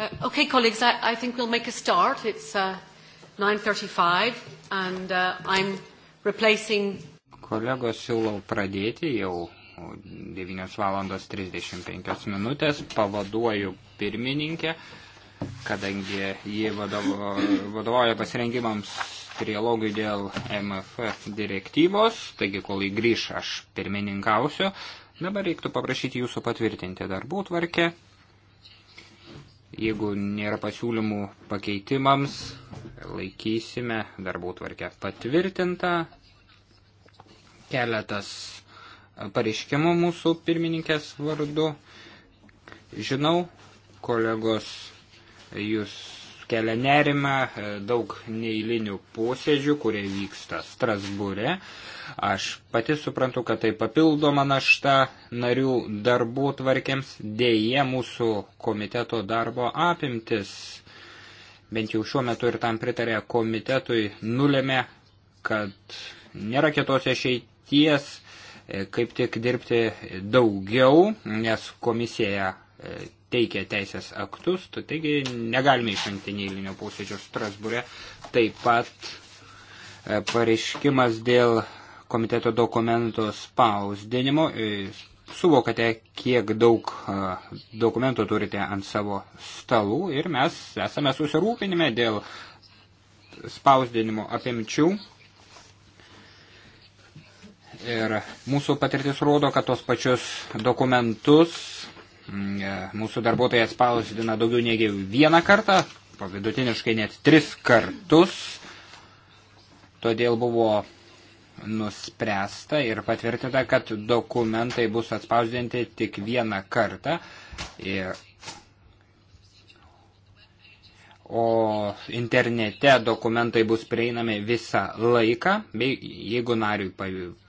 Uh, okay, colleagues, I, I think we'll make a start. It's uh, 9.35 and uh, I'm replacing... Kolegos siūlau pradėti jau 9 valandos 35 minutės. Pavaduoju pirmininkę, kadangi ji vadovo, vadovauja pasirengimams trialogui dėl MFF direktyvos, taigi kol įgrįš aš pirmininkausiu. Dabar reiktų paprašyti jūsų patvirtinti darbų tvarkę. Jeigu nėra pasiūlymų pakeitimams, laikysime darbų tvarkę patvirtintą. Keletas pareiškimų mūsų pirmininkės vardu. Žinau, kolegos, jūs kelia nerima e, daug neįlinių posėdžių, kurie vyksta Strasbūre. Aš pati suprantu, kad tai papildoma našta narių darbų tvarkiams, dėje mūsų komiteto darbo apimtis, bent jau šiuo metu ir tam pritarė komitetui, nulėmė, kad nėra kitos išeities e, kaip tik dirbti daugiau, nes komisija teikia teisės aktus, taigi negalime išvengti neįlinio posėdžio Strasbūrė. Taip pat e, pareiškimas dėl komiteto dokumento spausdinimo. E, suvokate, kiek daug e, dokumentų turite ant savo stalų ir mes esame susirūpinime dėl spausdinimo apimčių. Ir mūsų patirtis rodo, kad tos pačius dokumentus Mm, e, mūsų darbuotojai atspausdina daugiau negi vieną kartą, pavidutiniškai net tris kartus. Todėl buvo nuspręsta ir patvirtinta, kad dokumentai bus atspausdinti tik vieną kartą. Ir e, o internete dokumentai bus prieinami visą laiką, bei jeigu nariui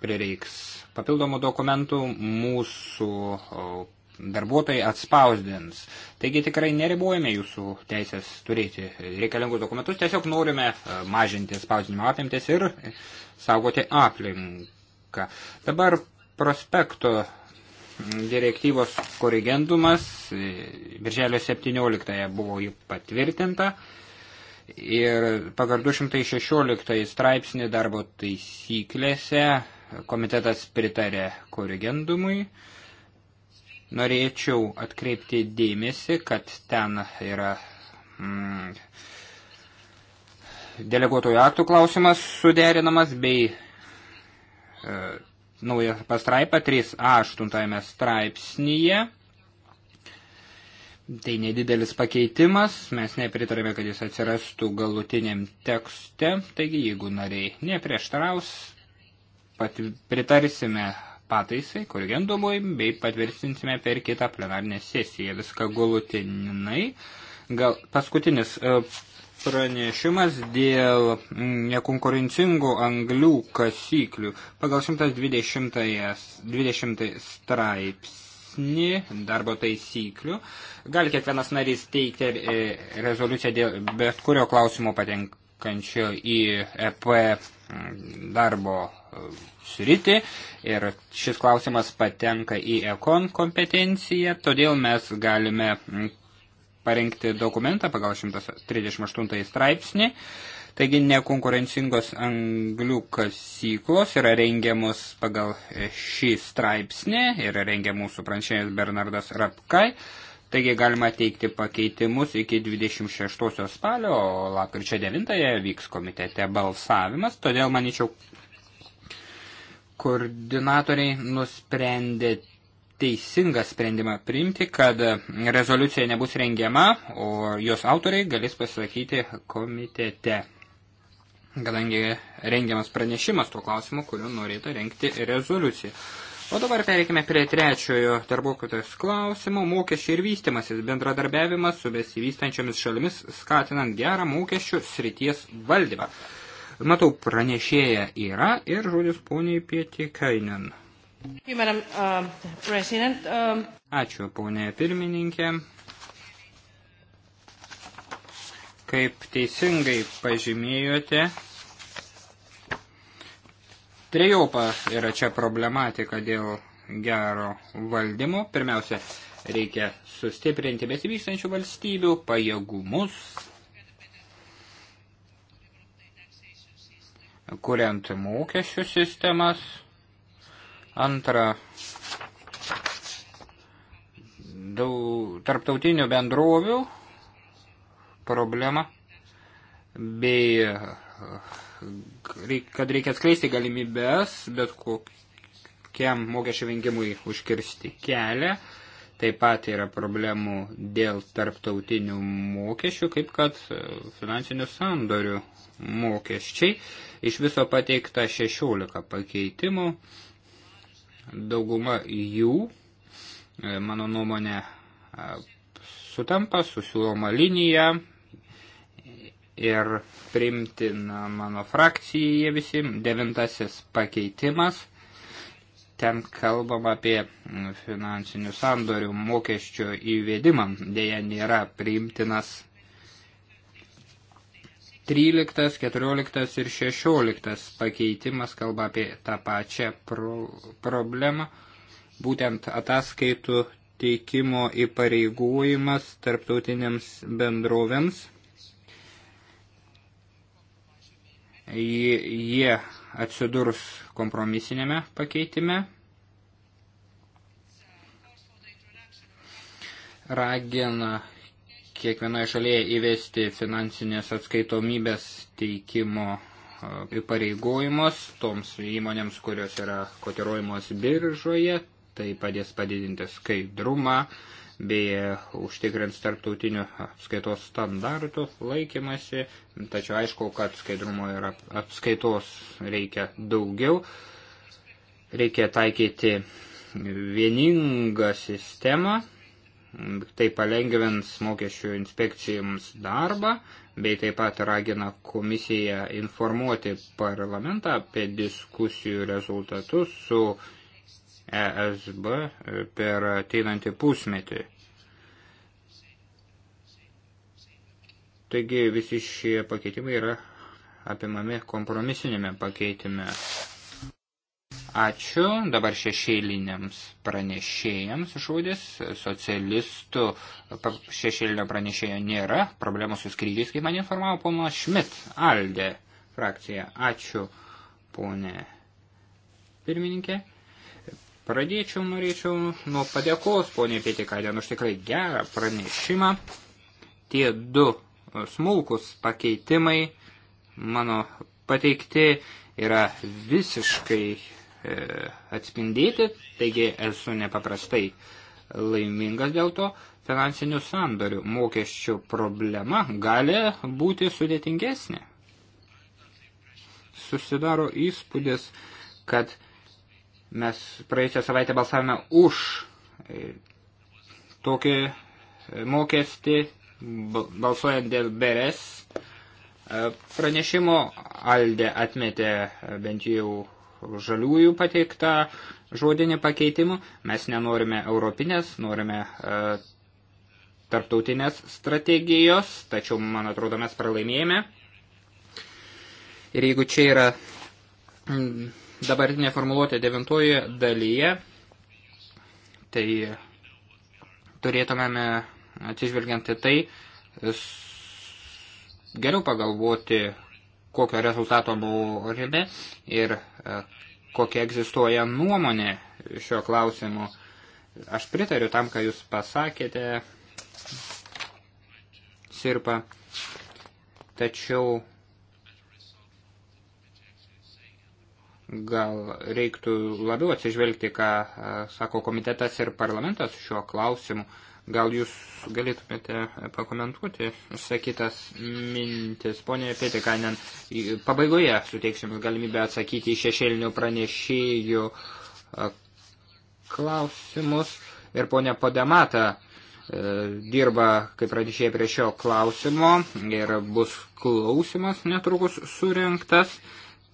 prireiks papildomų dokumentų, mūsų darbuotojai atspausdins. Taigi tikrai neribuojame jūsų teisės turėti reikalingus dokumentus, tiesiog norime e, mažinti spausdinimo apimtis ir saugoti aplinką. Dabar prospekto direktyvos korigendumas, e, birželio 17 buvo jį patvirtinta ir pagal 216 straipsnį darbo taisyklėse komitetas pritarė korigendumui. Norėčiau atkreipti dėmesį, kad ten yra mm, deleguotojų aktų klausimas suderinamas bei e, nauja pastraipa 3A8 straipsnyje. Tai nedidelis pakeitimas, mes nepritarėme, kad jis atsirastų galutiniam tekste, taigi jeigu nariai neprieštaraus, pritarsime pataisai, korigendumui, bei patvirtinsime per kitą plenarinę sesiją. Viską galutinai. Gal paskutinis e, pranešimas dėl nekonkurencingų anglių kasyklių. Pagal 120, 120 straipsnį darbo taisyklių gali kiekvienas narys teikti e, rezoliuciją dėl bet kurio klausimo patenkančio į EP darbo e, sritį ir šis klausimas patenka į ekon kompetenciją, todėl mes galime parengti dokumentą pagal 138 straipsnį. Taigi nekonkurencingos anglių kasyklos yra rengiamos pagal šį straipsnį ir rengia mūsų pranešėjas Bernardas Rapkai. Taigi galima teikti pakeitimus iki 26 spalio, o lapkričio 9 vyks komitete balsavimas, todėl manyčiau, koordinatoriai nusprendė teisingą sprendimą priimti, kad rezoliucija nebus rengiama, o jos autoriai galės pasakyti komitete. Kadangi rengiamas pranešimas tuo klausimu, kuriuo norėtų rengti rezoliuciją. O dabar pereikime prie trečiojo darbuotojos klausimo – mokesčių ir vystimasis bendradarbiavimas su besivystančiomis šalimis skatinant gerą mokesčių srities valdymą. Matau, pranešėja yra ir žodis poniai Pieti Kainen. Uh, um, Ačiū, ponė pirmininkė. Kaip teisingai pažymėjote, Trejaupa yra čia problematika dėl gero valdymo. Pirmiausia, reikia sustiprinti besivykstančių valstybių pajėgumus, kuriant mokesčių sistemas. Antra, daug tarptautinių bendrovių problema bei kad reikia atskleisti galimybės, bet kokiam mokesčio vengimui užkirsti kelią. Taip pat yra problemų dėl tarptautinių mokesčių, kaip kad e, finansinių sandorių mokesčiai. Iš viso pateikta 16 pakeitimų. Dauguma jų, e, mano nuomonė, e, sutampa su siūloma linija, ir primtina mano frakcijai jie visi. Devintasis pakeitimas. Ten kalbam apie finansinių sandorių mokesčio įvedimą. Deja, nėra priimtinas 13, 14 ir 16 pakeitimas kalba apie tą pačią pro problemą. Būtent ataskaitų teikimo įpareigojimas tarptautiniams bendrovėms jie atsidurs kompromisinėme pakeitime. Ragina kiekvienoje šalyje įvesti finansinės atskaitomybės teikimo įpareigojimus toms įmonėms, kurios yra kotiruojamos biržoje, tai padės padidinti skaidrumą, uh, bei užtikrins tarptautinių apskaitos standartų laikymasi, tačiau aišku, kad skaidrumo ir apskaitos reikia daugiau, reikia taikyti vieningą sistemą, tai palengvins mokesčių inspekcijoms darbą, bei taip pat ragina komisiją informuoti parlamentą apie diskusijų rezultatus su ESB e, per ateinantį pusmetį. Taigi visi šie pakeitimai yra apimami kompromisinėme pakeitime. Ačiū dabar šešėliniams pranešėjams žodis. Socialistų šešėlinio pranešėjo nėra. Problemų su skrydžiais, kaip man informavo pono Šmit, Aldė frakcija. Ačiū, ponė pirmininkė. Pradėčiau, norėčiau nuo padėkos, ponė Pietikaitė, už tikrai gerą pranešimą. Tie du smulkus pakeitimai mano pateikti yra visiškai e, atspindėti, taigi esu nepaprastai laimingas dėl to. Finansinių sandorių mokesčių problema gali būti sudėtingesnė. Susidaro įspūdis, kad e, Mes praėjusią savaitę balsavome už e, tokį e, mokestį, balsuojant dėl beres. E, pranešimo Aldė atmetė bent jau žaliųjų pateiktą žodinį pakeitimą. Mes nenorime europinės, norime tarptautinės strategijos, tačiau, man atrodo, mes pralaimėjome. Ir jeigu čia yra dabartinė formuluotė devintoje dalyje, tai turėtumėme atsižvelgiant į tai geriau pagalvoti, kokio rezultato norime ir e, kokia egzistuoja nuomonė šio klausimu. Aš pritariu tam, ką jūs pasakėte, Sirpa, tačiau Gal reiktų labiau atsižvelgti, ką e, sako komitetas ir parlamentas šiuo klausimu. Gal jūs galėtumėte pakomentuoti sakytas mintis, ponė Pietikainen. Pabaigoje suteiksim galimybę atsakyti į šešėlinių pranešėjų e, klausimus. Ir ponė Podemata e, dirba kaip pranešėja prie šio klausimo ir bus klausimas netrukus surinktas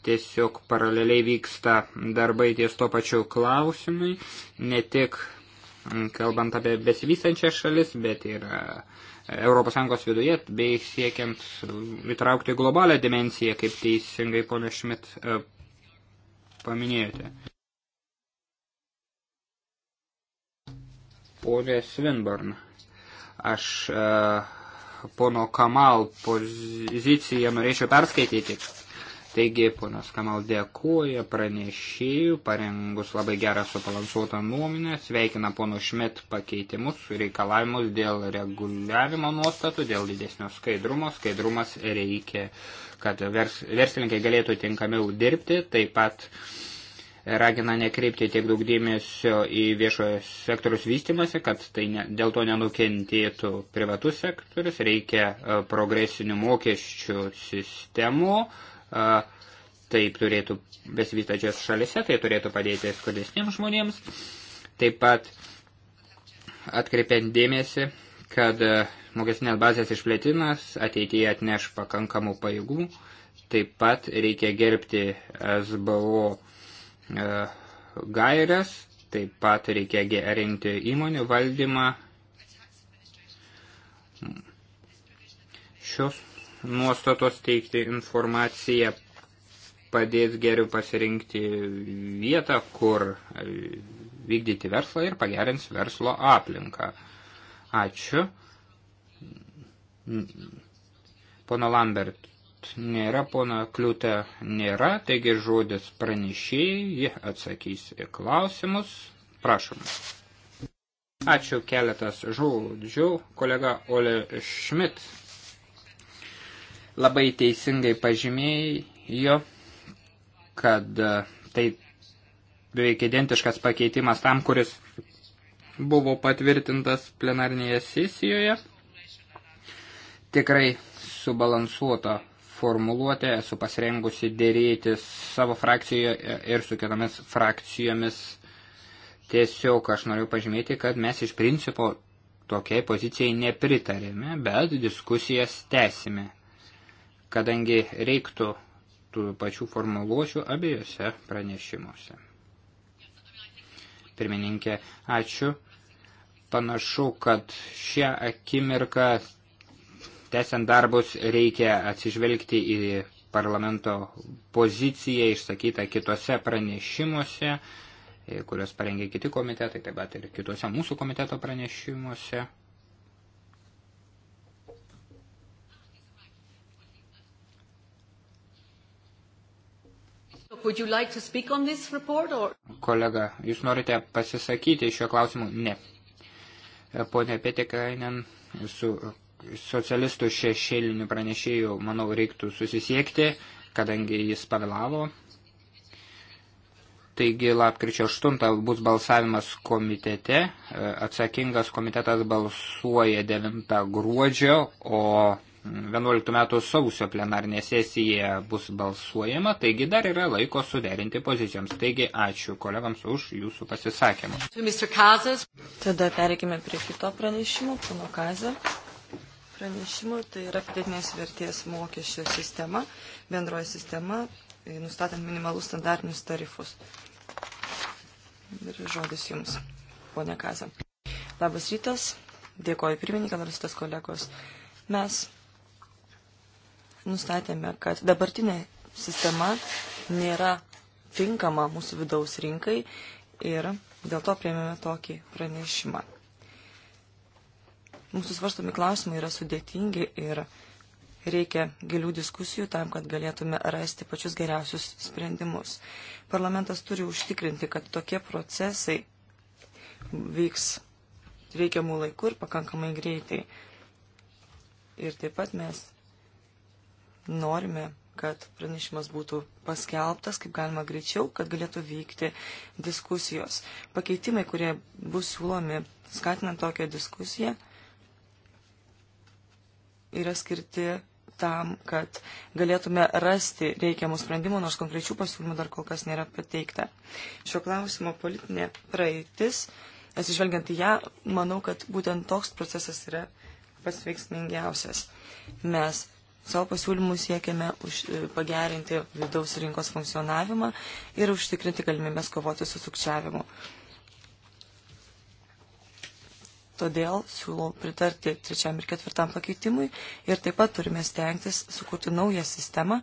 tiesiog paraleliai vyksta darbai ties to pačiu klausimui, ne tik mm, kalbant apie besivystančias šalis, bet ir ES viduje, bei siekiant įtraukti globalią dimenciją, kaip teisingai ponė Šmit e, paminėjote. Ponė Svinbarn, aš e, pono Kamal poziciją norėčiau perskaityti, Taigi, ponas Kamal dėkuoja pranešėjų, parengus labai gerą subalansuotą nuomonę, sveikina pono Šmet pakeitimus, reikalavimus dėl reguliavimo nuostatų, dėl didesnio skaidrumo. Skaidrumas reikia, kad vers, verslininkai galėtų tinkamiau dirbti, taip pat ragina nekreipti tiek daug dėmesio į viešojo sektoriaus vystimąsi, kad tai ne, dėl to nenukentėtų privatus sektorius, reikia e, progresinių mokesčių sistemų Taip turėtų besivystačios šalise, tai turėtų padėti skurdesniems žmonėms. Taip pat atkreipiant dėmesį, kad e, mokestinės bazės išplėtinas ateityje atneš pakankamų pajėgų. Taip pat reikia gerbti SBO e, gairias, taip pat reikia gerinti įmonių valdymą. Šios nuostatos teikti informaciją padės geriau pasirinkti vietą, kur vykdyti verslą ir pagerins verslo aplinką. Ačiū. Pono Lambert nėra, pono Kliūtė nėra, taigi žodis pranešėjai, ji atsakys į klausimus. Prašom. Ačiū keletas žodžių. Kolega Ole Šmit labai teisingai pažymėjo, kad e, tai beveik identiškas pakeitimas tam, kuris buvo patvirtintas plenarnėje sesijoje. Tikrai subalansuota formuluotė, esu pasirengusi dėrėtis savo frakcijoje ir su kitomis frakcijomis. Tiesiog aš noriu pažymėti, kad mes iš principo tokiai pozicijai nepritarėme, bet diskusijas tęsime kadangi reiktų tų pačių formuluočių abiejose pranešimuose. Pirmininkė, ačiū. Panašu, kad šią akimirką, tęsiant darbus, reikia atsižvelgti į parlamento poziciją išsakytą kitose pranešimuose, kurios parengė kiti komitetai, taip pat ir kitose mūsų komiteto pranešimuose. Would you like to speak on this report or... Kolega, jūs norite pasisakyti šiuo klausimu? Ne. Pone Petikainen, su socialistų šešėlinių pranešėjų, manau, reiktų susisiekti, kadangi jis pavėlavo. Taigi lapkričio 8 bus balsavimas komitete, atsakingas komitetas balsuoja 9 gruodžio, o 11 metų sausio plenarnė sesija bus balsuojama, taigi dar yra laiko suderinti pozicijoms. Taigi ačiū kolegams už jūsų pasisakymus. Tada pereikime prie kito pranešimo, Pano Kazio pranešimo, tai yra pridėtinės vertės mokesčio sistema, bendroji sistema, e, nustatant minimalus standartinius tarifus. Ir žodis jums, ponia Kazė. Labas rytas, dėkoju pirmininką, labas rytas kolegos. Mes nustatėme, kad dabartinė sistema nėra tinkama mūsų vidaus rinkai ir dėl to priėmėme tokį pranešimą. Mūsų svarstomi klausimai yra sudėtingi ir reikia gilių diskusijų tam, kad galėtume rasti pačius geriausius sprendimus. Parlamentas turi užtikrinti, kad tokie procesai vyks reikiamų laikų ir pakankamai greitai. Ir taip pat mes norime, kad pranešimas būtų paskelbtas kaip galima greičiau, kad galėtų vykti diskusijos. Pakeitimai, kurie bus siūlomi skatinant tokią diskusiją, yra skirti tam, kad galėtume rasti reikiamų sprendimų, nors konkrečių pasiūlymų dar kol kas nėra pateikta. Šio klausimo politinė praeitis, atsižvelgiant į ją, manau, kad būtent toks procesas yra pats veiksmingiausias. Mes Savo pasiūlymų siekiame už, e, pagerinti vidaus rinkos funkcionavimą ir užtikrinti galimybės kovoti su sukčiavimu. Todėl siūlau pritarti trečiam ir ketvirtam pakeitimui ir taip pat turime stengtis sukurti naują sistemą,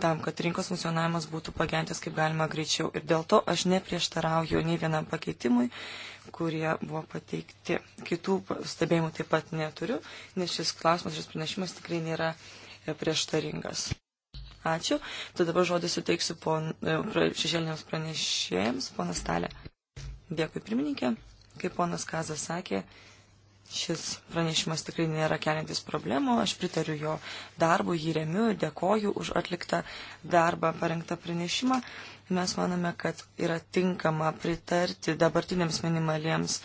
tam, kad rinkos funkcionavimas būtų pagentęs kaip galima greičiau. Ir dėl to aš neprieštarauju nei vienam pakeitimui, kurie buvo pateikti. Kitų stebėjimų taip pat neturiu, nes šis klausimas, šis pranešimas tikrai nėra e, prieštaringas. Ačiū. Tad dabar žodį suteiksiu pon, e, šešėliniams pranešėjams, ponas Talė. Dėkui, pirmininkė. Kaip ponas Kazas sakė, Šis pranešimas tikrai nėra keliantis problemų, aš pritariu jo darbu, jį remiu, dėkoju už atliktą darbą, parengtą pranešimą. Mes manome, kad yra tinkama pritarti dabartiniams minimaliems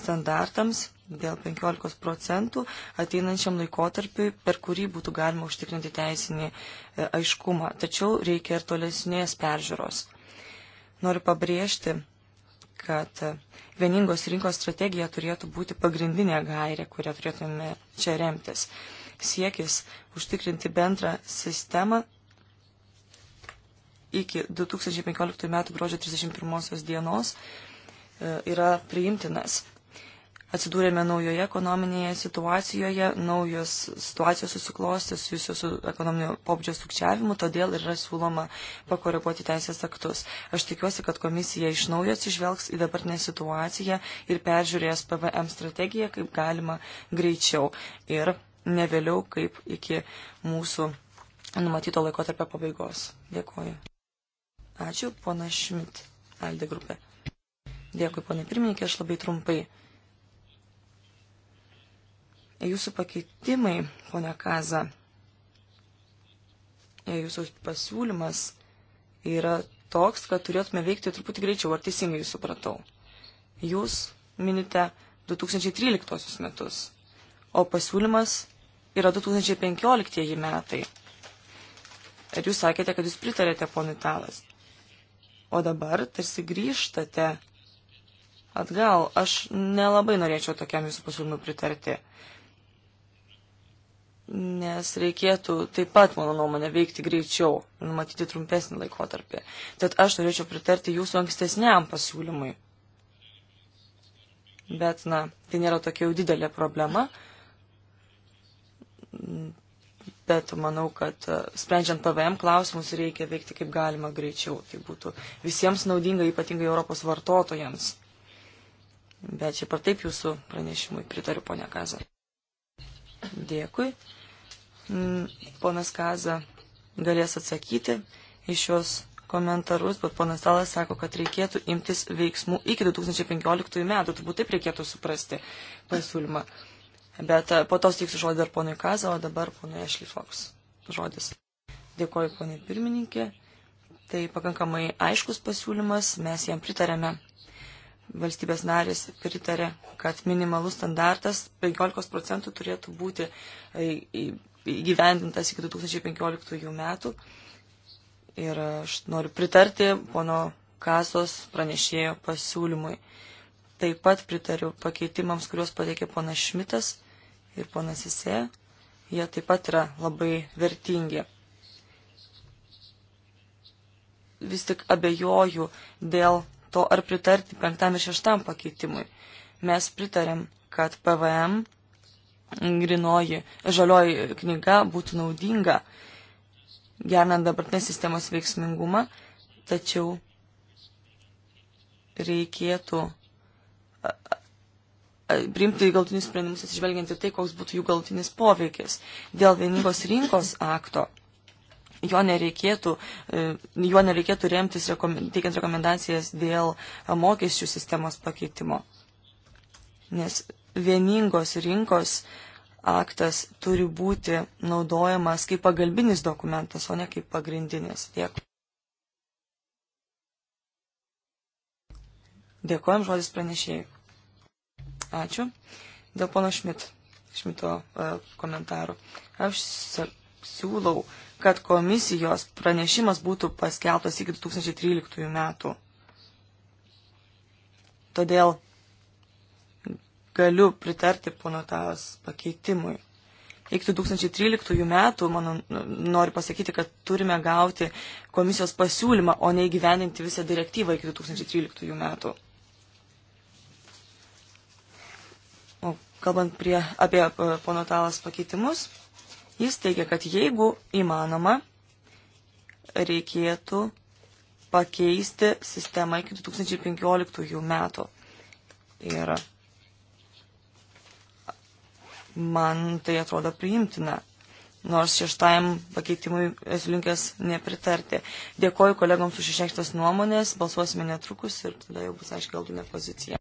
standartams dėl 15 procentų ateinančiam laikotarpiui, per kurį būtų galima užtikrinti teisinį e, aiškumą. Tačiau reikia ir tolesnės peržiūros. Noriu pabrėžti, kad vieningos rinkos strategija turėtų būti pagrindinė gairė, kurią turėtume čia remtis. Siekis užtikrinti bendrą sistemą iki 2015 m. gruodžio 31 dienos e, yra priimtinas atsidūrėme naujoje ekonominėje situacijoje, naujos situacijos susiklostė susijusios su ekonominio pobūdžio sukčiavimu, todėl yra siūloma pakoreguoti teisės aktus. Aš tikiuosi, kad komisija iš naujo atsižvelgs į dabartinę situaciją ir peržiūrės PVM strategiją kaip galima greičiau ir ne vėliau kaip iki mūsų numatyto laikotarpio pabaigos. Dėkuoju. Ačiū, pona Šmit, Alde grupė. Dėkui, ponai pirmininkė, aš labai trumpai. Jūsų pakeitimai, ponia Kaza, jūsų pasiūlymas yra toks, kad turėtume veikti truputį greičiau, ar teisingai jūs supratau. Jūs minite 2013 metus, o pasiūlymas yra 2015 metai. Ir jūs sakėte, kad jūs pritarėte ponui Talas. O dabar tarsi grįžtate atgal. Aš nelabai norėčiau tokiam jūsų pasiūlymui pritarti nes reikėtų taip pat, mano nuomonė, veikti greičiau ir numatyti trumpesnį laikotarpį. Tad aš norėčiau pritarti jūsų ankstesniam pasiūlymui. Bet, na, tai nėra tokia jau didelė problema. Bet manau, kad e, sprendžiant PVM klausimus reikia veikti kaip galima greičiau. Tai būtų visiems naudinga, ypatingai Europos vartotojams. Bet šiaip ar taip jūsų pranešimui pritariu, ponia Kaza. Dėkui. Mm, ponas Kaza galės atsakyti iš šios komentarus, bet ponas Talas sako, kad reikėtų imtis veiksmų iki 2015 metų, turbūt taip reikėtų suprasti pasiūlymą. Bet e, po to stiksiu žodį dar ponui Kaza, o dabar ponui Ashley Fox žodis. Dėkoju ponai pirmininkė, tai pakankamai aiškus pasiūlymas, mes jam pritarėme. Valstybės narės pritarė, kad minimalus standartas 15 procentų turėtų būti e, įgyvendintas iki 2015 metų. Ir aš noriu pritarti pono kasos pranešėjo pasiūlymui. Taip pat pritariu pakeitimams, kuriuos pateikė ponas Šmitas ir ponas Isė. Jie taip pat yra labai vertingi. Vis tik abejoju dėl to, ar pritarti penktam ir šeštam pakeitimui. Mes pritarėm, kad PVM grinoji žalioji knyga būtų naudinga, gernant dabartinės sistemos veiksmingumą, tačiau reikėtų priimti galtinius sprendimus atsižvelgiant į tai, koks būtų jų galtinis poveikis. Dėl vieningos rinkos akto jo nereikėtų, e, jo nereikėtų remtis teikiant rekomendacijas dėl mokesčių sistemos pakeitimo. Nes vieningos rinkos aktas turi būti naudojamas kaip pagalbinis dokumentas, o ne kaip pagrindinis. Tiek. Dėkojom žodis pranešėjai. Ačiū. Dėl pono Šmit, Šmito e, komentarų. Aš siūlau, kad komisijos pranešimas būtų paskeltas iki 2013 metų. Todėl galiu pritarti pono Taos pakeitimui. Iki 2013 metų, mano, nu, noriu pasakyti, kad turime gauti komisijos pasiūlymą, o ne įgyveninti visą direktyvą iki 2013 metų. O kalbant prie, apie e, pono Talas pakeitimus, jis teigia, kad jeigu įmanoma, reikėtų pakeisti sistemą iki 2015 metų. Ir Man tai atrodo priimtina. Nors šeštajam pakeitimui esu linkęs nepritarti. Dėkoju kolegoms už išreikštas nuomonės, balsuosime netrukus ir tada jau bus aiškiai galutinė pozicija.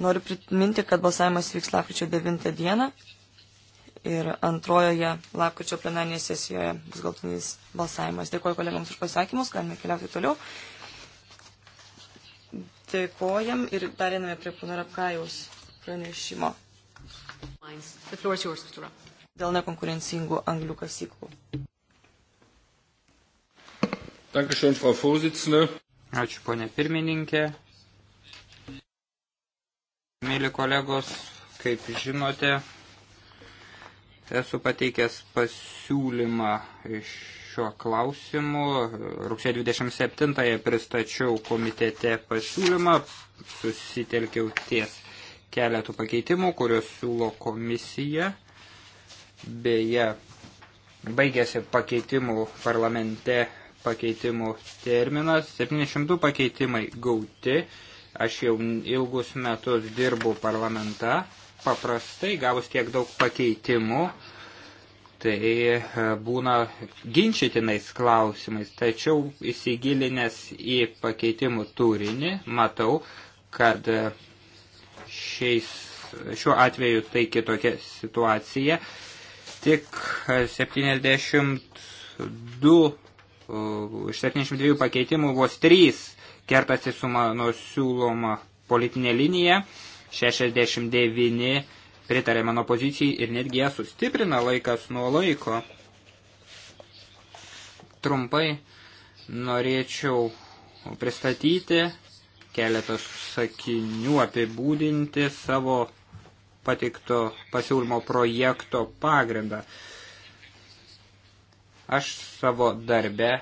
Noriu priminti, kad balsavimas vyks lapkričio 9 dieną ir antrojoje lapkričio plenarinėje sesijoje bus galtinis balsavimas. Dėkuoju kolegams už pasakymus, galime keliauti toliau. Dėkojam ir dar einame prie Punarapkajaus pranešimo. Dėl nekonkurencingų anglių kasyklų. Dankeschön, Frau Vorsitzende. Ačiū, ponė pirmininkė. Mėly kolegos, kaip žinote, esu pateikęs pasiūlymą iš šiuo klausimu. Rugsėjo 27-ąją pristačiau komitete pasiūlymą, susitelkiau ties keletų pakeitimų, kuriuos siūlo komisija. Beje, baigėsi pakeitimų parlamente pakeitimų terminas. 702 pakeitimai gauti. Aš jau ilgus metus dirbu parlamente. Paprastai gavus tiek daug pakeitimų, tai e, būna ginčytinais klausimais. Tačiau įsigilinęs į pakeitimų turinį, matau, kad e, šiais, šiuo atveju tai kitokia situacija. Tik 72 iš 72 pakeitimų vos 3 kertasi su mano siūloma politinė linija, 69 pritarė mano pozicijai ir netgi ją sustiprina laikas nuo laiko. Trumpai norėčiau pristatyti keletas sakinių apibūdinti savo pateikto pasiūlymo projekto pagrindą. Aš savo darbe e,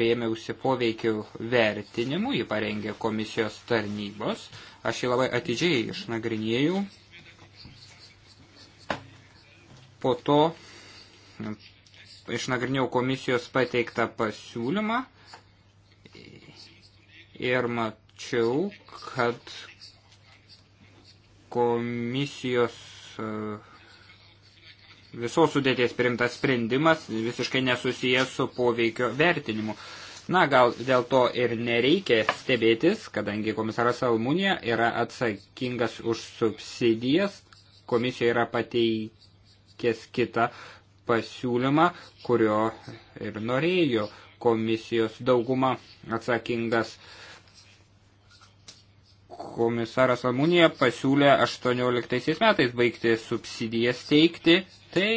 rėmiausi poveikių vertinimu, jį parengė komisijos tarnybos. Aš jį labai atidžiai išnagrinėjau. Po to išnagrinėjau komisijos pateiktą pasiūlymą ir mat, tačiau, kad komisijos e, visos sudėties primtas sprendimas visiškai nesusijęs su poveikio vertinimu. Na, gal dėl to ir nereikia stebėtis, kadangi komisaras Almunija yra atsakingas už subsidijas, komisija yra pateikęs kitą pasiūlymą, kurio ir norėjo komisijos dauguma atsakingas uh, komisaras Almunija pasiūlė 18 metais baigti subsidijas teikti, tai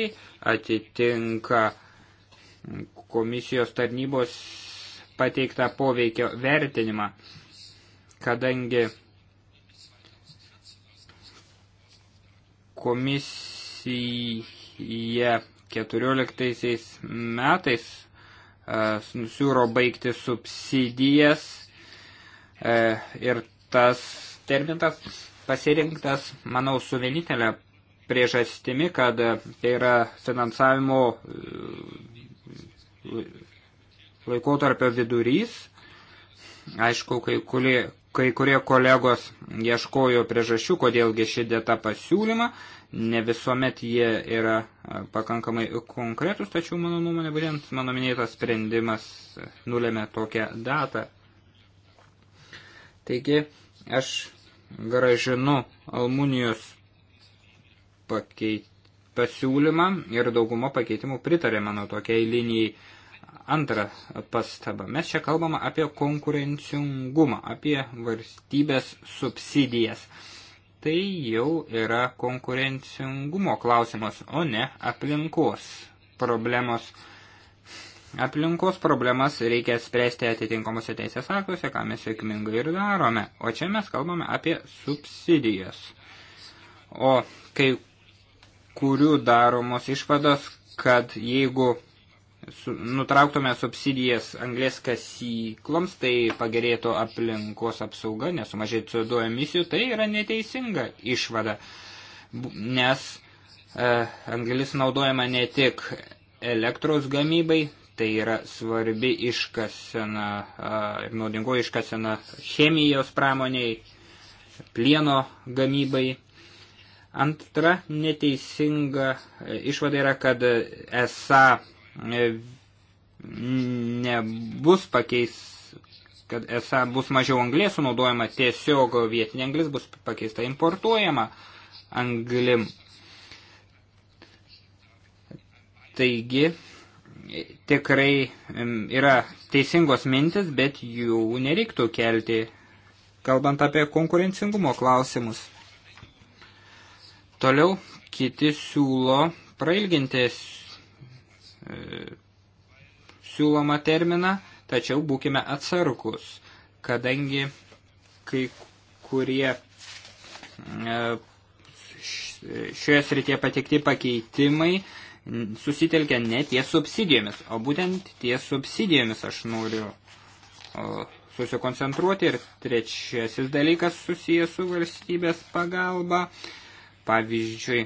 atitinka komisijos tarnybos pateiktą poveikio vertinimą, kadangi komisija 14 metais nusiūro e, baigti subsidijas e, ir tas terminas pasirinktas, manau, su vienintelė priežastimi, kad tai yra finansavimo e, laikotarpio vidurys. Aišku, kai kurie, kai kurie kolegos ieškojo priežasčių, kodėlgi ši data pasiūlyma, ne visuomet jie yra e, pakankamai konkretus, tačiau mano nuomonė, būtent mano minėtas sprendimas e, nulėmė tokią datą. Taigi aš gražinu Almunijos pakeit, pasiūlymą ir dauguma pakeitimų pritarė mano tokiai linijai. Antra pastaba. Mes čia kalbame apie konkurencingumą, apie valstybės subsidijas. Tai jau yra konkurencingumo klausimas, o ne aplinkos problemos. Aplinkos problemas reikia spręsti atitinkamuose teisės aktuose, ką mes sėkmingai ir darome. O čia mes kalbame apie subsidijas. O kai kurių daromos išvados, kad jeigu su, nutrauktume subsidijas anglės kasykloms, tai pagerėtų aplinkos apsauga, nesumažėtų CO2 emisijų, tai yra neteisinga išvada, nes e, anglis naudojama ne tik elektros gamybai, Tai yra svarbi iškasena ir naudingoji iškasena chemijos pramoniai, plieno gamybai. Antra neteisinga e, išvada yra, kad esą e, nebus pakeis kad esą bus mažiau anglės sunaudojama, tiesiog vietinė anglis bus pakeista importuojama anglim. Taigi, tikrai yra teisingos mintis, bet jų nereiktų kelti, kalbant apie konkurencingumo klausimus. Toliau kiti siūlo prailginti e, siūlomą terminą, tačiau būkime atsargus, kadangi kai kurie e, šioje srityje patikti pakeitimai susitelkia ne ties subsidijomis, o būtent ties subsidijomis aš noriu susikoncentruoti. Ir trečiasis dalykas susijęs su valstybės pagalba. Pavyzdžiui,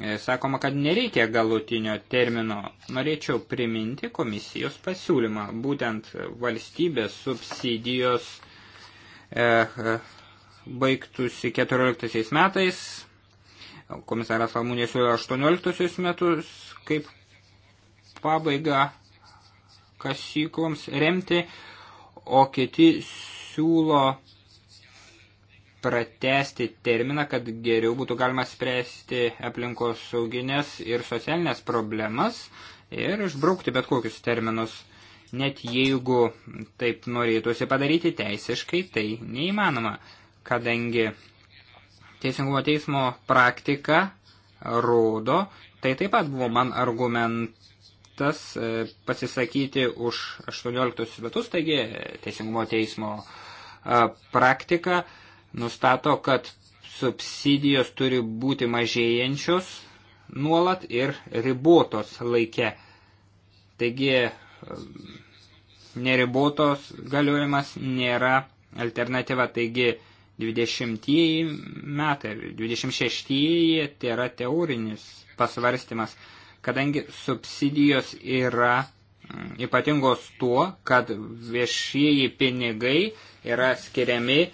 e, sakoma, kad nereikia galutinio termino. Norėčiau priminti komisijos pasiūlymą. Būtent valstybės subsidijos e, e baigtųsi 14 metais komisaras Almūnė siūlė 18 metus kaip pabaigą kasykloms remti, o kiti siūlo pratesti terminą, kad geriau būtų galima spręsti aplinkos sauginės ir socialinės problemas ir išbraukti bet kokius terminus. Net jeigu taip norėtųsi padaryti teisiškai, tai neįmanoma, kadangi Teisingumo teismo praktika rodo, tai taip pat buvo man argumentas e, pasisakyti už 18 metus, taigi Teisingumo teismo e, praktika nustato, kad subsidijos turi būti mažėjančios nuolat ir ribotos laike. Taigi e, neribotos galiojimas nėra alternatyva. Taigi 20 metai, 26 tai yra teorinis pasvarstymas, kadangi subsidijos yra mm, ypatingos tuo, kad viešieji pinigai yra skiriami e,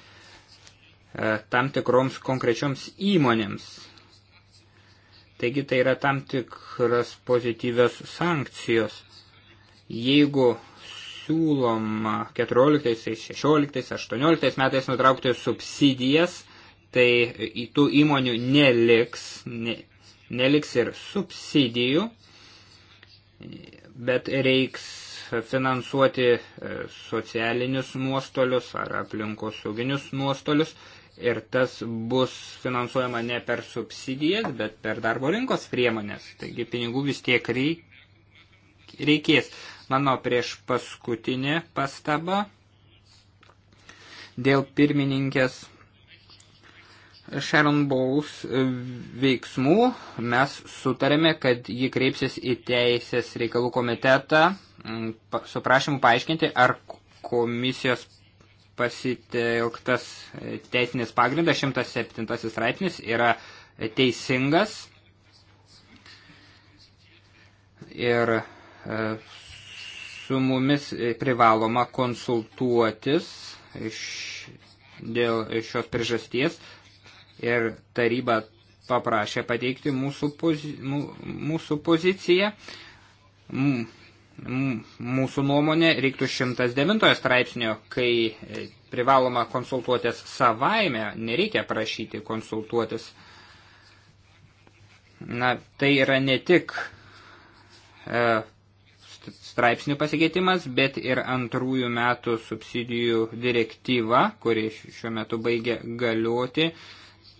tam tikroms konkrečioms įmonėms. Taigi tai yra tam tikras pozityvios sankcijos. Jeigu siūloma 14, 16, 18 metais nutraukti subsidijas, tai į tų įmonių neliks, ne, neliks ir subsidijų, bet reiks finansuoti e, socialinius nuostolius ar aplinkosauginius nuostolius ir tas bus finansuojama ne per subsidijas, bet per darbo rinkos priemonės. Taigi pinigų vis tiek reikės. Mano prieš paskutinė pastaba dėl pirmininkės Sharon Bowles veiksmų mes sutarėme, kad ji kreipsis į Teisės reikalų komitetą su prašymu paaiškinti, ar komisijos pasitelktas teisinis pagrindas 107 straipsnis yra teisingas ir e, su mumis e, privaloma konsultuotis iš, dėl šios priežasties ir taryba paprašė pateikti mūsų, pozi, mūsų poziciją. Mūsų nuomonė reiktų 109 straipsnio, kai e, privaloma konsultuotis savaime, nereikia prašyti konsultuotis. Na, tai yra ne tik e, straipsnių pasikeitimas, bet ir antrųjų metų subsidijų direktyva, kuri šiuo metu baigia galioti,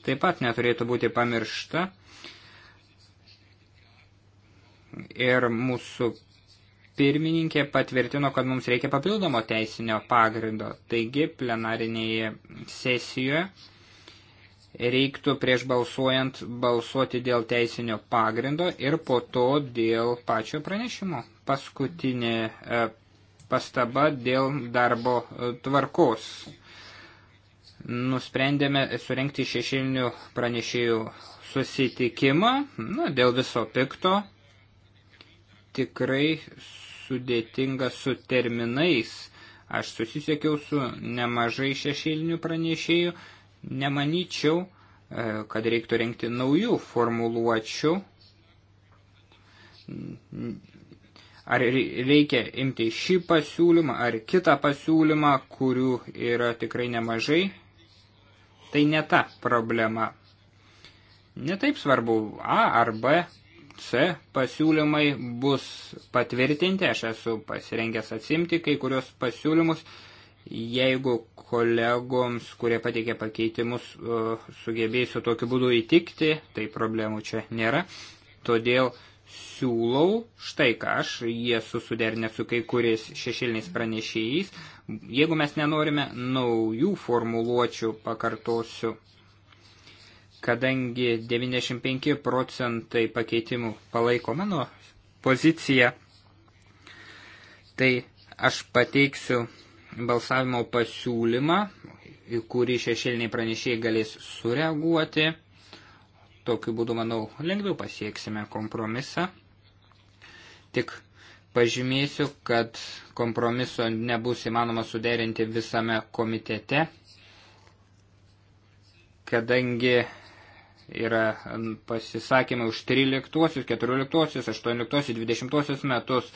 taip pat neturėtų būti pamiršta. Ir mūsų pirmininkė patvirtino, kad mums reikia papildomo teisinio pagrindo. Taigi plenarinėje sesijoje reiktų prieš balsuojant balsuoti dėl teisinio pagrindo ir po to dėl pačio pranešimo paskutinė e, pastaba dėl darbo e, tvarkos. Nusprendėme surenkti šešėlinių pranešėjų susitikimą na, dėl viso pikto. Tikrai sudėtinga su terminais. Aš susisiekiau su nemažai šešėlinių pranešėjų. Nemanyčiau, e, kad reiktų renkti naujų formuluočių Ar reikia imti šį pasiūlymą ar kitą pasiūlymą, kurių yra tikrai nemažai, tai ne ta problema. Netaip svarbu, A ar B, C pasiūlymai bus patvirtinti, aš esu pasirengęs atsimti kai kurios pasiūlymus, jeigu kolegoms, kurie pateikė pakeitimus, sugebėsiu tokiu būdu įtikti, tai problemų čia nėra. Todėl siūlau, štai ką aš, jie susiderinę su kai kuriais šešėliniais pranešėjais, jeigu mes nenorime naujų formuluočių, pakartosiu, kadangi 95 procentai pakeitimų palaiko mano poziciją, tai aš pateiksiu balsavimo pasiūlymą, į kurį šešėliniai pranešėjai galės sureaguoti Tokiu būdu, manau, lengviau pasieksime kompromisą. Tik pažymėsiu, kad kompromiso nebus įmanoma suderinti visame komitete, kadangi yra pasisakymai už 13, 14, 18, 20 metus.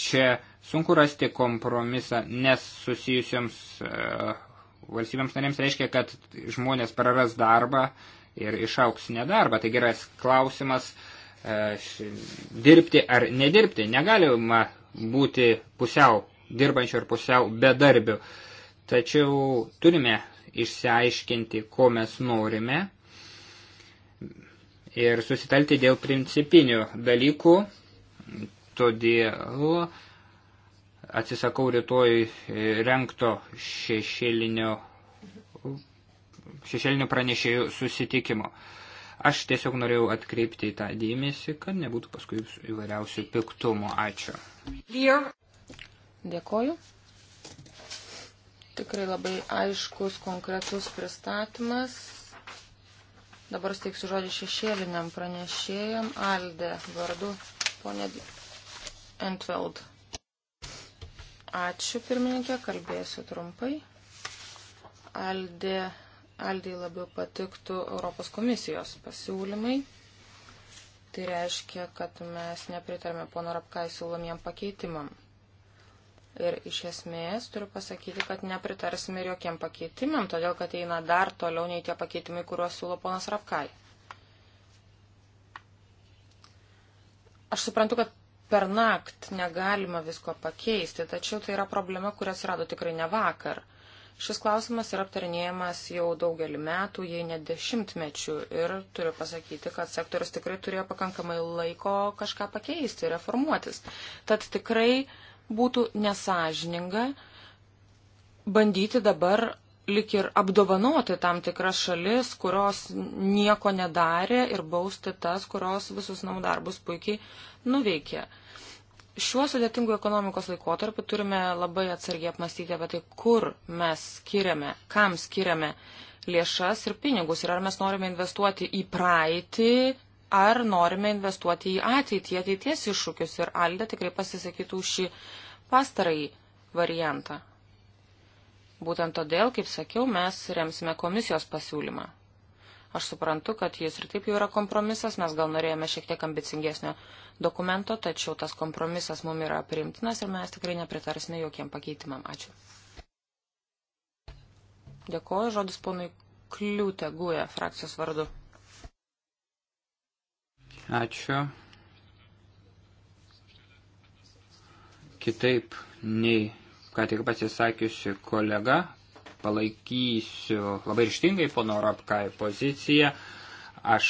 Čia sunku rasti kompromisą, nes susijusiams e, valstybėms narėms reiškia, kad žmonės praras darbą, e, ir išauks nedarbą. Tai geras klausimas e, dirbti ar nedirbti. Negalima būti pusiau dirbančių ir pusiau bedarbių. Tačiau turime išsiaiškinti, ko mes norime ir susitalti dėl principinių dalykų. Todėl atsisakau rytoj e, renkto šešėlinio šešėlinių pranešėjų susitikimo. Aš tiesiog norėjau atkreipti į tą dėmesį, kad nebūtų paskui įvairiausių piktumų. Ačiū. Dėkoju. Tikrai labai aiškus, konkretus pristatymas. Dabar steiksiu žodį šešėliniam pranešėjam. Alde vardu, ponė Entveld. Ačiū pirmininkė, kalbėsiu trumpai. Aldė Aldai labiau patiktų Europos komisijos pasiūlymai. Tai reiškia, kad mes nepritarėme pono Rapkai siūlomiem pakeitimam. Ir iš esmės turiu pasakyti, kad nepritarsime ir jokiem pakeitimam, todėl kad eina dar toliau nei tie pakeitimai, kuriuos siūlo ponas Rapkai. Aš suprantu, kad per nakt negalima visko pakeisti, tačiau tai yra problema, kuri atsirado tikrai ne vakar. Šis klausimas yra aptarinėjamas jau daugelį metų, jei ne dešimtmečių. Ir turiu pasakyti, kad sektorius tikrai turėjo pakankamai laiko kažką pakeisti, reformuotis. Tad tikrai būtų nesažininga bandyti dabar lik ir apdovanoti tam tikras šalis, kurios nieko nedarė ir bausti tas, kurios visus namų darbus puikiai nuveikė šiuo sudėtingu ekonomikos laikotarpiu turime labai atsargiai apmastyti apie tai, kur mes skiriame, kam skiriame lėšas ir pinigus ir ar mes norime investuoti į praeitį, ar norime investuoti į ateitį, ateities iššūkius ir Alda tikrai pasisakytų šį pastarąjį variantą. Būtent todėl, kaip sakiau, mes remsime komisijos pasiūlymą. Aš suprantu, kad jis ir taip jau yra kompromisas, mes gal norėjome šiek tiek ambicingesnio dokumento, tačiau tas kompromisas mum yra priimtinas ir mes tikrai nepritarsime jokiem pakeitimam. Ačiū. Dėkuoju, žodis ponui Kliūtė Guja, frakcijos vardu. Ačiū. Kitaip nei ką tik pasisakiusi kolega, palaikysiu labai ryštingai pono Rapkai poziciją. Aš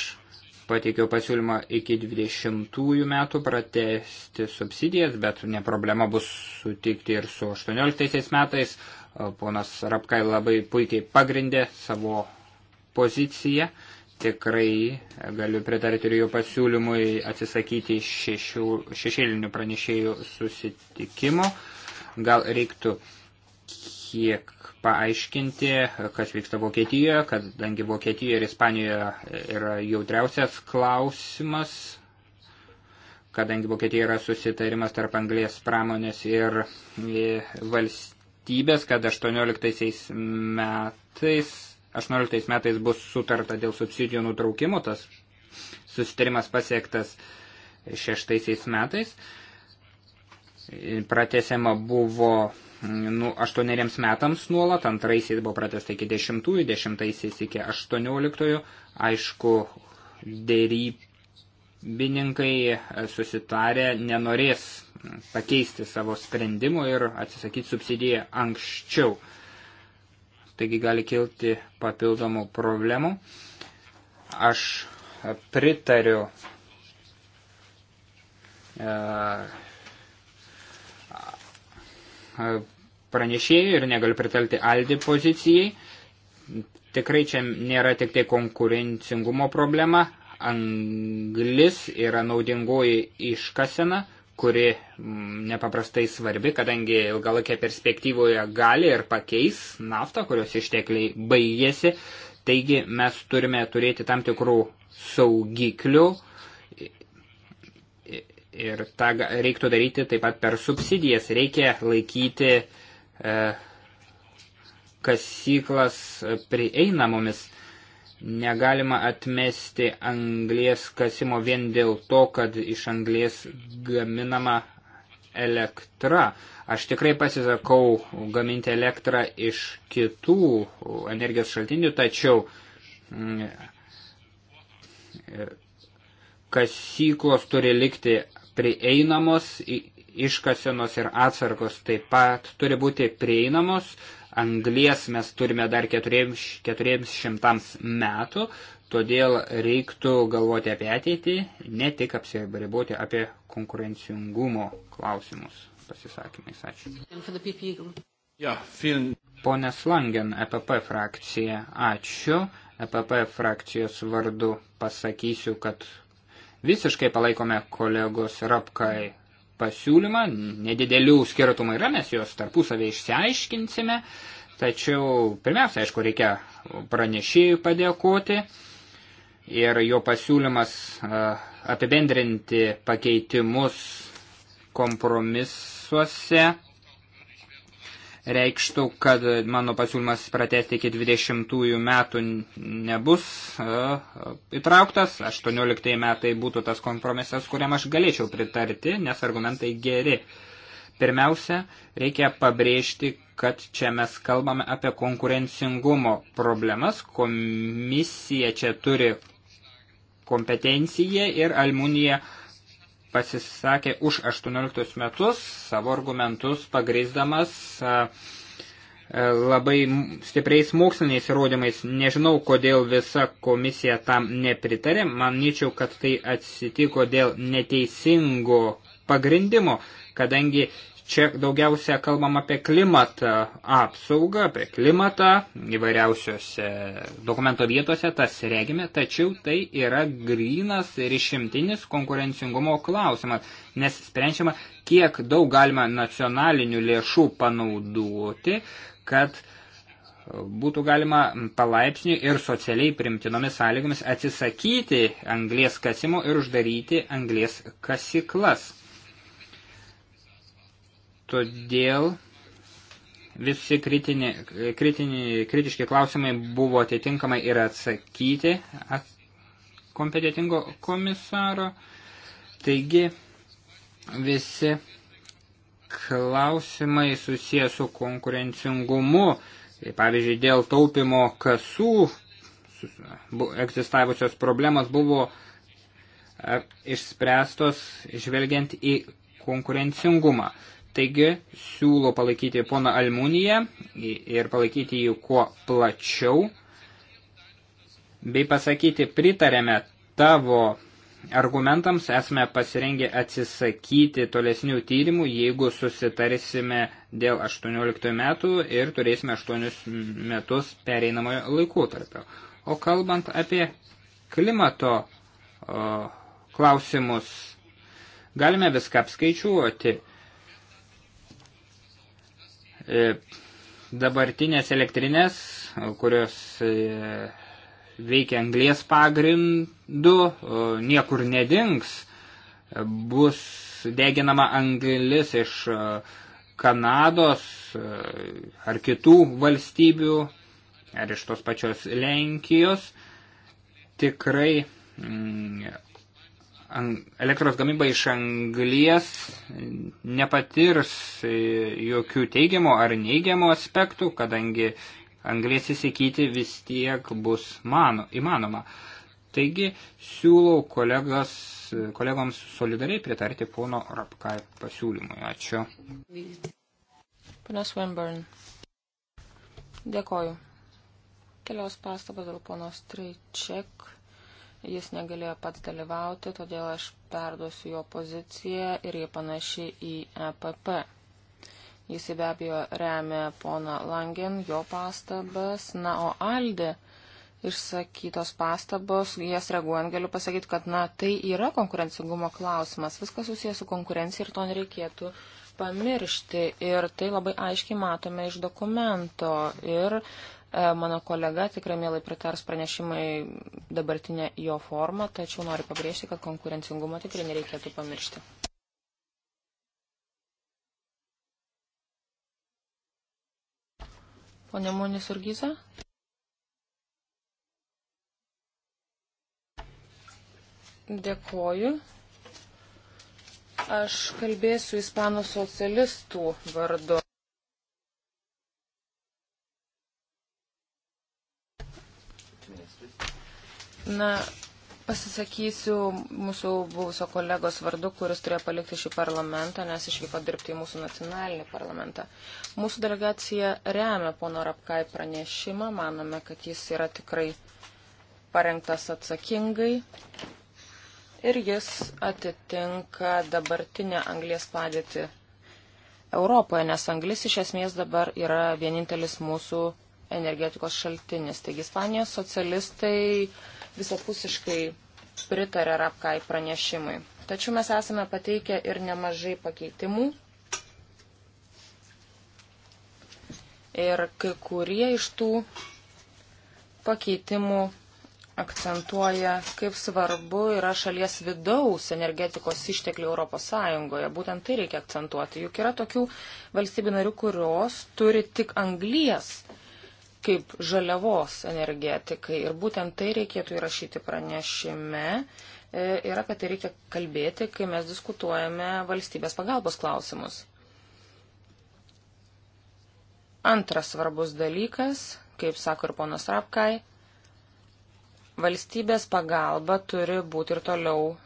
pateikiau pasiūlymą iki 20 metų pratesti subsidijas, bet ne problema bus sutikti ir su 18 metais. Ponas Rapkai labai puikiai pagrindė savo poziciją. Tikrai galiu pritarti ir jo pasiūlymui atsisakyti šešių, šešėlinių pranešėjų susitikimo. Gal reiktų kiek paaiškinti, kas vyksta Vokietijoje, kadangi Vokietijoje ir Ispanijoje yra jautriausias klausimas, kadangi Vokietijoje yra susitarimas tarp anglės pramonės ir e, valstybės, kad 18 metais, 18 metais bus sutarta dėl subsidijų nutraukimo, tas susitarimas pasiektas 6 metais. Pratesiama buvo nu, aštuoneriems metams nuolat, antraisiais buvo pratesta iki dešimtųjų, dešimtaisiais iki aštuonioliktųjų. Aišku, dėrybininkai susitarę nenorės pakeisti savo sprendimo ir atsisakyti subsidiją anksčiau. Taigi gali kilti papildomų problemų. Aš pritariu e, pranešėjų ir negaliu pritarti Aldi pozicijai. Tikrai čia nėra tik tai konkurencingumo problema. Anglis yra naudingoji iškasena, kuri mm, nepaprastai svarbi, kadangi ilgalaikė perspektyvoje gali ir pakeis naftą, kurios ištekliai baigėsi. Taigi mes turime turėti tam tikrų saugiklių, Ir tą reiktų daryti taip pat per subsidijas. Reikia laikyti e, kasyklas prieinamomis. Negalima atmesti anglės kasimo vien dėl to, kad iš anglės gaminama elektra. Aš tikrai pasisakau gaminti elektrą iš kitų energijos šaltinių, tačiau mm, e, kasyklos turi likti prieinamos, iškasenos ir atsargos taip pat turi būti prieinamos, anglies mes turime dar 400 metų, todėl reiktų galvoti apie ateitį, ne tik apsiriboti apie konkurencingumo klausimus pasisakymais. Ačiū. Ja, vielen... Pone Slangen, EPP frakcija, ačiū. EPP frakcijos vardu pasakysiu, kad Visiškai palaikome kolegos Rapkai pasiūlymą, nedidelių skirtumų yra, mes juos tarpusavį išsiaiškinsime, tačiau pirmiausia, aišku, reikia pranešėjų padėkoti ir jo pasiūlymas apibendrinti pakeitimus kompromisuose reikštų, kad mano pasiūlymas pratesti iki 20 metų nebus e, įtrauktas, 18 metai būtų tas kompromisas, kuriam aš galėčiau pritarti, nes argumentai geri. Pirmiausia, reikia pabrėžti, kad čia mes kalbame apie konkurencingumo problemas, komisija čia turi kompetenciją ir Almunija uh, pasisakė už 18 metus savo argumentus pagrįsdamas labai stipriais moksliniais įrodymais. Nežinau, kodėl visa komisija tam nepritarė. Manyčiau, kad tai atsitiko dėl neteisingo pagrindimo, kadangi Čia daugiausia kalbam apie klimatą apsaugą, apie klimatą įvairiausiose dokumento vietose, tas regime, tačiau tai yra grynas ir išimtinis konkurencingumo klausimas, nes sprendžiama, kiek daug galima nacionalinių lėšų panaudoti, kad būtų galima palaipsniui ir socialiai primtinomis sąlygomis atsisakyti anglės kasimo ir uždaryti anglės kasiklas Todėl visi kritini, kritini, kritiški klausimai buvo atitinkamai ir atsakyti kompetitingo komisaro. Taigi visi klausimai susijęs su konkurencingumu, tai pavyzdžiui, dėl taupimo kasų egzistavusios problemas buvo e, išspręstos žvelgiant į konkurencingumą. Taigi siūlau palaikyti poną Almuniją ir palaikyti jį kuo plačiau, bei pasakyti pritarėme tavo argumentams, esame pasirengę atsisakyti tolesnių tyrimų, jeigu susitarsime dėl 18 metų ir turėsime 8 metus pereinamojo laikotarpio. O kalbant apie klimato o, klausimus, galime viską apskaičiuoti E, dabartinės elektrinės, kurios e, veikia anglės pagrindu, niekur nedings, e, bus deginama anglis iš Kanados ar kitų valstybių, ar iš tos pačios Lenkijos. Tikrai mm, elektros gamyba iš anglies nepatirs e, jokių teigiamų ar neigiamų aspektų, kadangi anglies įsikyti vis tiek bus mano, įmanoma. Taigi siūlau kolegas, kolegoms solidariai pritarti pono Rapkai pasiūlymui. Ačiū. Pana Swinburne. Dėkoju. Kelios pastabas dėl pono Streiček Jis negalėjo pats dalyvauti, todėl aš perduosiu jo poziciją ir jie panaši į EPP. Jis be abejo remia poną Langen, jo pastabas, na, o Aldė išsakytos pastabos, jas reaguojant galiu pasakyti, kad, na, tai yra konkurencingumo klausimas, viskas susijęs su konkurencija ir to nereikėtų pamiršti. Ir tai labai aiškiai matome iš dokumento. Ir E, mano kolega tikrai mielai pritars pranešimai dabartinę jo formą, tačiau noriu pabrėžti, kad konkurencingumo tikrai nereikėtų pamiršti. Pone Monis Urgyza? Dėkoju. Aš kalbėsiu ispanų socialistų vardu. Na, pasisakysiu mūsų buvusio kolegos vardu, kuris turėjo palikti šį parlamentą, nes išvyko dirbti į mūsų nacionalinį parlamentą. Mūsų delegacija remia pono Rapkai pranešimą, manome, kad jis yra tikrai parengtas atsakingai ir jis atitinka dabartinę anglės padėtį Europoje, nes anglis iš esmės dabar yra vienintelis mūsų energetikos šaltinis. Taigi Ispanijos socialistai visapusiškai pritarė Rapkai pranešimui. Tačiau mes esame pateikę ir nemažai pakeitimų. Ir kai kurie iš tų pakeitimų akcentuoja, kaip svarbu yra šalies vidaus energetikos išteklių ES. Būtent tai reikia akcentuoti. Juk yra tokių valstybių narių, kurios turi tik anglijas kaip žaliavos energetikai. Ir būtent tai reikėtų įrašyti pranešime e, ir apie tai reikia kalbėti, kai mes diskutuojame valstybės pagalbos klausimus. Antras svarbus dalykas, kaip sako ir ponas Rapkai, valstybės pagalba turi būti ir toliau e,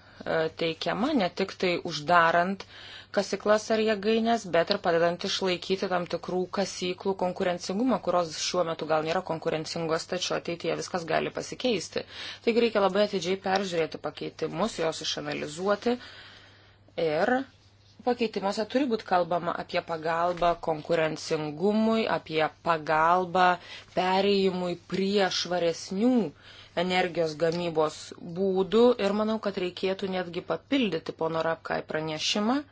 teikiama, ne tik tai uždarant kasyklas ar jėgainės, bet ir padedant išlaikyti tam tikrų kasyklų konkurencingumą, kurios šiuo metu gal nėra konkurencingos, tačiau ateityje viskas gali pasikeisti. Taigi reikia labai atidžiai peržiūrėti pakeitimus, juos išanalizuoti ir pakeitimuose turi būti kalbama apie pagalbą konkurencingumui, apie pagalbą pereimui prie švaresnių energijos gamybos būdų ir manau, kad reikėtų netgi papildyti pono Rapkai pranešimą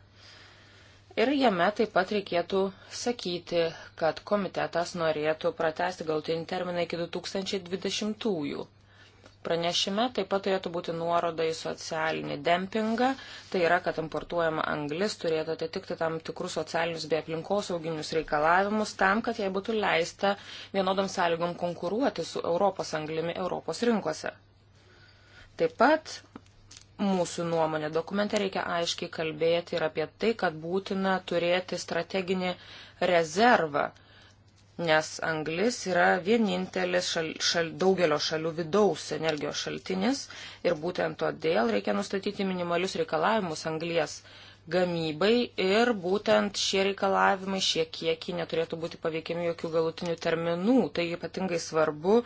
Ir jame taip pat reikėtų sakyti, kad komitetas norėtų pratesti galtinį terminą iki 2020-ųjų. Pranešime taip pat turėtų būti nuoroda į socialinį dempingą, tai yra, kad importuojama anglis turėtų atitikti tam tikrus socialinius bei aplinkosauginius reikalavimus tam, kad jai būtų leista vienodam sąlygom konkuruoti su Europos anglimi Europos rinkose. Taip pat mūsų nuomonė. Dokumente reikia aiškiai kalbėti ir apie tai, kad būtina turėti strateginį rezervą, nes anglis yra vienintelis šal, šal, daugelio šalių vidaus energijos šaltinis ir būtent todėl reikia nustatyti minimalius reikalavimus anglies gamybai ir būtent šie reikalavimai, šie kiekiai neturėtų būti paveikiami jokių galutinių terminų. Tai ypatingai svarbu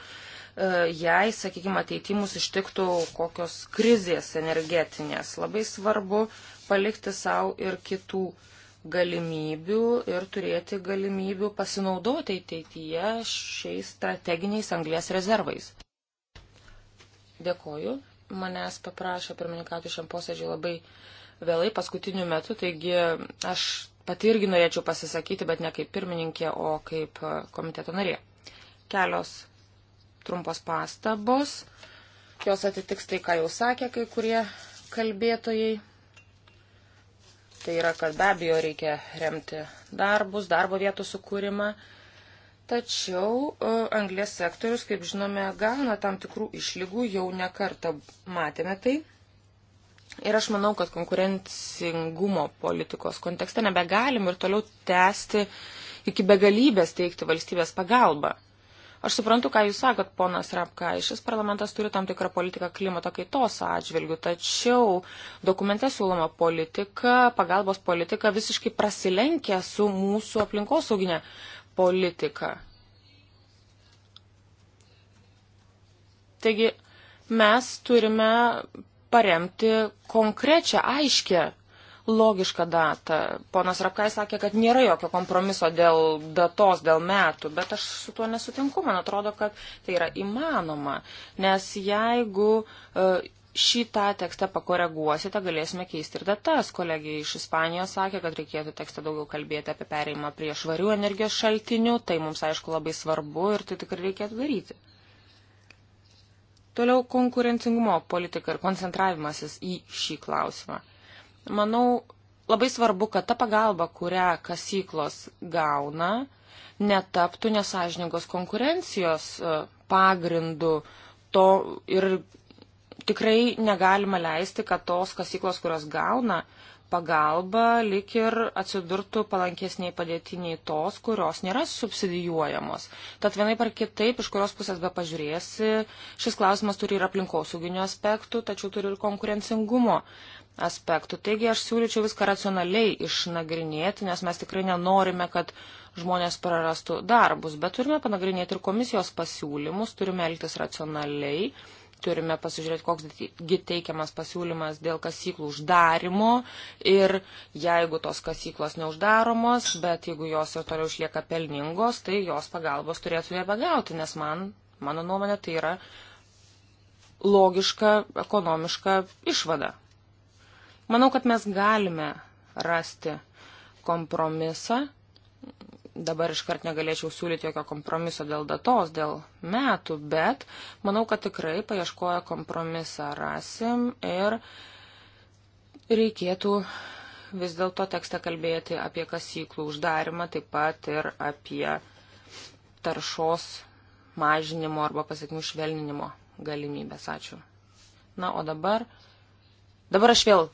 E, jei, sakykime, ateityje mus ištiktų kokios krizės energetinės. Labai svarbu palikti savo ir kitų galimybių ir turėti galimybių pasinaudoti ateityje šiais strateginiais anglės rezervais. Dėkoju. Manęs paprašė pirmininkauti šiam posėdžiui labai vėlai paskutiniu metu, taigi aš pati irgi norėčiau pasisakyti, bet ne kaip pirmininkė, o kaip komiteto narė. Kelios trumpos pastabos. Jos atitiks tai, ką jau sakė kai kurie kalbėtojai. Tai yra, kad be abejo reikia remti darbus, darbo vietų sukūrimą. Tačiau e, anglės sektorius, kaip žinome, gauna tam tikrų išlygų, jau nekartą matėme tai. Ir aš manau, kad konkurencingumo politikos kontekste nebegalim ir toliau tęsti iki begalybės teikti valstybės pagalbą. Aš suprantu, ką Jūs sakot, ponas Rapkai, šis parlamentas turi tam tikrą politiką klimato kaitos atžvilgių, tačiau dokumente siūloma politika, pagalbos politika visiškai prasilenkia su mūsų aplinkosauginė politika. Taigi mes turime paremti konkrečią, aiškę logišką datą. Ponas Rapkai sakė, kad nėra jokio kompromiso dėl datos, dėl metų, bet aš su tuo nesutinku. Man atrodo, kad tai yra įmanoma, nes jeigu e, šitą tekstą pakoreguosite, galėsime keisti ir datas. Kolegija iš Ispanijos sakė, kad reikėtų tekstą daugiau kalbėti apie pereimą prie švarių energijos šaltinių. Tai mums, aišku, labai svarbu ir tai tikrai reikėtų daryti. Toliau konkurencingumo politika ir koncentravimasis į šį klausimą manau, labai svarbu, kad ta pagalba, kurią kasyklos gauna, netaptų nesažiningos konkurencijos e, pagrindu. To ir tikrai negalima leisti, kad tos kasyklos, kurios gauna pagalbą, lik ir atsidurtų palankesniai padėtiniai tos, kurios nėra subsidijuojamos. Tad vienai par kitaip, iš kurios pusės be pažiūrėsi, šis klausimas turi ir aplinkosauginių aspektų, tačiau turi ir konkurencingumo aspektų. Taigi aš siūlyčiau viską racionaliai išnagrinėti, nes mes tikrai nenorime, kad žmonės prarastų darbus, bet turime panagrinėti ir komisijos pasiūlymus, turime elgtis racionaliai, turime pasižiūrėti, koks teikiamas pasiūlymas dėl kasyklų uždarimo ir jeigu tos kasyklos neuždaromos, bet jeigu jos ir toliau išlieka pelningos, tai jos pagalbos turėtų nebegauti, nes man, mano nuomonė, tai yra logiška ekonomiška išvada. Manau, kad mes galime rasti kompromisą. Dabar iškart negalėčiau siūlyti jokio kompromiso dėl datos, dėl metų, bet manau, kad tikrai paieškoję kompromisą rasim ir reikėtų vis dėlto tekste kalbėti apie kasyklų uždarimą, taip pat ir apie taršos mažinimo arba pasiekmių švelninimo galimybės. Ačiū. Na, o dabar. Dabar aš vėl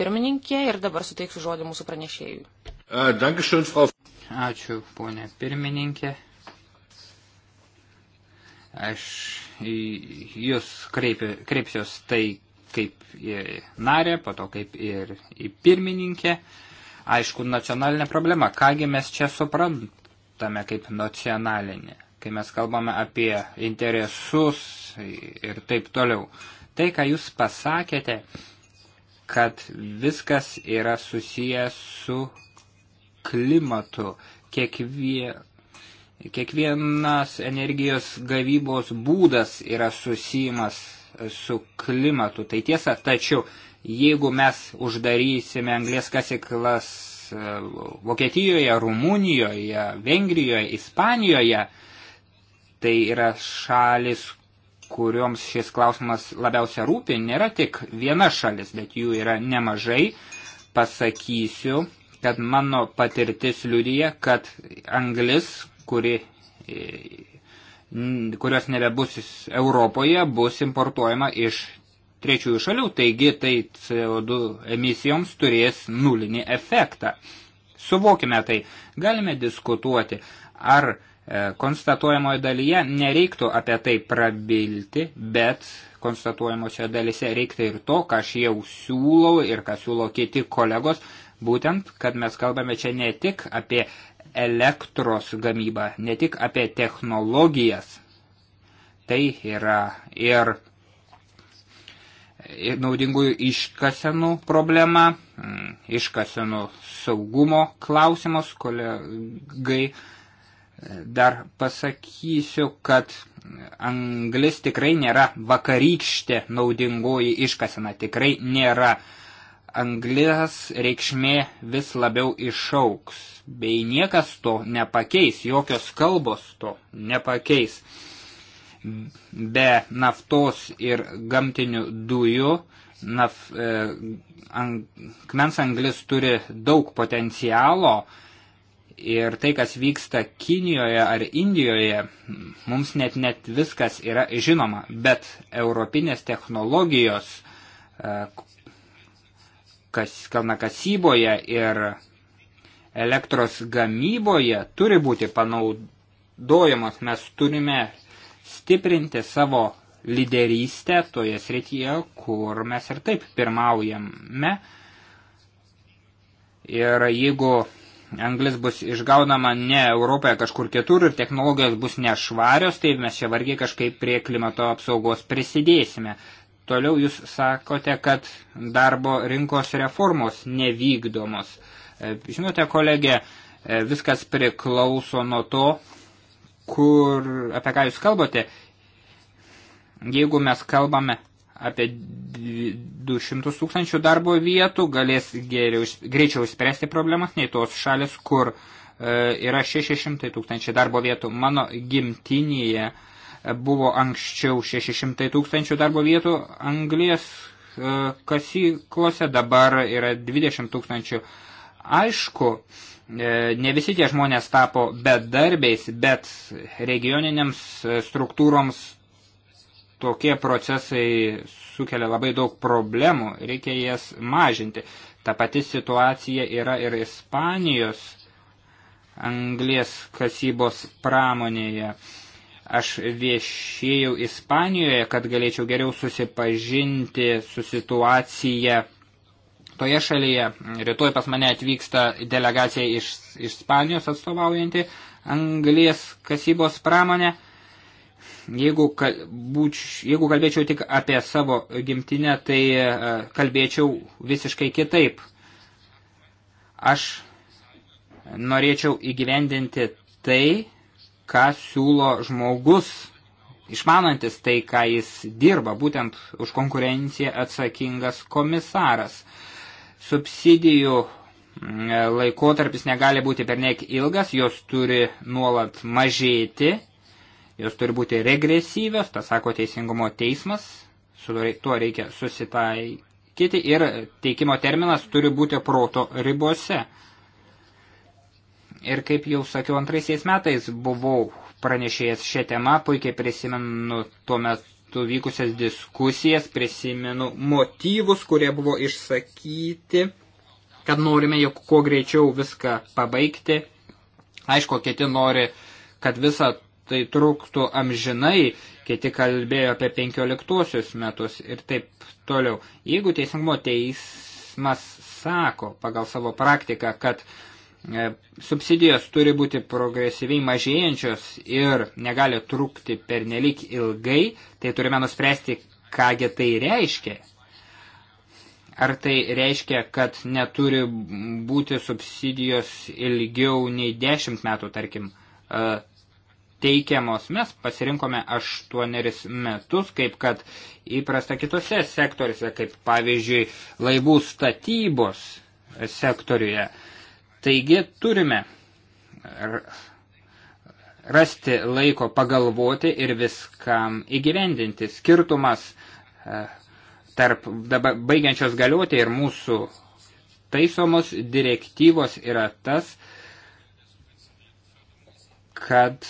pirmininkė ir dabar suteiksiu žodį mūsų pranešėjui. Äh, Ačiū, ponė pirmininkė. Aš jūs kreipiu, kreipsiuos tai kaip į narę, po to kaip ir į pirmininkę. Aišku, nacionalinė problema. Kągi mes čia suprantame kaip nacionalinė, kai mes kalbame apie interesus ir taip toliau. Tai, ką jūs pasakėte, kad viskas yra susijęs su klimatu. Kiekvie, kiekvienas energijos gavybos būdas yra susijimas su klimatu. Tai tiesa, tačiau jeigu mes uždarysime anglės kasiklas e, Vokietijoje, Rumunijoje, Vengrijoje, Ispanijoje, tai yra šalis, kurioms šis klausimas labiausia rūpi, nėra tik viena šalis, bet jų yra nemažai. Pasakysiu, kad mano patirtis liudyje, kad anglis, kuri, e, kurios nebebus Europoje, bus importuojama iš trečiųjų šalių, taigi tai CO2 emisijoms turės nulinį efektą. Suvokime tai, galime diskutuoti, ar E, konstatuojamoje dalyje nereiktų apie tai prabilti, bet konstatuojamoje dalyse reiktų ir to, ką aš jau siūlau ir ką siūlo kiti kolegos, būtent, kad mes kalbame čia ne tik apie elektros gamybą, ne tik apie technologijas. Tai yra ir naudingųjų iškasenų problema, mm, iškasenų saugumo klausimas, kolegai Dar pasakysiu, kad anglis tikrai nėra vakarykštė naudingoji iškasena, tikrai nėra. Anglis reikšmė vis labiau išauks, bei niekas to nepakeis, jokios kalbos to nepakeis. Be naftos ir gamtinių dujų naf, eh, ang, kmens anglis turi daug potencialo, eh, Ir tai, kas vyksta Kinijoje ar Indijoje, mums net, net viskas yra žinoma, bet europinės technologijos e, kas, kalnakasyboje ir elektros gamyboje turi būti panaudojamos. Mes turime stiprinti savo lyderystę toje srityje, kur mes ir taip pirmaujame. Ir jeigu anglis bus išgaunama ne Europoje kažkur kitur ir technologijos bus nešvarios, tai mes čia vargiai kažkaip prie klimato apsaugos prisidėsime. Toliau jūs sakote, kad darbo rinkos reformos nevykdomos. E, žinote, kolegė, e, viskas priklauso nuo to, kur, apie ką jūs kalbate. Jeigu mes kalbame apie 200 tūkstančių darbo vietų galės geriau, greičiau spręsti problemas nei tos šalis, kur e, yra 600 tūkstančių darbo vietų. Mano gimtinėje e, buvo anksčiau 600 tūkstančių darbo vietų anglės e, kasyklose, dabar yra 20 tūkstančių. Aišku, e, ne visi tie žmonės tapo bedarbiais, bet regioniniams e, struktūroms tokie procesai sukelia labai daug problemų, reikia jas mažinti. Ta pati situacija yra ir Ispanijos anglės kasybos pramonėje. Aš viešėjau Ispanijoje, kad galėčiau geriau susipažinti su situacija toje šalyje. Rytoj pas mane atvyksta delegacija iš Ispanijos atstovaujanti anglės kasybos pramonę. Jeigu, kal, būč, jeigu kalbėčiau tik apie savo gimtinę, tai e, kalbėčiau visiškai kitaip. Aš norėčiau įgyvendinti tai, ką siūlo žmogus, išmanantis tai, ką jis dirba, būtent už konkurenciją atsakingas komisaras. Subsidijų laikotarpis negali būti perniek ilgas, jos turi nuolat mažėti jos turi būti regresyvios, tą sako Teisingumo teismas, su tuo reikia susitaikyti ir teikimo terminas turi būti proto ribose. Ir kaip jau sakiau, antraisiais metais buvau pranešėjęs šią temą, puikiai prisimenu tuo metu vykusias diskusijas, prisimenu motyvus, kurie buvo išsakyti, kad norime, jog kuo greičiau viską pabaigti. Aišku, kiti nori, kad visą tai truktų amžinai, kiti kalbėjo apie 15 metus ir taip toliau. Jeigu teisingumo teismas sako pagal savo praktiką, kad e, subsidijos turi būti progresyviai mažėjančios ir negali trukti pernelik ilgai, tai turime nuspręsti, kągi tai reiškia. Ar tai reiškia, kad neturi būti subsidijos ilgiau nei 10 metų, tarkim, e, teikiamos. Mes pasirinkome aštuoneris metus, kaip kad įprasta kitose sektoriuose, kaip pavyzdžiui laivų statybos sektoriuje. Taigi turime rasti laiko pagalvoti ir viskam įgyvendinti. Skirtumas e, tarp dabar baigiančios galioti ir mūsų taisomos direktyvos yra tas, kad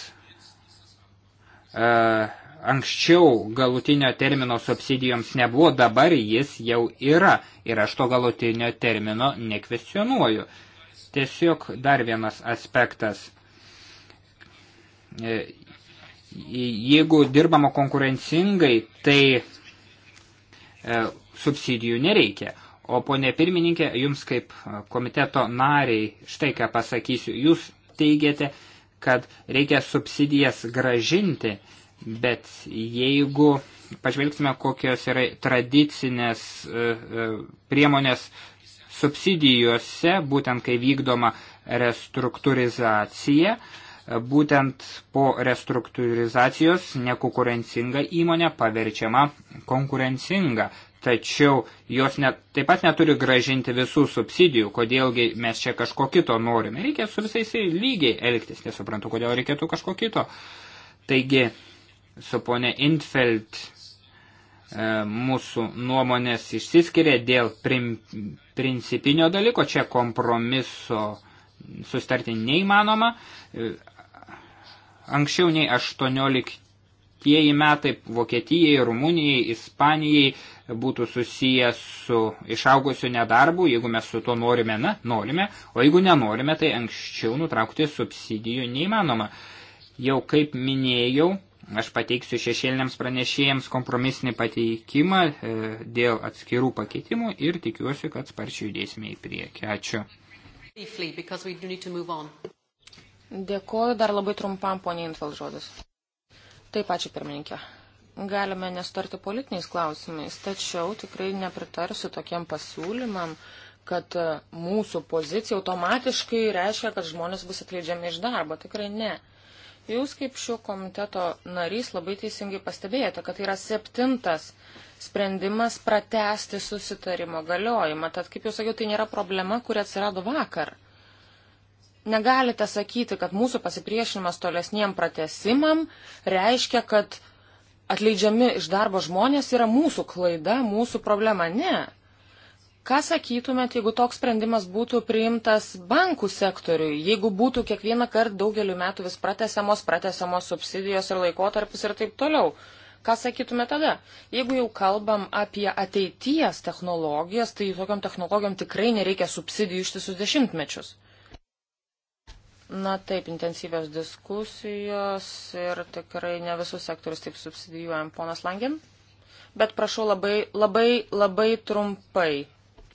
E, anksčiau galutinio termino subsidijoms nebuvo, dabar jis jau yra ir aš to galutinio termino nekvestionuoju. Tiesiog dar vienas aspektas. E, jeigu dirbama konkurencingai, tai e, subsidijų nereikia. O ponė pirmininkė, jums kaip komiteto nariai, štai ką pasakysiu, jūs teigiate, kad reikia subsidijas gražinti, bet jeigu pažvelgsime, kokios yra tradicinės e, e, priemonės subsidijose, būtent kai vykdoma restruktūrizacija, e, būtent po restruktūrizacijos nekonkurencinga įmonė paverčiama konkurencinga tačiau jos net, taip pat neturi gražinti visų subsidijų, kodėlgi mes čia kažko kito norime. Reikia su visais lygiai elgtis, nesuprantu, kodėl reikėtų kažko kito. Taigi, su ponė Intfeld e, mūsų nuomonės išsiskiria dėl prim, principinio dalyko, čia kompromiso sustarti neįmanoma. E, anksčiau nei 18 tieji metai Vokietijai, Rumunijai, Ispanijai būtų susiję su išaugusiu nedarbu, jeigu mes su to norime, na, norime, o jeigu nenorime, tai anksčiau nutraukti subsidijų neįmanoma. Jau kaip minėjau, aš pateiksiu šešėliniams pranešėjams kompromisinį pateikimą e, dėl atskirų pakeitimų ir tikiuosi, kad sparčiai judėsime į priekį. Ačiū. Dėkuoju dar labai trumpam, ponė Infeld žodis. Taip, ačiū pirmininkė. Galime nestarti politiniais klausimais, tačiau tikrai nepritarsiu tokiem pasiūlymam, kad e, mūsų pozicija automatiškai reiškia, kad žmonės bus atleidžiami iš darbo. Tikrai ne. Jūs kaip šio komiteto narys labai teisingai pastebėjote, kad tai yra septintas sprendimas pratesti susitarimo galiojimą. Tad, kaip jau sakiau, tai nėra problema, kuri atsirado vakar negalite sakyti, kad mūsų pasipriešinimas tolesniem pratesimam reiškia, kad atleidžiami iš darbo žmonės yra mūsų klaida, mūsų problema. Ne. Ką sakytumėt, jeigu toks sprendimas būtų priimtas bankų sektoriui, jeigu būtų kiekvieną kartą daugeliu metų vis pratesiamos, pratesiamos subsidijos ir laikotarpis ir taip toliau? Ką sakytume tada? Jeigu jau kalbam apie ateities technologijas, tai tokiam technologijom tikrai nereikia subsidijų ištisus dešimtmečius. Na taip, intensyvios diskusijos ir tikrai ne visus sektorius taip subsidijuojam, ponas Langėm. Bet prašau labai, labai, labai trumpai.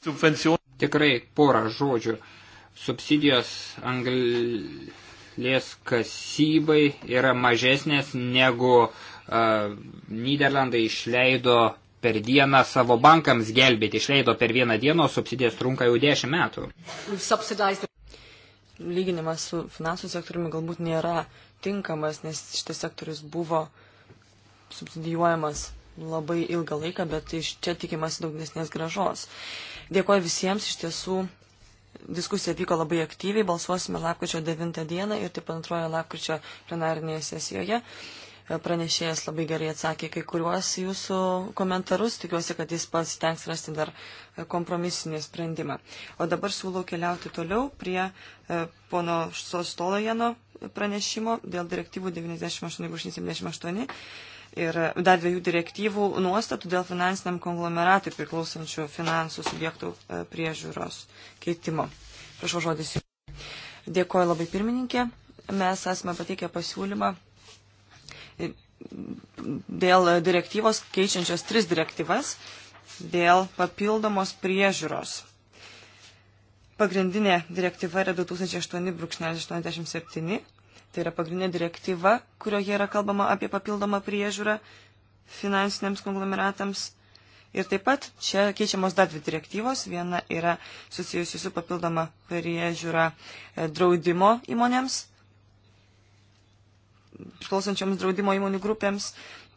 Subvencijų. Tikrai porą žodžių. Subsidijos anglės kasybai yra mažesnės negu uh, Niderlandai išleido per dieną savo bankams gelbėti. Išleido per vieną dieną, o subsidijas trunka jau dešimt metų lyginimas su finansų sektoriumi galbūt nėra tinkamas, nes šitas sektorius buvo subsidijuojamas labai ilgą laiką, bet iš čia tikimasi daug nesnės gražos. Dėkuoju visiems, iš tiesų diskusija vyko labai aktyviai, balsuosime lapkričio 9 dieną ir taip antrojo lapkričio plenarinėje sesijoje pranešėjas labai gerai atsakė kai kuriuos jūsų komentarus. Tikiuosi, kad jis pats tenks rasti dar kompromisinį sprendimą. O dabar siūlau keliauti toliau prie e, pono Sostolojeno pranešimo dėl direktyvų 98-78 ir e, dar dviejų direktyvų nuostatų dėl finansiniam konglomeratui priklausančių finansų subjektų e, priežiūros keitimo. Prašau žodis. Dėkuoju labai pirmininkė. Mes esame pateikę pasiūlymą dėl direktyvos keičiančios tris direktyvas dėl papildomos priežiūros. Pagrindinė direktyva yra 2008-87, tai yra pagrindinė direktyva, kurioje yra kalbama apie papildomą priežiūrą finansiniams konglomeratams. Ir taip pat čia keičiamos dar dvi direktyvos. Viena yra susijusi su papildoma priežiūra e, draudimo įmonėms priklausančioms draudimo įmonių grupėms,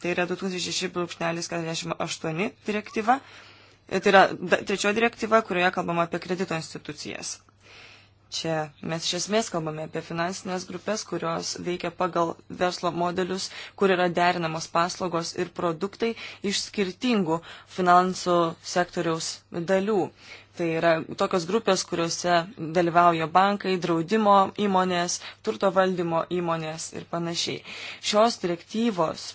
tai yra 2006.48 direktyva, e, tai yra trečioji direktyva, kurioje kalbama apie kredito institucijas. Čia mes iš esmės kalbame apie finansinės grupės, kurios veikia pagal verslo modelius, kur yra derinamos paslaugos ir produktai iš skirtingų finansų sektoriaus dalių. Tai yra tokios grupės, kuriuose dalyvauja bankai, draudimo įmonės, turto valdymo įmonės ir panašiai. Šios direktyvos,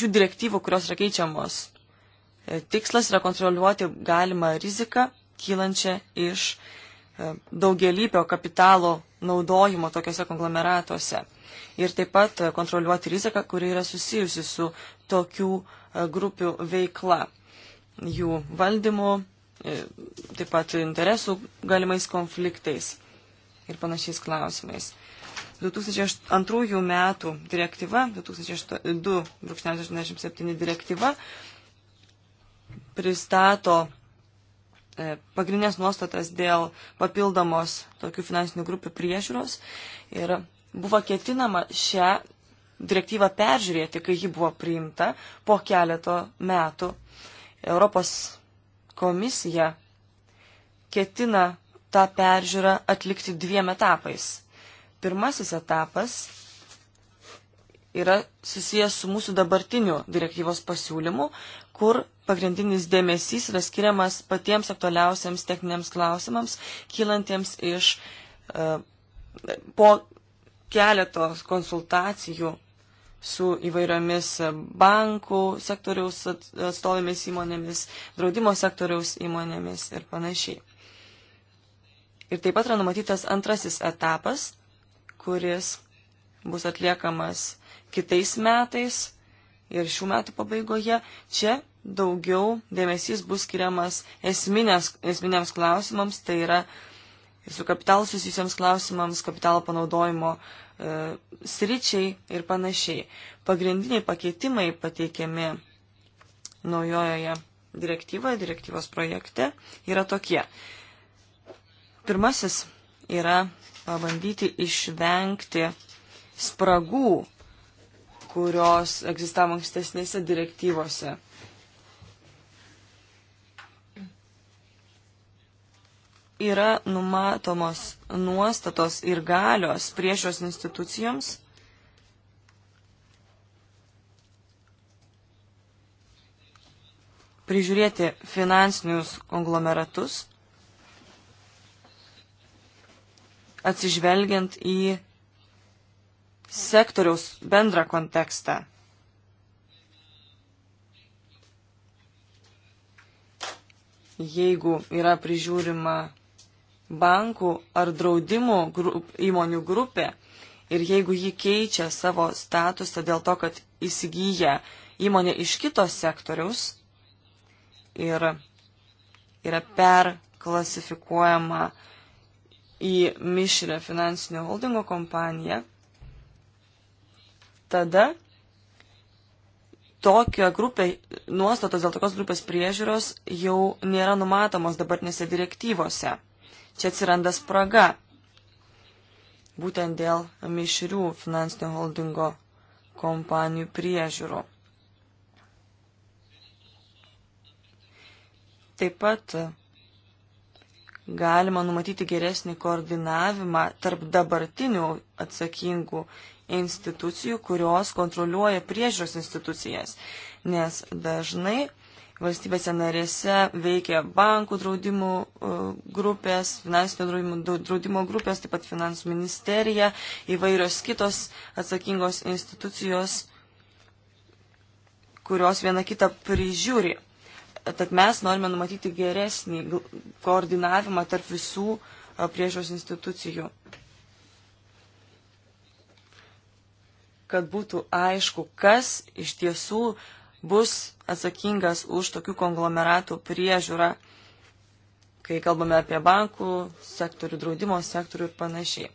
šių direktyvų, kurios yra keičiamos, e, tikslas yra kontroliuoti galimą riziką kylančią iš e, daugelypio kapitalo naudojimo tokiuose konglomeratuose. Ir taip pat e, kontroliuoti riziką, kuri yra susijusi su tokių grupių veikla jų valdymu, e, taip pat interesų galimais konfliktais ir panašiais klausimais. 2002 metų direktyva, 2002-87 direktyva pristato e, pagrindinės nuostatas dėl papildomos tokių finansinių grupių priežiūros ir buvo ketinama šią direktyvą peržiūrėti, kai ji buvo priimta po keleto metų. Europos komisija ketina tą peržiūrą atlikti dviem etapais. Pirmasis etapas yra susijęs su mūsų dabartiniu direktyvos pasiūlymu, kur pagrindinis dėmesys yra skiriamas patiems aktualiausiams techniniams klausimams, kylantiems iš e, po keletos konsultacijų su įvairiomis bankų sektoriaus atstovėmis įmonėmis, draudimo sektoriaus įmonėmis ir panašiai. Ir taip pat yra numatytas antrasis etapas, kuris bus atliekamas kitais metais ir šių metų pabaigoje. Čia daugiau dėmesys bus skiriamas esminės, esminiams klausimams, tai yra uh, su kapitalu susijusiams klausimams, kapitalo panaudojimo e, sričiai ir panašiai. Pagrindiniai pakeitimai pateikiami naujojoje direktyvoje, direktyvos projekte yra tokie. Pirmasis yra pabandyti išvengti spragų, kurios egzistavo ankstesnėse direktyvose yra numatomos nuostatos ir galios priešios institucijoms, prižiūrėti finansinius konglomeratus, atsižvelgiant į sektoriaus bendrą kontekstą. Jeigu yra prižiūrima bankų ar draudimų grup, įmonių grupė ir jeigu ji keičia savo statusą dėl to, kad įsigyja įmonė iš kito sektoriaus ir yra perklasifikuojama į mišrę finansinio holdingo kompaniją, tada tokia grupė, nuostatos dėl tokios grupės priežiūros jau nėra numatomos dabartinėse direktyvose. Čia atsiranda spraga. Būtent dėl mišrių finansinio holdingo kompanijų priežiūrų. Taip pat galima numatyti geresnį koordinavimą tarp dabartinių atsakingų institucijų, kurios kontroliuoja priežiūros institucijas, nes dažnai valstybėse narėse veikia bankų draudimų e, grupės, finansinio draudimo, draudimo grupės, taip pat finansų ministerija, įvairios kitos atsakingos institucijos, kurios viena kitą prižiūri. Tad mes norime numatyti geresnį koordinavimą tarp visų e, priežos institucijų. Kad būtų aišku, kas iš tiesų uh, bus atsakingas už tokių konglomeratų priežiūrą, kai kalbame apie bankų sektorių, draudimo sektorių ir panašiai.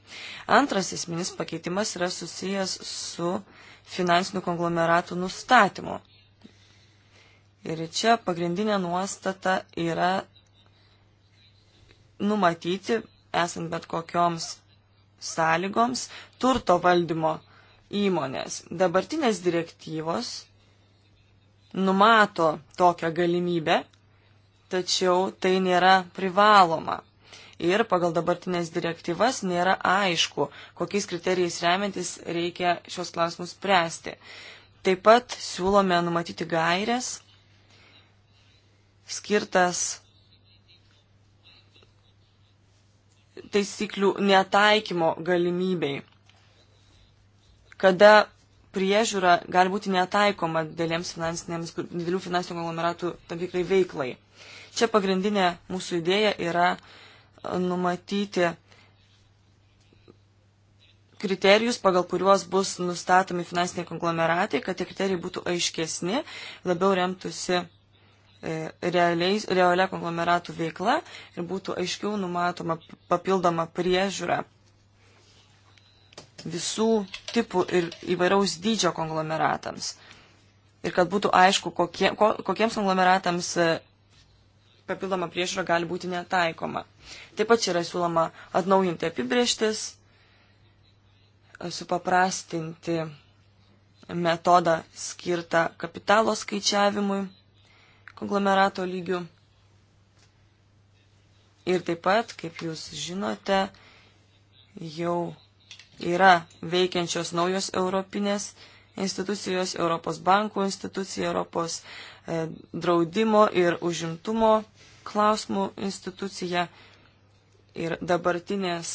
Antras esminis pakeitimas yra susijęs su finansinių konglomeratų nustatymu. Ir čia pagrindinė nuostata yra numatyti, esant bet kokioms sąlygoms, turto valdymo įmonės. Dabartinės direktyvos numato tokią galimybę, tačiau tai nėra privaloma. Ir pagal dabartinės direktyvas nėra aišku, kokiais kriterijais remiantis reikia šios klausimus spręsti. Taip pat siūlome numatyti gairias skirtas taisyklių netaikymo galimybei, kada priežiūra gali būti netaikoma dėlėms finansinėms, didelių finansinių konglomeratų tam tikrai veiklai. Čia pagrindinė mūsų idėja yra e, numatyti kriterijus, pagal kuriuos bus nustatomi finansiniai konglomeratai, kad tie kriterijai būtų aiškesni, labiau remtųsi e, realiais, realia konglomeratų veikla ir būtų aiškiau numatoma papildoma priežiūra visų tipų ir įvairaus dydžio konglomeratams. Ir kad būtų aišku, kokie, ko, kokiems konglomeratams e, papildoma priežiūra gali būti netaikoma. Taip pat čia yra siūloma atnaujinti apibrieštis, e, supaprastinti metodą skirtą kapitalo skaičiavimui konglomerato lygių. Ir taip pat, kaip jūs žinote, jau Yra veikiančios naujos europinės institucijos, Europos bankų institucija, Europos e, draudimo ir užimtumo klausimų institucija ir dabartinės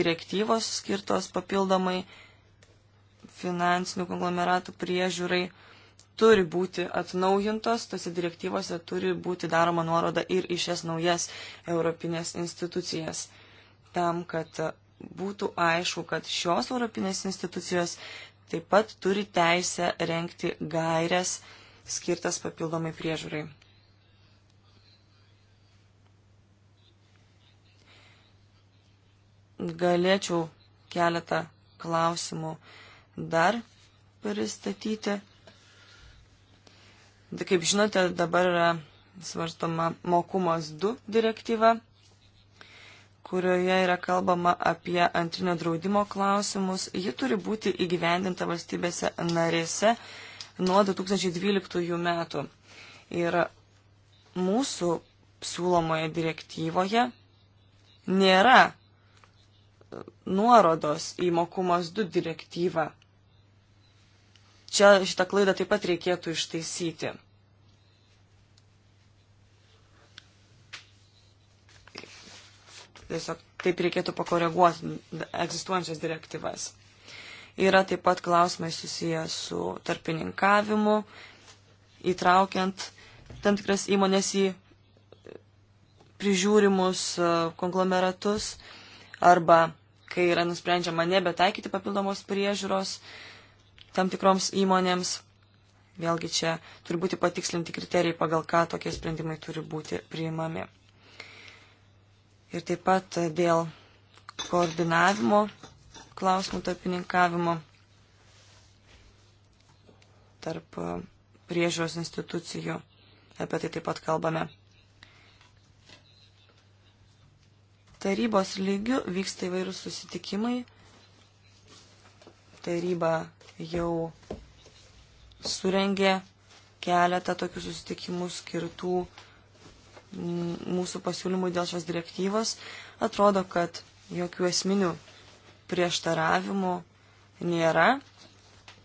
direktyvos skirtos papildomai finansinių konglomeratų priežiūrai turi būti atnaujintos, tose direktyvose turi būti daroma nuoroda ir į šias naujas europinės institucijas, tam, kad būtų aišku, kad šios europinės institucijos taip pat turi teisę renkti gairias skirtas papildomai priežiūrai. Galėčiau keletą klausimų dar pristatyti. Kaip žinote, dabar yra svarstoma mokumos 2 direktyva kurioje yra kalbama apie antrinio draudimo klausimus, ji turi būti įgyvendinta valstybėse narėse nuo 2012 metų. Ir mūsų siūlomoje direktyvoje nėra nuorodos į mokumas 2 direktyvą. Čia šitą klaidą taip pat reikėtų ištaisyti. tiesiog taip reikėtų pakoreguoti egzistuojančias direktyvas. Yra taip pat klausimai susiję su tarpininkavimu, įtraukiant tam tikras įmonės į prižiūrimus e, konglomeratus arba kai yra nusprendžiama nebetaikyti papildomos priežiūros tam tikroms įmonėms. Vėlgi čia turi būti patikslinti kriterijai, pagal ką tokie sprendimai turi būti priimami ir taip pat dėl koordinavimo klausimų tarpininkavimo tarp priežiūros institucijų. Apie tai taip pat kalbame. Tarybos lygių vyksta įvairūs susitikimai. Taryba jau surengė keletą tokių susitikimų skirtų mūsų pasiūlymui dėl šios direktyvos, atrodo, kad jokių esminių prieštaravimų nėra,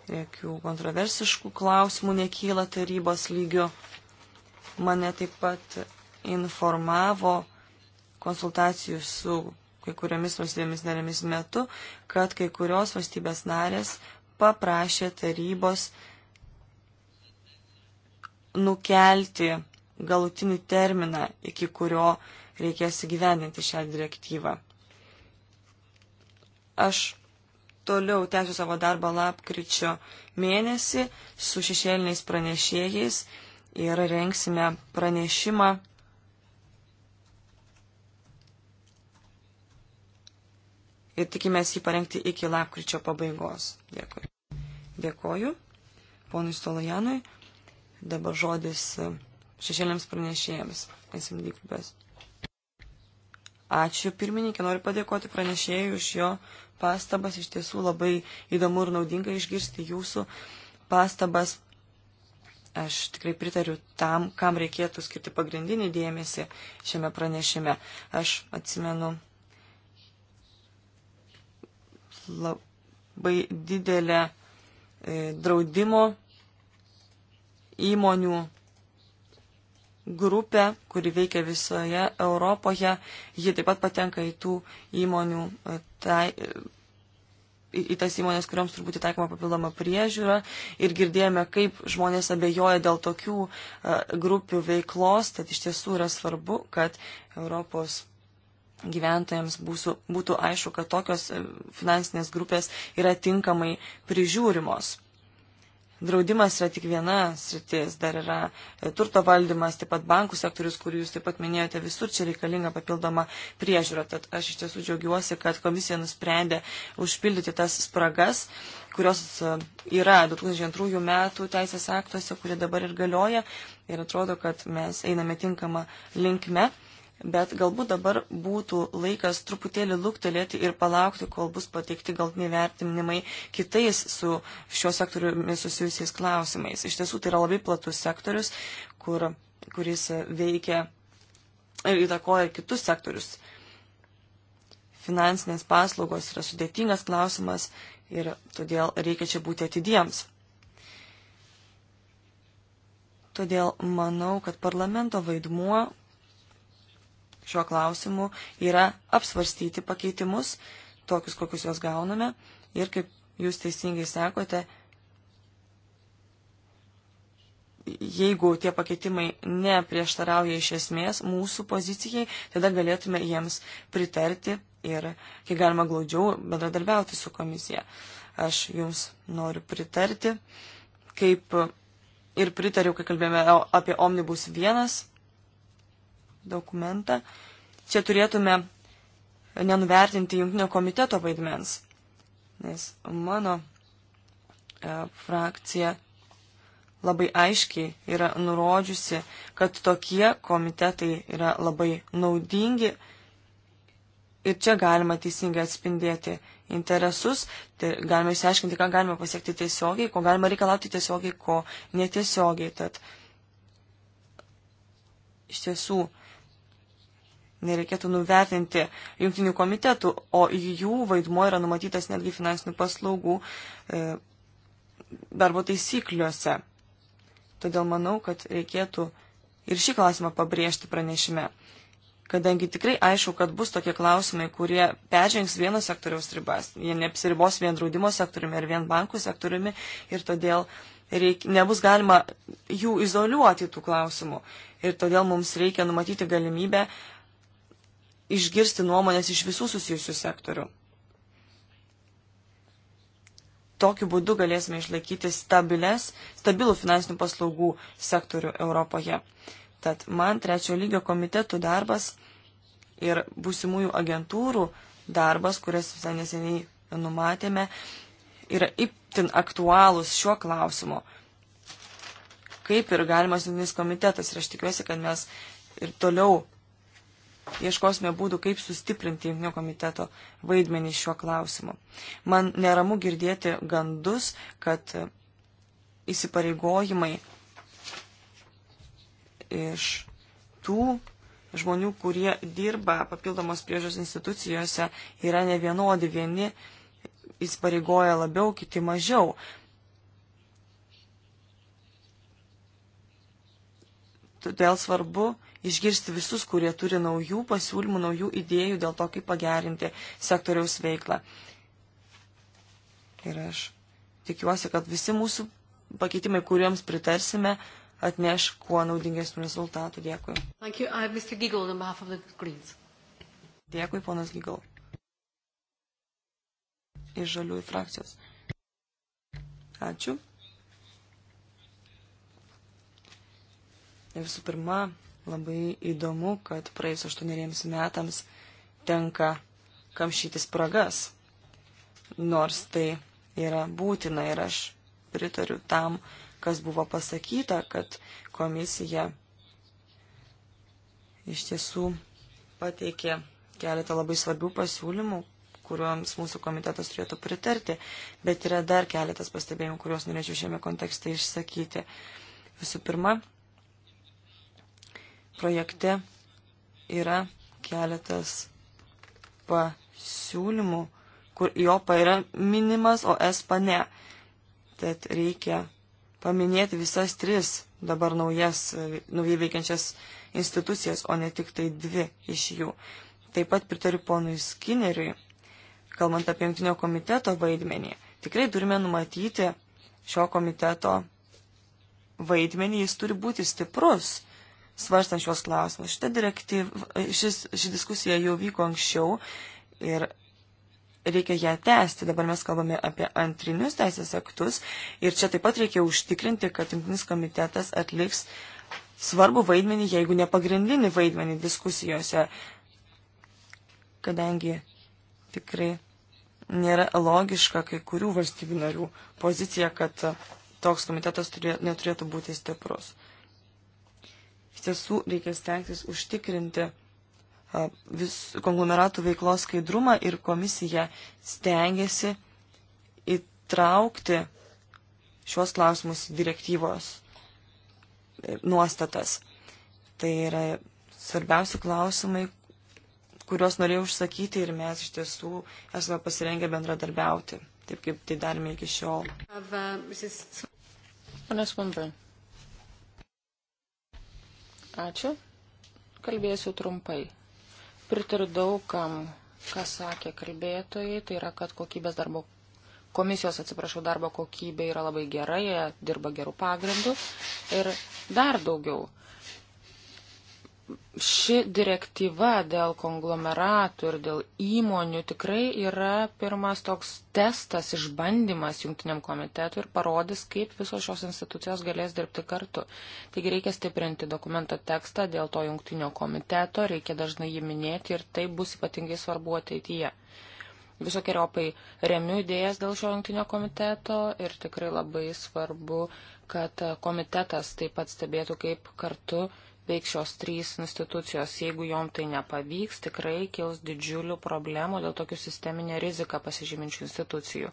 jokių kontroversiškų klausimų nekyla tarybos lygių. Mane taip pat informavo konsultacijų su kai kuriomis valstybėmis narėmis metu, kad kai kurios valstybės narės paprašė tarybos nukelti galutinį terminą, iki kurio reikės įgyvendinti šią direktyvą. Aš toliau tęsiu savo darbą lapkričio mėnesį su šešėliniais pranešėjais ir rengsime pranešimą. Ir tikimės jį parengti iki lapkričio pabaigos. Dėkui. Dėkoju ponui Stolojanui. Dabar žodis šešėliams pranešėjams SMD grupės. Ačiū pirmininkė, noriu padėkoti pranešėjui už jo pastabas, iš tiesų labai įdomu ir naudinga išgirsti jūsų pastabas. Aš tikrai pritariu tam, kam reikėtų skirti pagrindinį dėmesį šiame pranešime. Aš atsimenu labai didelę e, draudimo įmonių grupę, kuri veikia visoje Europoje. Ji taip pat patenka į tų įmonių, e, tai, e, į, į tas įmonės, kuriuoms turbūt įtaikoma papildoma priežiūra. Ir girdėjome, kaip žmonės abejoja dėl tokių e, grupių veiklos, tad iš tiesų yra svarbu, kad Europos gyventojams būsų, būtų aišku, kad tokios finansinės grupės yra tinkamai prižiūrimos draudimas yra tik viena sritis, dar yra e, turto valdymas, taip pat bankų sektorius, kurį jūs taip pat minėjote, visur čia reikalinga papildoma priežiūra. Tad aš iš tiesų džiaugiuosi, kad komisija nusprendė užpildyti tas spragas, kurios e, yra 2002 metų teisės aktuose, kurie dabar ir galioja. Ir atrodo, kad mes einame tinkamą linkmę bet galbūt dabar būtų laikas truputėlį luktelėti ir palaukti, kol bus pateikti galtiniai vertinimai kitais su šiuo sektoriumi susijusiais klausimais. Iš tiesų tai yra labai platus sektorius, kur, kuris veikia ir įtakoja kitus sektorius. Finansinės paslaugos yra sudėtingas klausimas ir todėl reikia čia būti atidiems. Todėl manau, kad parlamento vaidmuo šiuo klausimu yra apsvarstyti pakeitimus, tokius kokius juos gauname. Ir kaip jūs teisingai sakote, jeigu tie pakeitimai neprieštarauja iš esmės mūsų pozicijai, tada galėtume jiems pritarti ir, kiek galima glaudžiau, bendradarbiauti su komisija. Aš jums noriu pritarti, kaip ir pritariau, kai kalbėjome apie Omnibus 1 dokumentą, čia turėtume nenuvertinti jungtinio komiteto vaidmens, nes mano e, frakcija labai aiškiai yra nurodžiusi, kad tokie komitetai yra labai naudingi ir čia galima teisingai atspindėti interesus, tai galima išsiaiškinti, ką galima pasiekti tiesiogiai, ko galima reikalauti tiesiogiai, ko netiesiogiai. Tad iš tiesų nereikėtų nuvertinti jungtinių komitetų, o jų vaidmuo yra numatytas netgi finansinių paslaugų e, darbo taisykliuose. Todėl manau, kad reikėtų ir šį klausimą pabrėžti pranešime, kadangi tikrai aišku, kad bus tokie klausimai, kurie peržengs vieno sektoriaus ribas. Jie neapsiribos vien draudimo sektoriumi ar vien bankų sektoriumi ir todėl reik, nebus galima jų izoliuoti tų klausimų. Ir todėl mums reikia numatyti galimybę uh, išgirsti nuomonės iš visų susijusių sektorių. Tokiu būdu galėsime išlaikyti stabiles, stabilų finansinių paslaugų sektorių Europoje. Tad man trečio lygio komitetų darbas ir būsimųjų agentūrų darbas, kurias visai neseniai numatėme, yra itin aktualūs šiuo klausimu. Kaip ir galimas jungtinis komitetas ir aš tikiuosi, kad mes ir toliau ieškosime būdų, kaip sustiprinti jungtinio komiteto vaidmenį šiuo klausimu. Man neramu girdėti gandus, kad įsipareigojimai iš tų žmonių, kurie dirba papildomos priežos institucijose, yra ne vienodi. Vieni įsipareigoja labiau, kiti mažiau. Todėl svarbu išgirsti visus, kurie turi naujų pasiūlymų, naujų idėjų dėl to, kaip pagerinti sektoriaus veiklą. Ir aš tikiuosi, kad visi mūsų pakeitimai, kuriems pritarsime, atneš kuo naudingesnių rezultatų. Dėkui. Dėkui, ponas Gigal. Iš žaliųjų frakcijos. Ačiū. Ir visų pirma, Labai įdomu, kad praėjus aštuoneriems metams tenka kamšytis spragas, nors tai yra būtina ir aš pritariu tam, kas buvo pasakyta, kad komisija iš tiesų pateikė keletą labai svarbių pasiūlymų, kuriuoms mūsų komitetas turėtų pritarti, bet yra dar keletas pastebėjimų, kuriuos norėčiau šiame kontekste išsakyti. Visų pirma, projekte yra keletas pasiūlymų, kur jopa yra minimas, o espa ne. Tad reikia paminėti visas tris dabar naujas, naujai veikiančias institucijas, o ne tik tai dvi iš jų. Taip pat pritariu ponui Skinneriui, kalbant apie jungtinio komiteto vaidmenį. Tikrai turime numatyti šio komiteto vaidmenį, jis turi būti stiprus svarstant šios klausimus. Šita direktyva, šis, ši diskusija jau vyko anksčiau ir reikia ją tęsti. Dabar mes kalbame apie antrinius teisės aktus ir čia taip pat reikia užtikrinti, kad jungtinis komitetas atliks svarbu vaidmenį, jeigu ne pagrindinį vaidmenį diskusijose, kadangi tikrai nėra logiška kai kurių valstybių narių pozicija, kad toks komitetas turė, neturėtų būti stiprus tiesų reikia stengtis užtikrinti vis konglomeratų veiklos skaidrumą ir komisija stengiasi įtraukti šios klausimus į direktyvos e, nuostatas. Tai yra svarbiausi klausimai, kuriuos norėjau užsakyti ir mes iš tiesų esame pasirengę bendradarbiauti, taip kaip tai darome iki šiol. Uh, Panas Wimburn. Ačiū. Kalbėsiu trumpai. Pritariu daugam, kas sakė kalbėtojai, tai yra, kad kokybės darbo komisijos, atsiprašau, darbo kokybė yra labai gera, jie dirba gerų pagrindų. Ir dar daugiau, ši direktyva dėl konglomeratų ir dėl įmonių tikrai yra pirmas toks testas, išbandymas jungtiniam komitetui ir parodys, kaip visos šios institucijos galės dirbti kartu. Taigi reikia stiprinti dokumento tekstą dėl to jungtinio komiteto, reikia dažnai jį minėti ir tai bus ypatingai svarbu ateityje. Visokiojopai remiu idėjas dėl šio jungtinio komiteto ir tikrai labai svarbu, kad komitetas taip pat stebėtų, kaip kartu veiks šios trys institucijos. Jeigu jom tai nepavyks, tikrai kils didžiulių problemų dėl tokių sisteminę riziką pasižyminčių institucijų.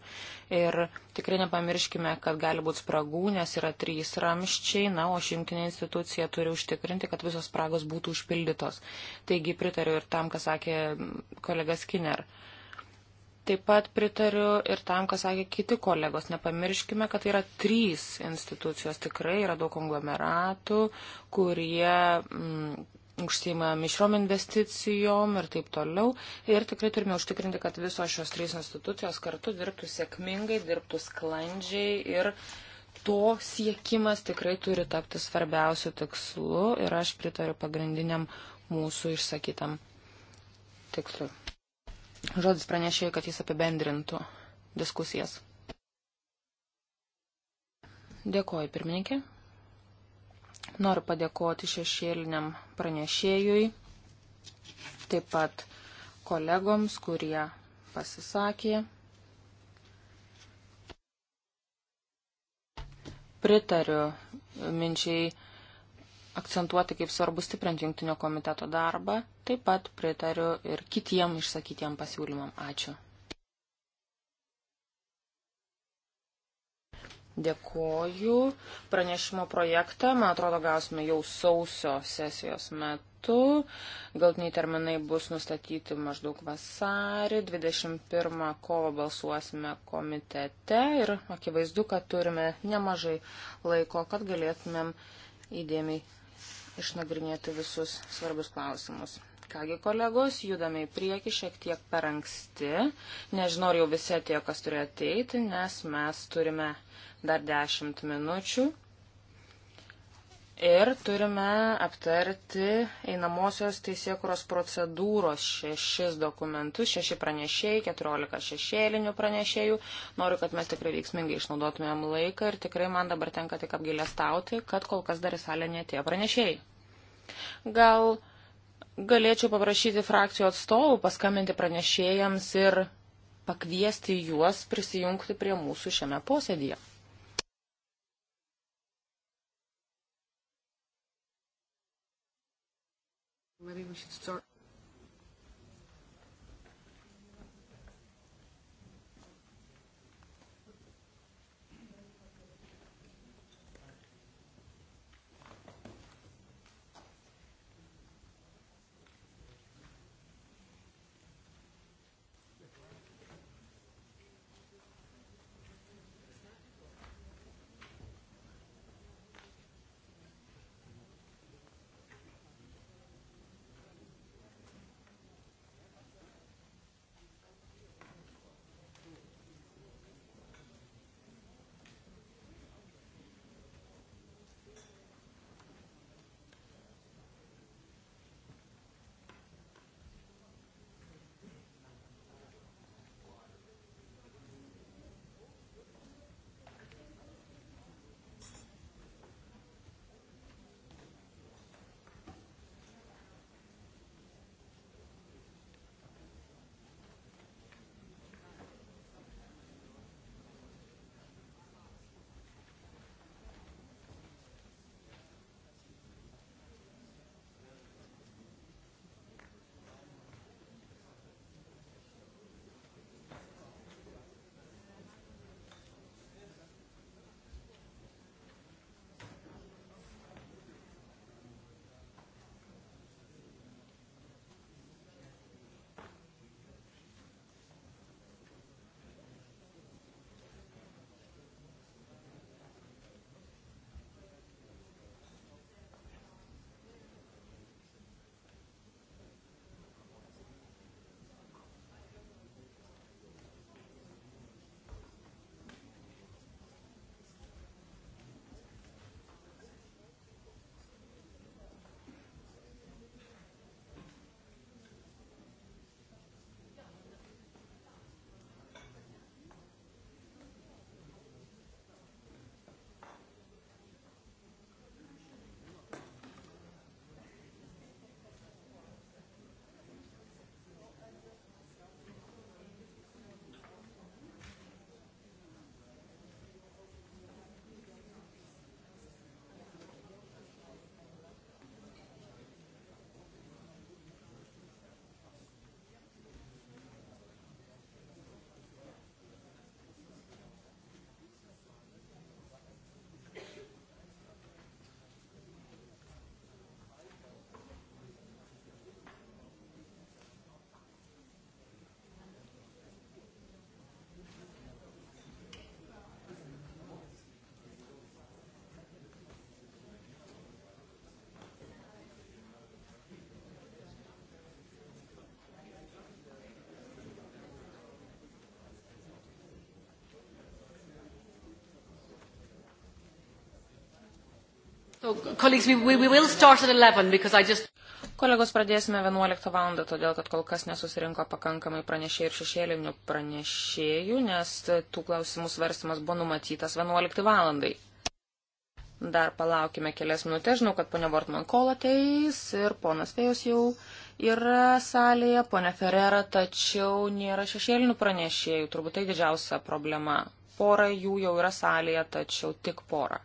Ir tikrai nepamirškime, kad gali būti spragų, nes yra trys ramščiai, na, o šimtinė institucija turi užtikrinti, kad visos spragos būtų užpildytos. Taigi pritariu ir tam, ką sakė kolega Skinner. Taip pat pritariu ir tam, ką sakė kiti kolegos. Nepamirškime, kad tai yra trys institucijos. Tikrai yra daug konglomeratų, kurie mm, užsima mišrom investicijom ir taip toliau. Ir tikrai turime užtikrinti, kad visos šios trys institucijos kartu dirbtų sėkmingai, dirbtų sklandžiai ir to siekimas tikrai turi tapti svarbiausių tikslų ir aš pritariu pagrindiniam mūsų išsakytam tikslui. Žodis pranešėjai, kad jis apibendrintų diskusijas. Dėkoju, pirmininkė. Noriu padėkoti šešėliniam pranešėjui, taip pat kolegoms, kurie pasisakė. Pritariu minčiai akcentuoti, kaip svarbu stiprinti jungtinio komiteto darbą. Taip pat pritariu ir kitiem išsakytiem pasiūlymam. Ačiū. Dėkoju. Pranešimo projektą, man atrodo, gausime jau sausio sesijos metu. Galtiniai terminai bus nustatyti maždaug vasarį. 21 kovo balsuosime komitete ir akivaizdu, kad turime nemažai laiko, kad galėtumėm įdėmiai išnagrinėti visus svarbius klausimus. Kągi, kolegos, judame į priekį šiek tiek per anksti. Nežinau, ar jau visi atėjo, kas turėjo ateiti, nes mes turime dar 10 minučių ir turime aptarti einamosios teisėkuros procedūros šešis dokumentus, šeši pranešėjai, keturiolika šešėlinių pranešėjų. Noriu, kad mes tikrai veiksmingai išnaudotumėm laiką ir tikrai man dabar tenka tik apgailestauti, kad kol kas dar į salę netėjo pranešėjai. Gal galėčiau paprašyti frakcijų atstovų paskambinti pranešėjams ir pakviesti juos prisijungti prie mūsų šiame posėdėje. maybe we should start. So, colleagues, we, we will start at 11 because I just... Kolegos, pradėsime 11 val. todėl, kad kol kas nesusirinko pakankamai pranešėjų ir šešėlinių pranešėjų, nes tų klausimų svarstymas buvo numatytas 11 val. Dar palaukime kelias minutės, žinau, kad ponia Vortman kol ateis ir ponas Vėjus jau yra salėje, ponia Ferrera, tačiau nėra šešėlinių pranešėjų, turbūt tai didžiausia problema. Pora jų jau yra salėje, tačiau tik pora.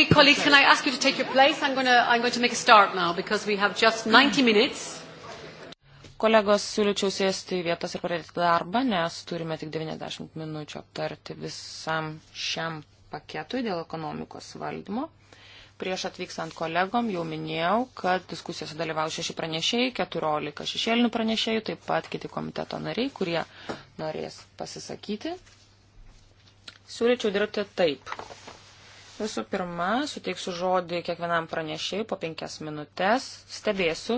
Okay, colleagues, can I ask you to take your place? I'm, gonna, I'm going to make a start now because we have just 90 minutes. Kolegos, siūlyčiau sėsti į vietas ir pradėti darbą, nes turime tik 90 minučių aptarti visam šiam paketui dėl ekonomikos valdymo. Prieš atvykstant kolegom jau minėjau, kad diskusijose dalyvau šeši pranešėjai, keturiolika šešėlinių pranešėjų, taip pat kiti komiteto nariai, kurie norės pasisakyti. Siūlyčiau dirbti taip. Visų pirma, suteiksiu žodį kiekvienam pranešėjui po penkias minutės. Stebėsiu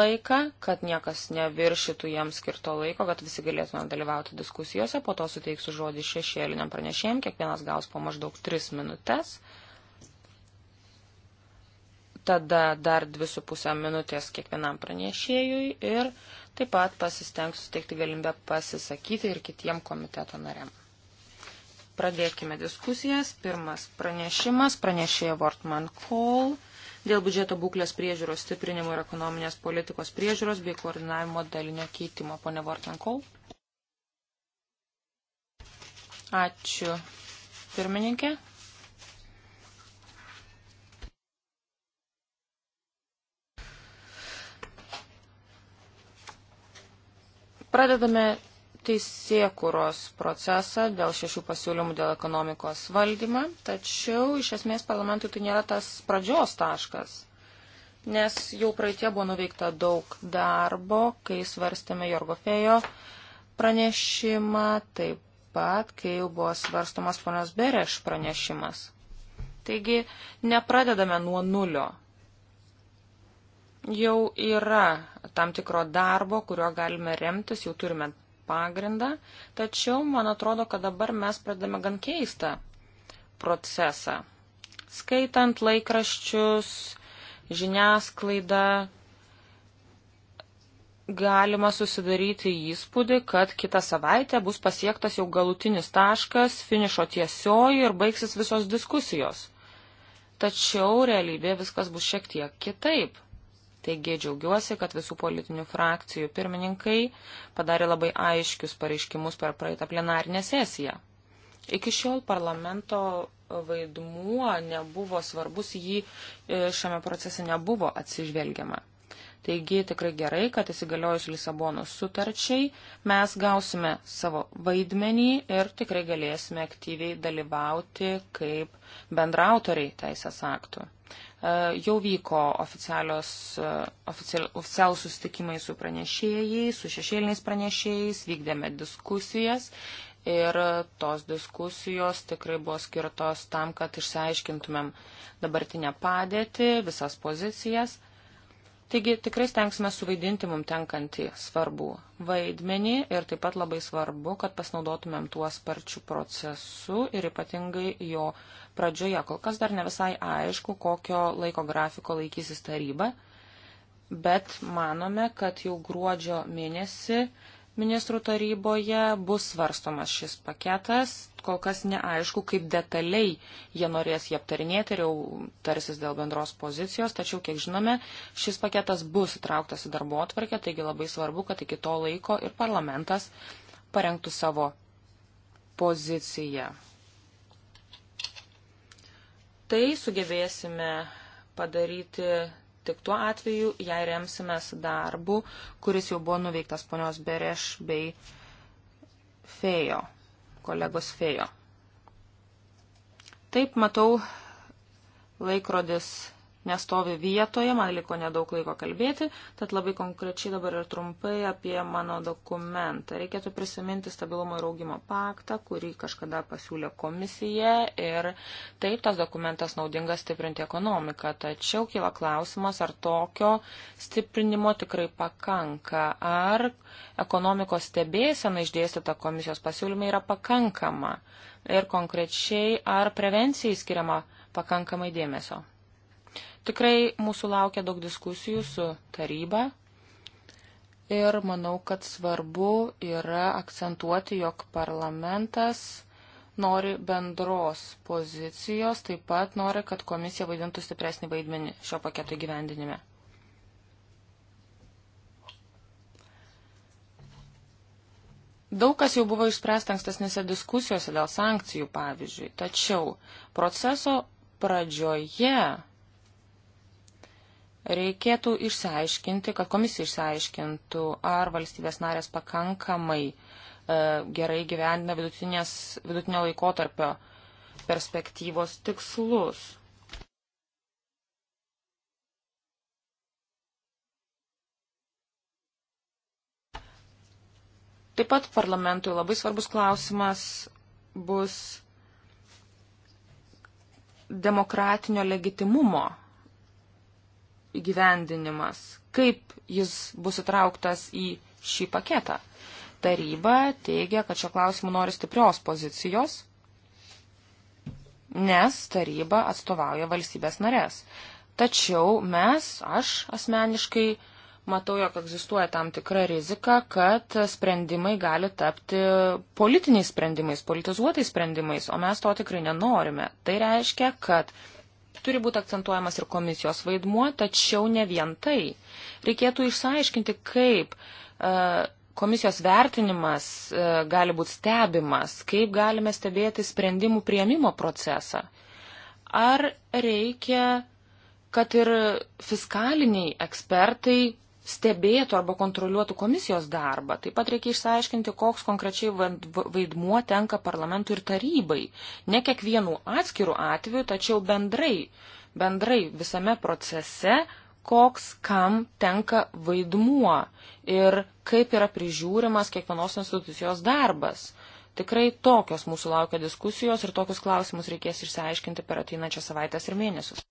laiką, kad niekas neviršytų jam skirto laiko, kad visi galėtume dalyvauti diskusijose. Po to suteiksiu žodį šešėliniam pranešėjim. Kiekvienas gaus po maždaug tris minutės. Tada dar dvi su pusę minutės kiekvienam pranešėjui ir taip pat pasistengsiu suteikti galimybę pasisakyti ir kitiem komiteto nariam. Pradėkime diskusijas. Pirmas pranešimas, pranešėja Wortman Kohl dėl biudžeto būklės priežiūros stiprinimo ir ekonominės politikos priežiūros bei koordinavimo dalinio keitimo. Pone Wortman Kohl. Ačiū. Pirmininkė. Pradedame teisėkuros procesą dėl šešių pasiūlymų dėl ekonomikos valdymą, tačiau iš esmės parlamentui tai nėra tas pradžios taškas, nes jau praeitie buvo nuveikta daug darbo, kai svarstėme Jorgo Fejo pranešimą, taip pat, kai jau buvo svarstomas ponios Bereš pranešimas. Taigi nepradedame nuo nulio, jau yra tam tikro darbo, kurio galime remtis, jau turime pagrindą, tačiau man atrodo, kad dabar mes pradame gan keistą procesą. Skaitant laikraščius, žiniasklaidą, galima susidaryti įspūdį, kad kitą savaitę bus pasiektas jau galutinis taškas, finišo tiesioji ir baigsis visos diskusijos. Tačiau realybėje viskas bus šiek tiek kitaip. Taigi džiaugiuosi, kad visų politinių frakcijų pirmininkai padarė labai aiškius pareiškimus per praeitą plenarinę sesiją. Iki šiol parlamento vaidmuo nebuvo svarbus, jį e, šiame procese nebuvo atsižvelgiama. Taigi tikrai gerai, kad įsigaliojus Lisabonos sutarčiai mes gausime savo vaidmenį ir tikrai galėsime aktyviai dalyvauti kaip bendrautoriai teisės aktų. E, jau vyko e, oficialūs susitikimai su pranešėjais, su šešėliniais pranešėjais, vykdėme diskusijas ir tos diskusijos tikrai buvo skirtos tam, kad išsiaiškintumėm dabartinę padėtį, visas pozicijas Taigi tikrai stengsime suvaidinti mums tenkantį svarbų vaidmenį ir taip pat labai svarbu, kad pasinaudotumėm tuo sparčiu procesu ir ypatingai jo pradžioje. Kol kas dar ne visai aišku, kokio laiko grafiko laikysis taryba, bet manome, kad jau gruodžio mėnesį ministrų taryboje bus svarstomas šis paketas kol kas neaišku, kaip detaliai jie norės jį aptarinėti ir jau tarsis dėl bendros pozicijos, tačiau, kiek žinome, šis paketas bus įtrauktas į darbo atvarkę, taigi labai svarbu, kad iki to laiko ir parlamentas parengtų savo poziciją. Tai sugebėsime padaryti tik tuo atveju, jei remsimės darbu, kuris jau buvo nuveiktas ponios Bereš bei Fejo kolegos Fejo. Taip, matau, laikrodis nestovi vietoje, man liko nedaug laiko kalbėti, tad labai konkrečiai dabar ir trumpai apie mano dokumentą. Reikėtų prisiminti stabilumo ir augimo paktą, kurį kažkada pasiūlė komisija ir taip tas dokumentas naudingas stiprinti ekonomiką, tačiau kyla klausimas, ar tokio stiprinimo tikrai pakanka, ar ekonomikos stebėsena išdėstyta komisijos pasiūlymai yra pakankama ir konkrečiai ar prevencijai skiriama pakankamai dėmesio. Tikrai mūsų laukia daug diskusijų su taryba ir manau, kad svarbu yra akcentuoti, jog parlamentas nori bendros pozicijos, taip pat nori, kad komisija vaidintų stipresnį vaidmenį šio paketo gyvendinime. Daug kas jau buvo išspręsta ankstesnėse diskusijose dėl sankcijų, pavyzdžiui, tačiau proceso pradžioje Reikėtų išsiaiškinti, kad komisija išsiaiškintų, ar valstybės narės pakankamai e, gerai gyvendina vidutinio laikotarpio perspektyvos tikslus. Taip pat parlamentui labai svarbus klausimas bus demokratinio legitimumo įgyvendinimas, kaip jis bus įtrauktas į šį paketą. Taryba teigia, kad šio klausimu nori stiprios pozicijos, nes taryba atstovauja valstybės narės. Tačiau mes, aš asmeniškai, matau, jog egzistuoja tam tikra rizika, kad sprendimai gali tapti politiniais sprendimais, politizuotais sprendimais, o mes to tikrai nenorime. Tai reiškia, kad turi būti akcentuojamas ir komisijos vaidmuo, tačiau ne vien tai. Reikėtų išsiaiškinti, kaip e, komisijos vertinimas e, gali būti stebimas, kaip galime stebėti sprendimų prieimimo procesą. Ar reikia, kad ir fiskaliniai ekspertai stebėtų arba kontroliuotų komisijos darbą. Taip pat reikia išsiaiškinti, koks konkrečiai vaidmuo tenka parlamentui ir tarybai. Ne kiekvienų atskirų atvejų, tačiau bendrai, bendrai visame procese, koks kam tenka vaidmuo ir kaip yra prižiūrimas kiekvienos institucijos darbas. Tikrai tokios mūsų laukia diskusijos ir tokius klausimus reikės išsiaiškinti per ateinančią savaitę ir mėnesius.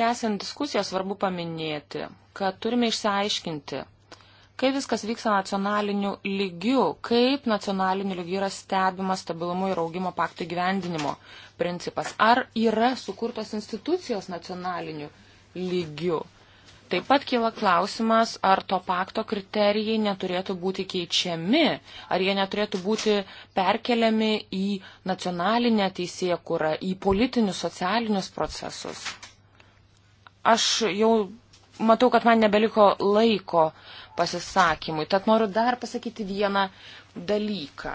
Tęsiant diskusiją svarbu paminėti, kad turime išsiaiškinti, kaip viskas vyksta nacionaliniu lygiu, kaip nacionaliniu lygiu yra stebimas stabilumo ir augimo pakto gyvendinimo principas, ar yra sukurtos institucijos nacionaliniu lygiu. Taip pat kyla klausimas, ar to pakto kriterijai neturėtų būti keičiami, ar jie neturėtų būti perkeliami į nacionalinę teisėkurą, į politinius socialinius procesus. Aš jau matau, kad man nebeliko laiko pasisakymui, tad noriu dar pasakyti vieną dalyką.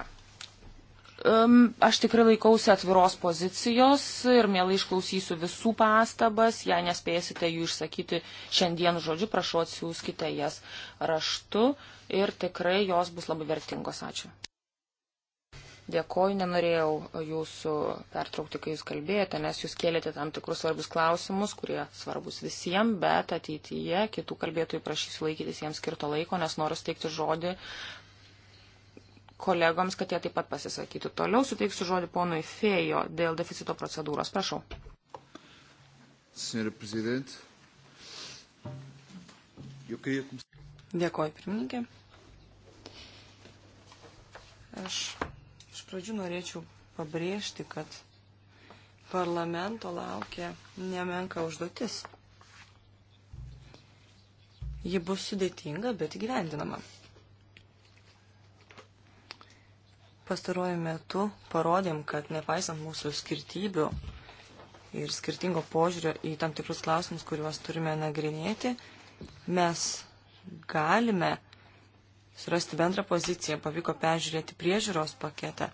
Aš tikrai laikausi atviros pozicijos ir mielai išklausysiu visų pastabas. Jei nespėsite jų išsakyti šiandien žodžiu, prašau atsiųskite jas raštu ir tikrai jos bus labai vertingos. Ačiū. Dėkoju, nenorėjau jūsų pertraukti, kai jūs kalbėjote, nes jūs kėlėte tam tikrus svarbus klausimus, kurie svarbus visiems, bet ateityje kitų kalbėtojų prašysiu laikytis jiems skirto laiko, nes noriu steikti žodį kolegoms, kad jie taip pat pasisakytų. Toliau suteiksiu žodį ponui Fejo dėl deficito procedūros. Prašau. Dėkoju, pirmininkė. Aš Iš pradžių norėčiau pabrėžti, kad parlamento laukia nemenka užduotis. Ji bus sudėtinga, bet įgyvendinama. Pastaruoju metu parodėm, kad nepaisant mūsų skirtybių ir skirtingo požiūrio į tam tikrus klausimus, kuriuos turime nagrinėti, mes galime surasti bendrą poziciją, pavyko peržiūrėti priežiūros paketą.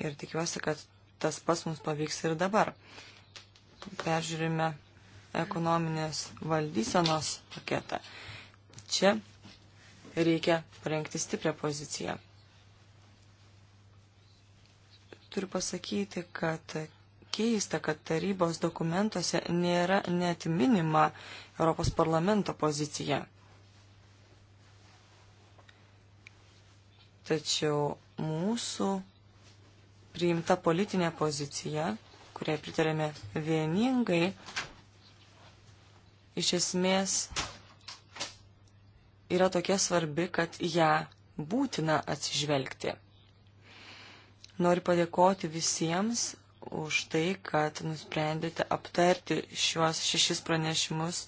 Ir tikiuosi, kad tas pas mums pavyks ir dabar. Peržiūrime ekonominės valdysenos paketą. Čia reikia parengti stiprią poziciją. Turiu pasakyti, kad keista, kad tarybos dokumentuose nėra net minima Europos parlamento pozicija. Tačiau mūsų priimta politinė pozicija, kuriai pritarėme vieningai, iš esmės yra tokia svarbi, kad ją būtina atsižvelgti. Noriu padėkoti visiems už tai, kad nusprendėte aptarti šiuos šešis pranešimus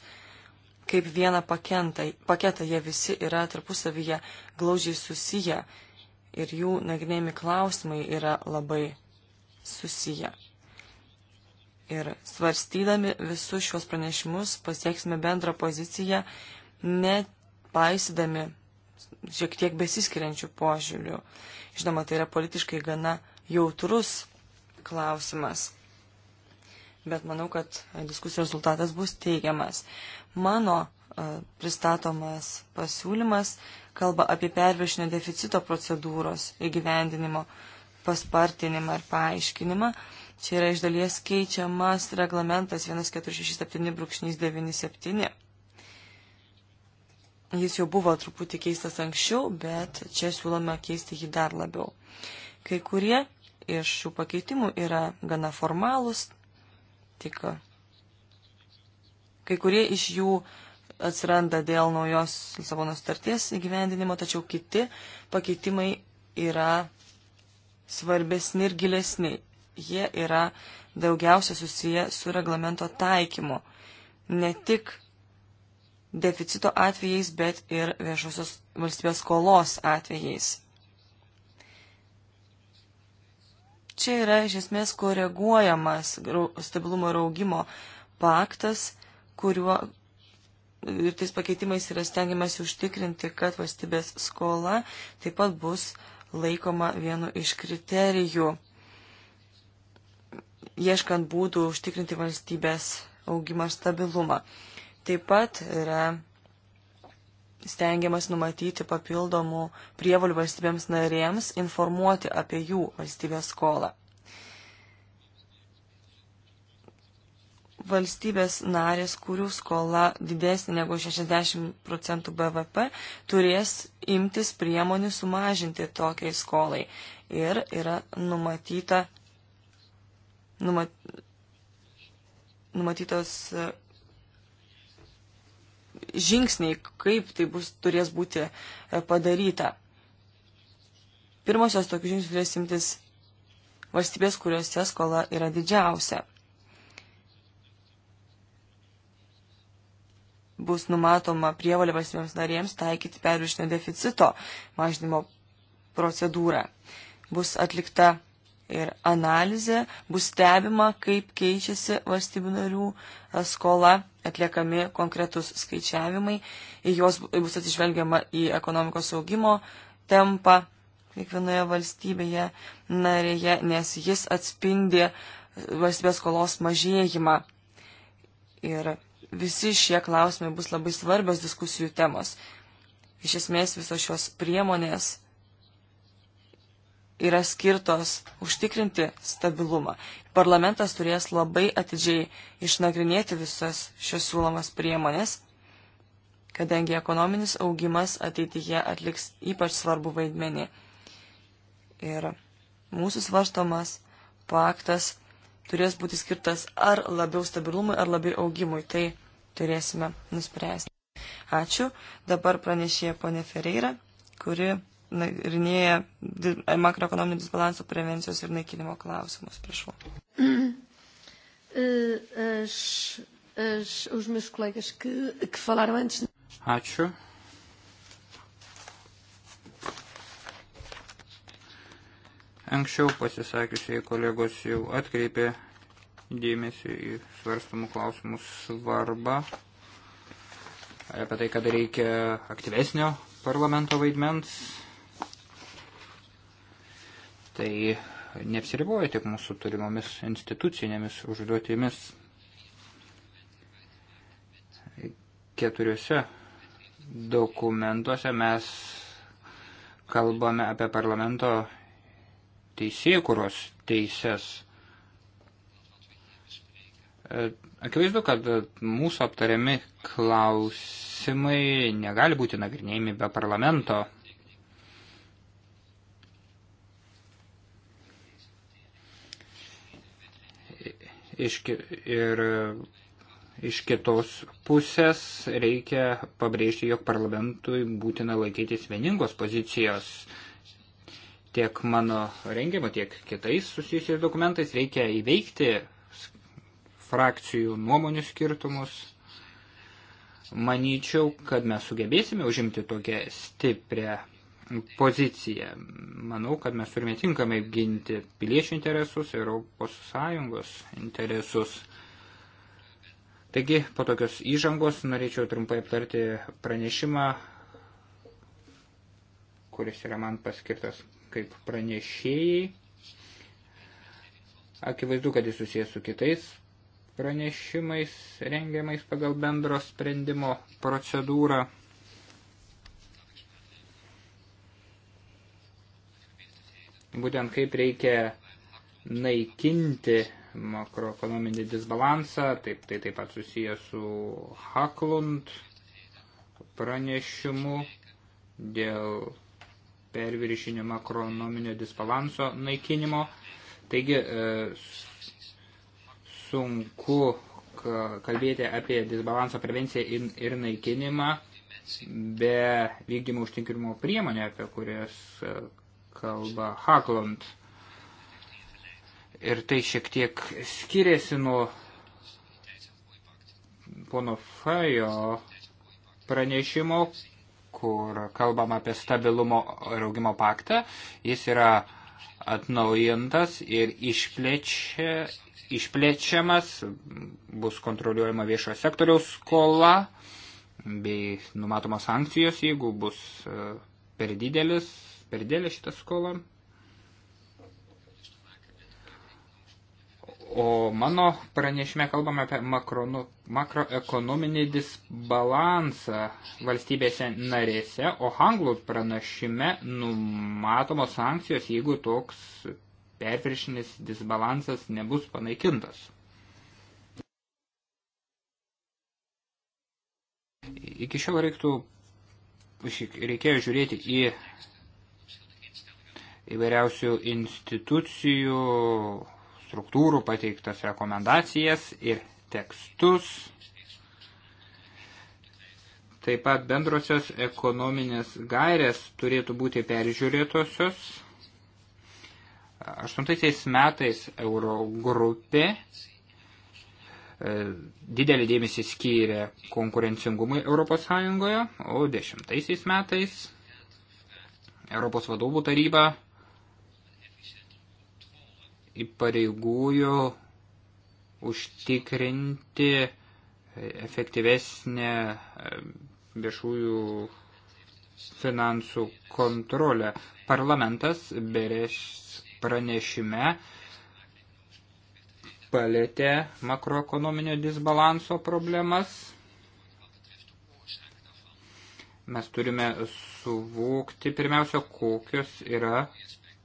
kaip vieną pakentą. paketą. Jie visi yra tarpusavyje glaužiai susiję ir jų nagrinėjami klausimai yra labai susiję. Ir svarstydami visus šios pranešimus pasieksime bendrą poziciją, nepaisydami šiek tiek besiskiriančių požiūrių. Žinoma, tai yra politiškai gana jautrus klausimas. Bet manau, kad diskusijos rezultatas bus teigiamas. Mano pristatomas pasiūlymas uh, kalba apie perviršinio deficito procedūros įgyvendinimo paspartinimą ir paaiškinimą. Čia yra iš dalies keičiamas reglamentas 1467-97. Jis jau buvo truputį keistas anksčiau, bet čia siūlome keisti jį dar labiau. Kai kurie iš šių pakeitimų yra gana formalūs, tik kai kurie iš jų atsiranda dėl naujos Lisabono starties įgyvendinimo, tačiau kiti pakeitimai yra svarbesni ir gilesni. Jie yra daugiausia susiję su reglamento taikymu. Ne tik deficito atvejais, bet ir viešosios valstybės skolos atvejais. Čia yra iš esmės koreguojamas stabilumo ir augimo paktas, kuriuo ir tais pakeitimais yra stengiamasi užtikrinti, kad valstybės skola taip pat bus laikoma vienu iš kriterijų, ieškant būdų užtikrinti valstybės augimą ir stabilumą. Taip pat yra stengiamas numatyti papildomų prievalių valstybėms narėms informuoti apie jų valstybės skolą. valstybės narės, kurių skola didesnė negu 60 procentų BVP, turės imtis priemonių sumažinti tokiai skolai. Ir yra numatyta, numat, numatytos e, žingsniai, kaip tai bus, turės būti e, padaryta. Pirmosios tokių žingsnių turės imtis valstybės, kuriuose skola yra didžiausia. bus numatoma prievalė valstybėms narėms taikyti perviršinio deficito mažinimo procedūrą. Bus atlikta ir analizė, bus stebima, kaip keičiasi valstybių narių e, skola, atliekami konkretus skaičiavimai, į juos bus atsižvelgiama į ekonomikos augimo tempą kiekvienoje valstybėje narėje, nes jis atspindi valstybės skolos mažėjimą. Ir visi šie klausimai bus labai svarbios diskusijų temos. Iš esmės visos šios priemonės yra skirtos užtikrinti stabilumą. Parlamentas turės labai atidžiai išnagrinėti visas šios siūlomas priemonės, kadangi ekonominis augimas ateityje atliks ypač svarbu vaidmenį. Ir mūsų svarstomas paktas turės būti skirtas ar labiau stabilumui, ar labiau augimui. Tai turėsime nuspręsti. Ačiū. Dabar pranešė ponė Ferreira, kuri nagrinėja makroekonominio disbalanso prevencijos ir naikinimo klausimus. Prašau. Eh, eh, eh, Ačiū. Anksčiau pasisakiusiai kolegos jau atkreipė dėmesį į svarstamų klausimų svarbą, apie tai, kad reikia aktyvesnio parlamento vaidmens. Tai neapsiriboja tik mūsų turimomis institucinėmis užduotimis. Keturiuose dokumentuose mes kalbame apie parlamento teisėkuros teises. E, akivaizdu, kad mūsų aptariami klausimai negali būti nagrinėjami be parlamento. Iš, ir Iš kitos pusės reikia pabrėžti, jog parlamentui būtina laikytis vieningos pozicijos tiek mano rengiamo, tiek kitais susijusiais dokumentais reikia įveikti frakcijų nuomonių skirtumus. Manyčiau, kad mes sugebėsime užimti tokią stiprią poziciją. Manau, kad mes turime tinkamai ginti piliečių interesus, Europos Sąjungos interesus. Taigi, po tokios įžangos norėčiau trumpai aptarti pranešimą, kuris yra man paskirtas kaip pranešėjai. Akivaizdu, kad jis susijęs su kitais pranešimais rengiamais pagal bendro sprendimo procedūrą. Būtent kaip reikia naikinti makroekonominį disbalansą, taip tai taip pat susijęs su Haklund pranešimu dėl perviršinio makronominio disbalanso naikinimo. Taigi e, sunku kalbėti apie disbalanso prevenciją ir naikinimą be vykdymo užtinkimo priemonė, apie kurias e, kalba Haklund. Ir tai šiek tiek skiriasi nuo pono Fejo pranešimo, kur kalbam apie stabilumo ir augimo paktą. Jis yra atnaujintas ir išplečia, išplečiamas, bus kontroliuojama viešojo sektoriaus skola bei numatomos sankcijos, jeigu bus e, per didelis, per didelė šita skola, O mano pranešime kalbame apie makronu, makroekonominį disbalansą valstybėse narėse, o anglų pranešime numatomos sankcijos, jeigu toks perviršinis disbalansas nebus panaikintas. Iki šiol reiktų, reikėjo žiūrėti į įvairiausių institucijų struktūrų pateiktas rekomendacijas ir tekstus. Taip pat bendrosios ekonominės gairės turėtų būti peržiūrėtosios. Aštuntaisiais metais Eurogrupė e, didelį dėmesį skyrė konkurencingumui Europos Sąjungoje, o dešimtaisiais metais Europos vadovų taryba įpareigųjų užtikrinti efektyvesnę viešųjų finansų kontrolę. Parlamentas bereš pranešime palėtė makroekonominio disbalanso problemas. Mes turime suvokti pirmiausia, kokios yra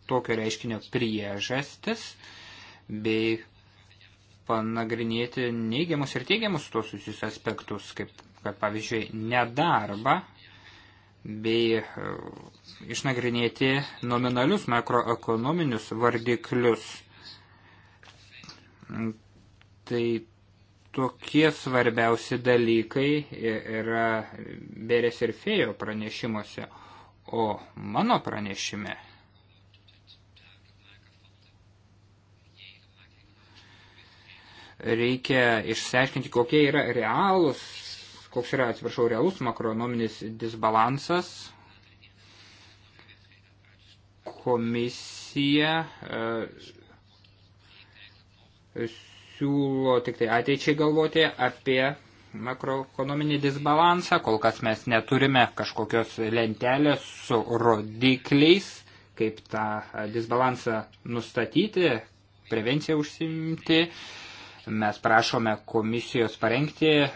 tokio reiškinio priežastis bei panagrinėti neigiamus ir teigiamus tuos susijusius aspektus, kaip kad pavyzdžiui nedarbą bei e, išnagrinėti nominalius makroekonominius vardiklius. Tai tokie svarbiausi dalykai yra Berės ir Fėjo pranešimuose, o mano pranešime reikia išsiaiškinti, kokie yra realūs, koks yra, atsiprašau, realus makroekonominis disbalansas. Komisija e, siūlo tik tai ateičiai galvoti apie makroekonominį disbalansą. Kol kas mes neturime kažkokios lentelės su rodikliais, kaip tą disbalansą nustatyti, prevenciją užsimti. E, Mes prašome komisijos parengti e,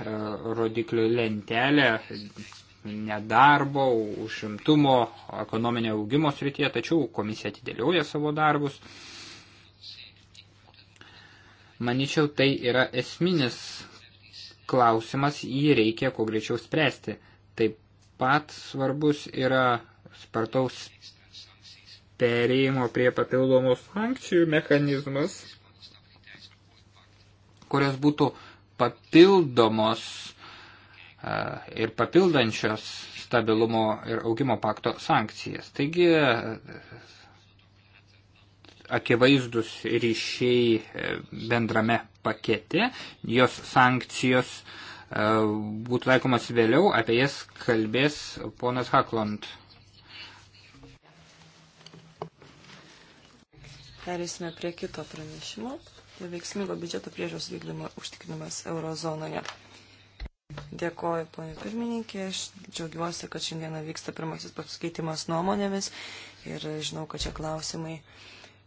rodiklių lentelę nedarbo, užimtumo, ekonominio augimo srityje, tačiau komisija atidėlioja savo darbus. Maničiau, tai yra esminis klausimas, jį reikia kuo greičiau spręsti. Taip pat svarbus yra spartaus perėjimo prie papildomos sankcijų mechanizmas kurios būtų papildomos e, ir papildančios stabilumo ir augimo pakto sankcijas. Taigi e, akivaizdus ryšiai e, bendrame pakete, jos sankcijos būtų laikomas vėliau, apie jas kalbės ponas Hakland. Perėsime prie kito pranešimo tai veiksmingo biudžeto priežiūros vykdymo užtikrinimas eurozonoje. Dėkoju, ponė pirmininkė, aš džiaugiuosi, kad šiandieną vyksta pirmasis pasikeitimas nuomonėmis ir žinau, kad čia klausimai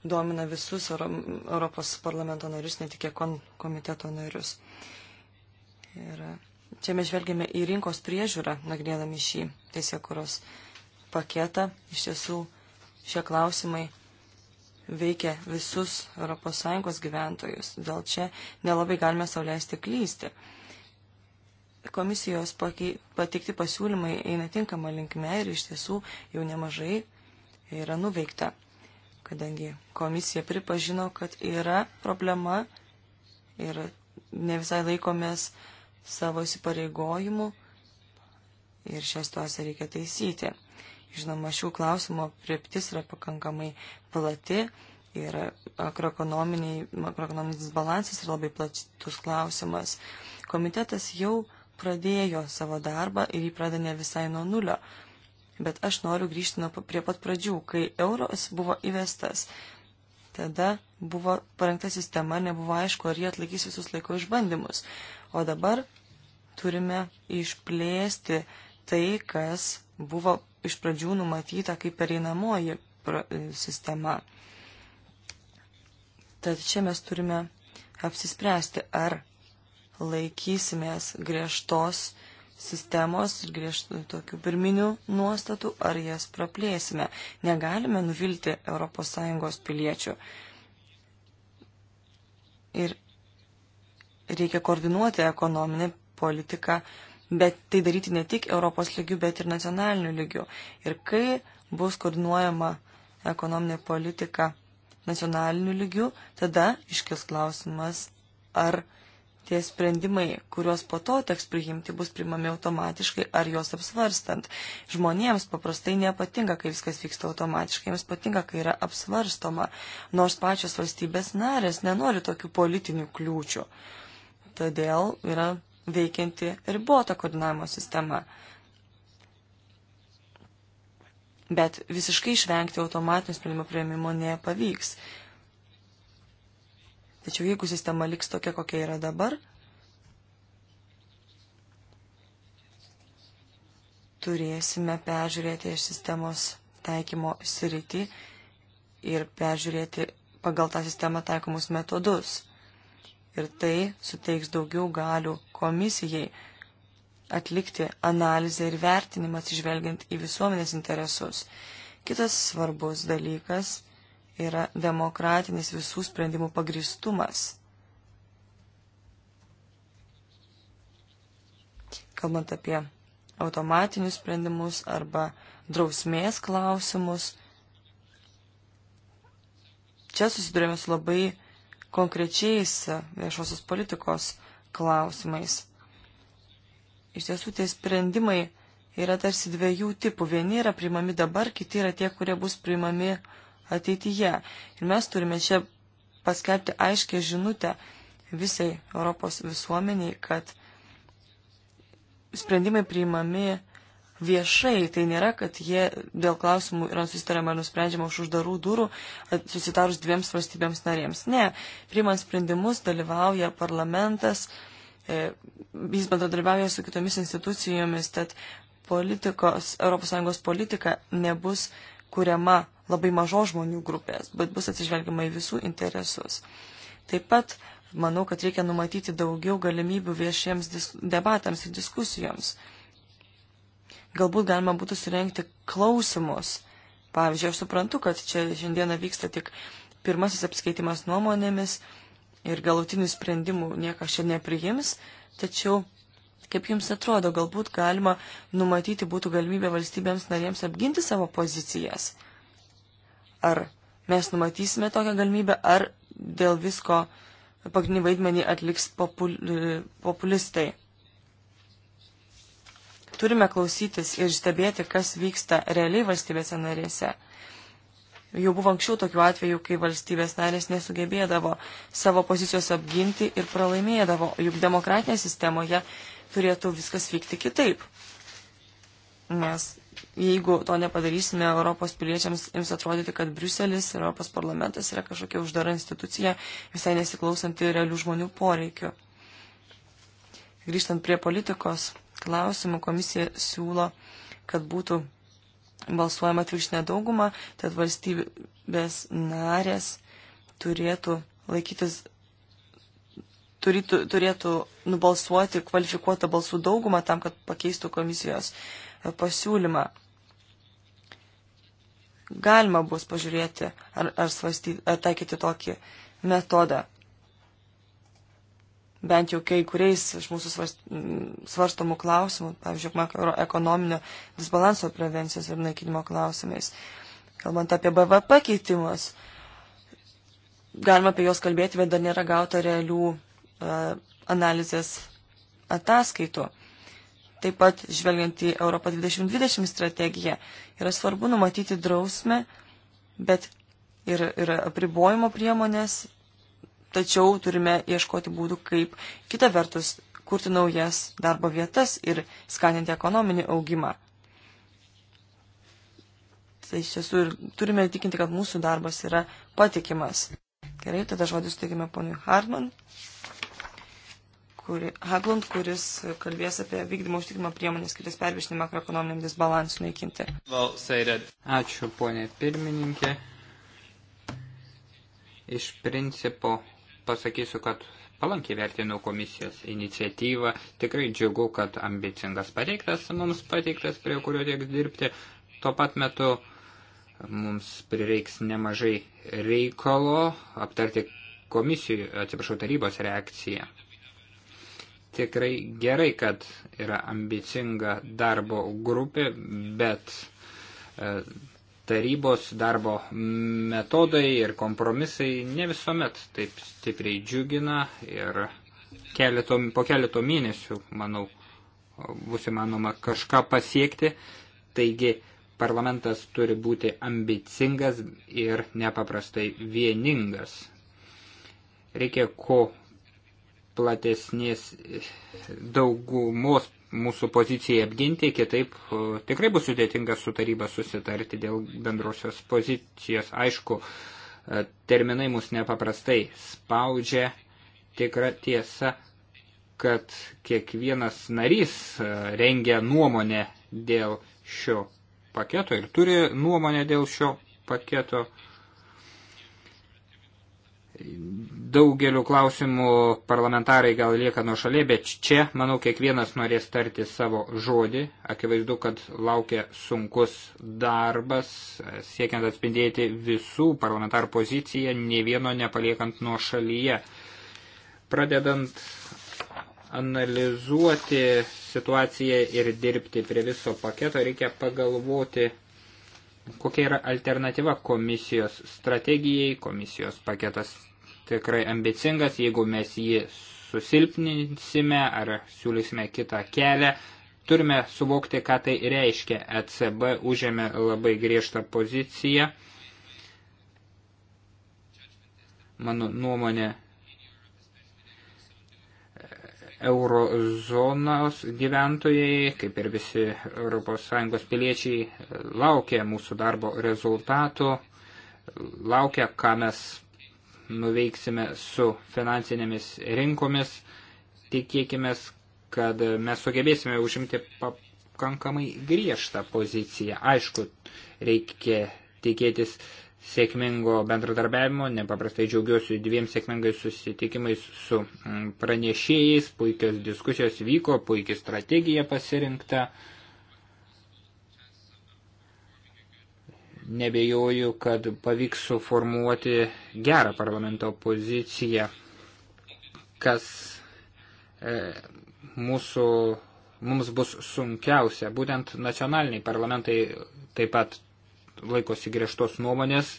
domina visus Europos parlamento narius, ne tik komiteto narius. Ir čia mes žvelgiame į rinkos priežiūrą, nagrėdami šį teisėkuros paketą. Iš tiesų, šie klausimai veikia visus ES gyventojus. Dėl čia nelabai galime sauliaisti klysti. Komisijos pateikti pasiūlymai eina tinkama linkme ir iš tiesų jau nemažai yra nuveikta, kadangi komisija pripažino, kad yra problema ir ne visai laikomės savo įsipareigojimų ir šią situaciją reikia taisyti. Žinoma, šių klausimų prieptis yra pakankamai plati ir makroekonominis disbalansas yra labai platus klausimas. Komitetas jau pradėjo savo darbą ir jį pradeda ne visai nuo nulio. Bet aš noriu grįžti nuo prie pat pradžių, kai euros buvo įvestas. Tada buvo parengta sistema, nebuvo aišku, ar jie atlaikys visus laiko išbandymus. O dabar turime išplėsti tai, kas buvo iš pradžių numatyta kaip pereinamoji e, sistema. Tad čia mes turime apsispręsti, ar laikysimės griežtos sistemos ir griežtų tokių pirminių nuostatų, ar jas praplėsime. Negalime nuvilti ES piliečių. Ir reikia koordinuoti ekonominę politiką bet tai daryti ne tik Europos lygių, bet ir nacionalinių lygių. Ir kai bus koordinuojama ekonominė politika nacionalinių lygių, tada iškils klausimas, ar tie sprendimai, kuriuos po to teks priimti, bus priimami automatiškai ar juos apsvarstant. Žmonėms paprastai nepatinka, kai viskas vyksta automatiškai, jiems patinka, kai yra apsvarstoma, nors pačios valstybės narės nenori tokių politinių kliūčių. Todėl yra veikianti ribota koordinavimo sistema. Bet visiškai išvengti automatinio sprendimo prieimimo nepavyks. Tačiau jeigu sistema liks tokia, kokia yra dabar, turėsime peržiūrėti iš sistemos taikymo sritį ir peržiūrėti pagal tą sistemą taikomus metodus ir tai suteiks daugiau galių komisijai atlikti analizę ir vertinimą atsižvelgiant į visuomenės interesus. Kitas svarbus dalykas yra demokratinis visų sprendimų pagristumas. Kalbant apie automatinius sprendimus arba drausmės klausimus, čia susidurėme su labai konkrečiais viešosios politikos klausimais. Iš tiesų, tie sprendimai yra tarsi dviejų tipų. Vieni yra priimami dabar, kiti yra tie, kurie bus priimami ateityje. Ir mes turime čia paskelbti aiškę žinutę visai Europos visuomeniai, kad sprendimai priimami viešai. Tai nėra, kad jie dėl klausimų yra susitariama ir nusprendžiama už uždarų durų, susitarus dviems valstybėms narėms. Ne, priimant sprendimus dalyvauja parlamentas, e, jis bendradarbiauja su kitomis institucijomis, tad politikos, ES politika nebus kuriama labai mažos žmonių grupės, bet bus atsižvelgiama į visų interesus. Taip pat manau, kad reikia numatyti daugiau galimybių viešiems debatams ir diskusijoms galbūt galima būtų surenkti klausimus. Pavyzdžiui, aš suprantu, kad čia šiandieną vyksta tik pirmasis apskaitimas nuomonėmis ir galutinių sprendimų niekas čia nepriims, tačiau Kaip jums atrodo, galbūt galima numatyti būtų galimybę valstybėms narėms apginti savo pozicijas? Ar mes numatysime tokią galimybę, ar dėl visko pagrindinį vaidmenį atliks popul, populistai? turime klausytis ir stebėti, kas vyksta realiai valstybėse narėse. Jau buvo anksčiau tokių atvejų, kai valstybės narės nesugebėdavo savo pozicijos apginti ir pralaimėdavo, juk demokratinėje sistemoje turėtų viskas vykti kitaip. Nes jeigu to nepadarysime, Europos piliečiams jums atrodyti, kad Briuselis ir Europos parlamentas yra kažkokia uždara institucija, visai nesiklausanti realių žmonių poreikių. Grįžtant prie politikos, klausimų komisija siūlo, kad būtų balsuojama atvirkštinė dauguma, tad valstybės narės turėtų laikytis, turėtų, turėtų nubalsuoti kvalifikuotą balsų daugumą tam, kad pakeistų komisijos pasiūlymą. Galima bus pažiūrėti ar, ar, svasty, ar taikyti tokį metodą bent jau kai kuriais iš mūsų svarstomų klausimų, pavyzdžiui, makroekonominio disbalanso prevencijos ir naikinimo klausimais. Kalbant apie BVP keitimus, galima apie juos kalbėti, bet dar nėra gauta realių uh, analizės ataskaitų. Taip pat, žvelgiant į Europą 2020 strategiją, yra svarbu numatyti drausmę, bet ir, ir apribojimo priemonės tačiau turime ieškoti būdų, kaip kita vertus kurti naujas darbo vietas ir skatinti ekonominį augimą. Tai iš tiesų ir turime tikinti, kad mūsų darbas yra patikimas. Gerai, tada žodis teikime ponui Hartman, kuri, Haglund, kuris kalbės apie vykdymo užtikrimą priemonės, skirtas pervišinį makroekonominiam disbalansui naikinti. Well, Ačiū, ponė pirmininkė. Iš principo pasakysiu, kad palankiai vertinu komisijos iniciatyvą. Tikrai džiugu, kad ambicingas pateiktas mums pateiktas, prie kurio tieks dirbti. Tuo pat metu mums prireiks nemažai reikalo aptarti komisijų, atsiprašau, tarybos reakciją. Tikrai gerai, kad yra ambicinga darbo grupė, bet e, tarybos darbo metodai ir kompromisai ne visuomet taip stipriai džiugina ir keleto, po keleto mėnesių, manau, bus įmanoma kažką pasiekti. Taigi parlamentas turi būti ambicingas ir nepaprastai vieningas. Reikia ko platesnės daugumos mūsų pozicijai apginti, kitaip e, tikrai bus sudėtinga su taryba susitarti dėl bendrosios pozicijos. Aišku, e, terminai mus nepaprastai spaudžia, tikra tiesa, kad kiekvienas narys e, rengia nuomonę dėl šio paketo ir turi nuomonę dėl šio paketo daugeliu klausimų parlamentarai gal lieka nuo šalia, bet čia, manau, kiekvienas norės tarti savo žodį. Akivaizdu, kad laukia sunkus darbas, siekiant atspindėti visų parlamentarų poziciją, ne vieno nepaliekant nuo šalyje. Pradedant analizuoti situaciją ir dirbti prie viso paketo, reikia pagalvoti, kokia yra alternatyva komisijos strategijai, komisijos paketas tikrai ambicingas, jeigu mes jį susilpninsime ar siūlysime kitą kelią, turime suvokti, ką tai reiškia. ECB užėmė labai griežtą poziciją. Mano nuomonė, eurozonos gyventojai, kaip ir visi ES piliečiai, laukia mūsų darbo rezultatų, laukia, ką mes nuveiksime su finansinėmis rinkomis. Tikėkime, kad mes sugebėsime užimti pakankamai griežtą poziciją. Aišku, reikia tikėtis sėkmingo bendradarbiavimo. Nepaprastai džiaugiuosi dviem sėkmingais susitikimais su mm, pranešėjais. Puikios diskusijos vyko, puikia strategija pasirinkta. nebejoju, kad pavyks suformuoti gerą parlamento poziciją, kas e, mūsų, mums bus sunkiausia. Būtent nacionaliniai parlamentai taip pat laikosi griežtos nuomonės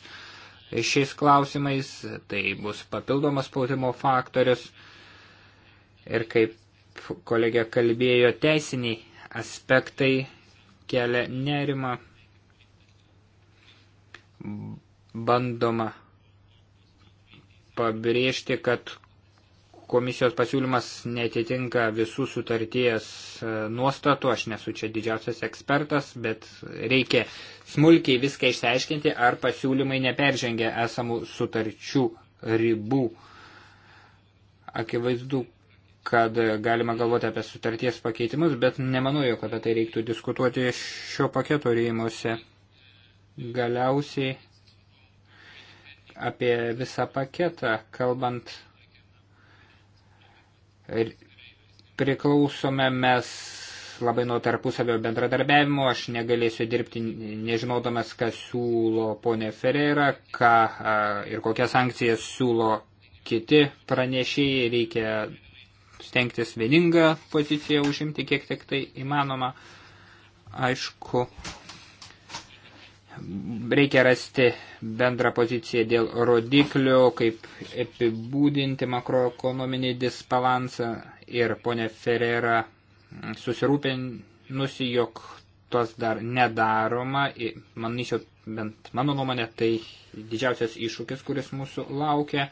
šiais klausimais, tai bus papildomas spaudimo faktorius. Ir kaip kolegė kalbėjo, teisiniai aspektai kelia nerimą bandoma pabrėžti, kad komisijos pasiūlymas netitinka visų sutarties e, nuostatų, aš nesu čia didžiausias ekspertas, bet reikia smulkiai viską išsiaiškinti, ar pasiūlymai neperžengia esamų sutarčių ribų. Akivaizdu, kad galima galvoti apie sutarties pakeitimus, bet nemanau, kad apie tai reiktų diskutuoti šio paketo rėmose galiausiai apie visą paketą, kalbant, priklausome mes labai nuo tarpusavio bendradarbiavimo, aš negalėsiu dirbti nežinodamas, ką siūlo ponė Ferreira, ką a, ir kokias sankcijas siūlo kiti pranešėjai, reikia stengtis vieningą poziciją užimti, kiek tik tai įmanoma. Aišku, reikia rasti bendrą poziciją dėl rodiklių, kaip apibūdinti makroekonominį disbalansą ir ponė Ferrera susirūpinusi, jog tos dar nedaroma. Manyčiau, bent mano nuomonė, tai didžiausias iššūkis, kuris mūsų laukia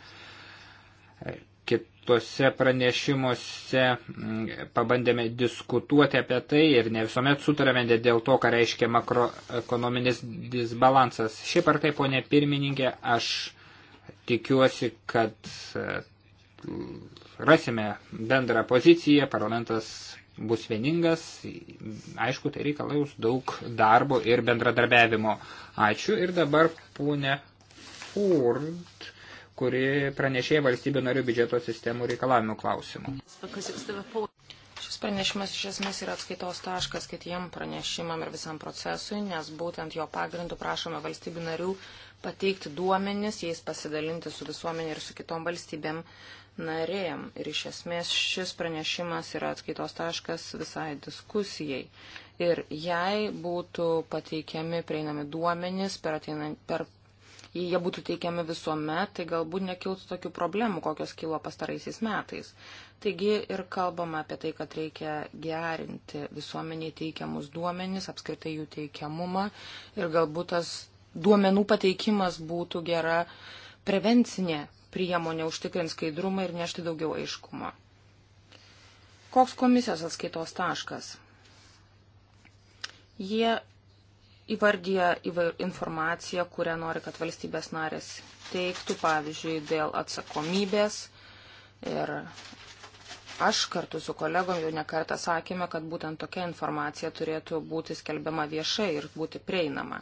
tuose pranešimuose mm, pabandėme diskutuoti apie tai ir ne visuomet sutarėme dėl to, ką reiškia makroekonominis disbalansas. Šiaip ar taip, ponė pirmininkė, aš tikiuosi, kad e, rasime bendrą poziciją, parlamentas bus vieningas, aišku, tai reikalaus daug darbo ir bendradarbiavimo. Ačiū ir dabar, ponė Ford kuri pranešė valstybių narių biudžeto sistemų reikalavimų klausimų. Šis pranešimas iš esmės yra atskaitos taškas kitiem pranešimam ir visam procesui, nes būtent jo pagrindu prašome valstybių narių pateikti duomenis, jais pasidalinti su visuomenė ir su kitom valstybėm narėm. Ir iš esmės šis pranešimas yra atskaitos taškas visai diskusijai. Ir jei būtų pateikiami prieinami duomenys per, ateinan, per jei jie būtų teikiami visuomet, tai galbūt nekiltų tokių problemų, kokios kilo pastaraisiais metais. Taigi ir kalbama apie tai, kad reikia gerinti visuomeniai teikiamus duomenis, apskritai jų teikiamumą ir galbūt tas duomenų pateikimas būtų gera prevencinė priemonė užtikrinti skaidrumą ir nešti daugiau aiškumo. Koks komisijos atskaitos taškas? Jie įvardyja informaciją, kurią nori, kad valstybės narės teiktų, pavyzdžiui, dėl atsakomybės. Ir aš kartu su kolegom jau nekartą sakėme, kad būtent tokia informacija turėtų būti skelbiama viešai ir būti prieinama.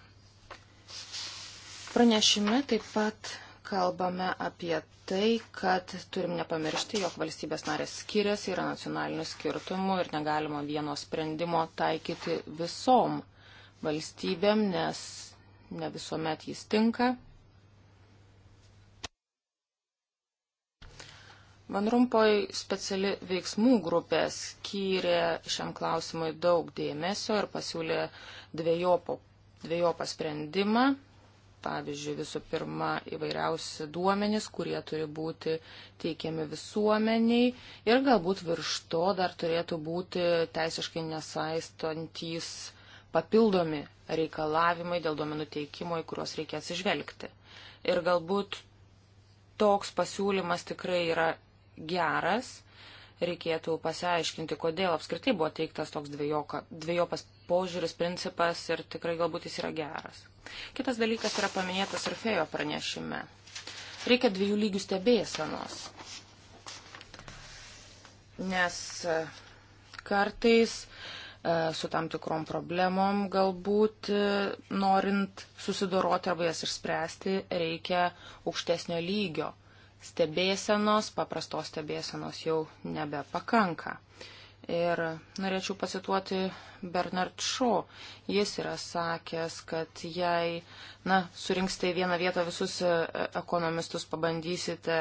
Pranešime taip pat kalbame apie tai, kad turim nepamiršti, jog valstybės narės skiriasi, yra nacionalinių skirtumų ir negalima vieno sprendimo taikyti visom valstybėm, nes ne visuomet jis tinka. Van Rumpoj speciali veiksmų grupė skyrė šiam klausimui daug dėmesio ir pasiūlė dviejopo, dviejopą sprendimą. Pavyzdžiui, visų pirma, įvairiausi duomenys, kurie turi būti teikiami visuomeniai ir galbūt virš to dar turėtų būti teisiškai nesaistantys papildomi reikalavimai dėl duomenų teikimo, į kuriuos reikia atsižvelgti. Ir galbūt toks pasiūlymas tikrai yra geras. Reikėtų pasiaiškinti, kodėl apskritai buvo teiktas toks dviejoka, dviejopas požiūris, principas ir tikrai galbūt jis yra geras. Kitas dalykas yra paminėtas ir fejo pranešime. Reikia dviejų lygių stebėsenos. Nes e, kartais uh, E, su tam tikrom problemom galbūt, e, norint susidoroti arba jas išspręsti, reikia aukštesnio lygio. Stebėsenos, paprastos stebėsenos jau nebepakanka. Ir norėčiau pacituoti Bernard Shaw. Jis yra sakęs, kad jei, na, surinksite į vieną vietą visus e, ekonomistus, pabandysite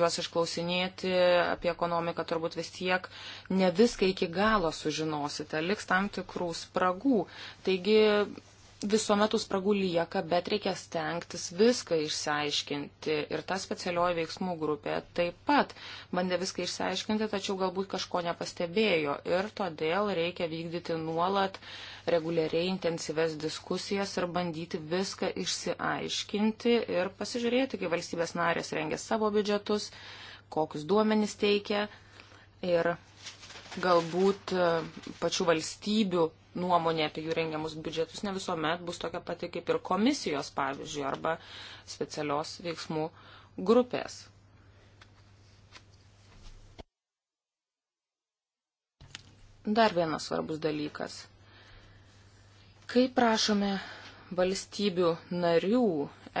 juos išklausinėti apie ekonomiką, turbūt vis tiek ne viską iki galo sužinosite, liks tam tikrų spragų. Taigi visuomet tų spragų lieka, bet reikia stengtis viską išsiaiškinti. Ir ta specialioji veiksmų grupė taip pat bandė viską išsiaiškinti, tačiau galbūt kažko nepastebėjo. Ir todėl reikia vykdyti nuolat reguliariai intensyves diskusijas ir bandyti viską išsiaiškinti ir pasižiūrėti, kai valstybės narės rengia savo biudžetus, kokius duomenys teikia. Ir galbūt e, pačių valstybių nuomonė apie jų rengiamus biudžetus ne visuomet bus tokia pati kaip ir komisijos, pavyzdžiui, arba specialios veiksmų grupės. Dar vienas svarbus dalykas. Kai prašome valstybių narių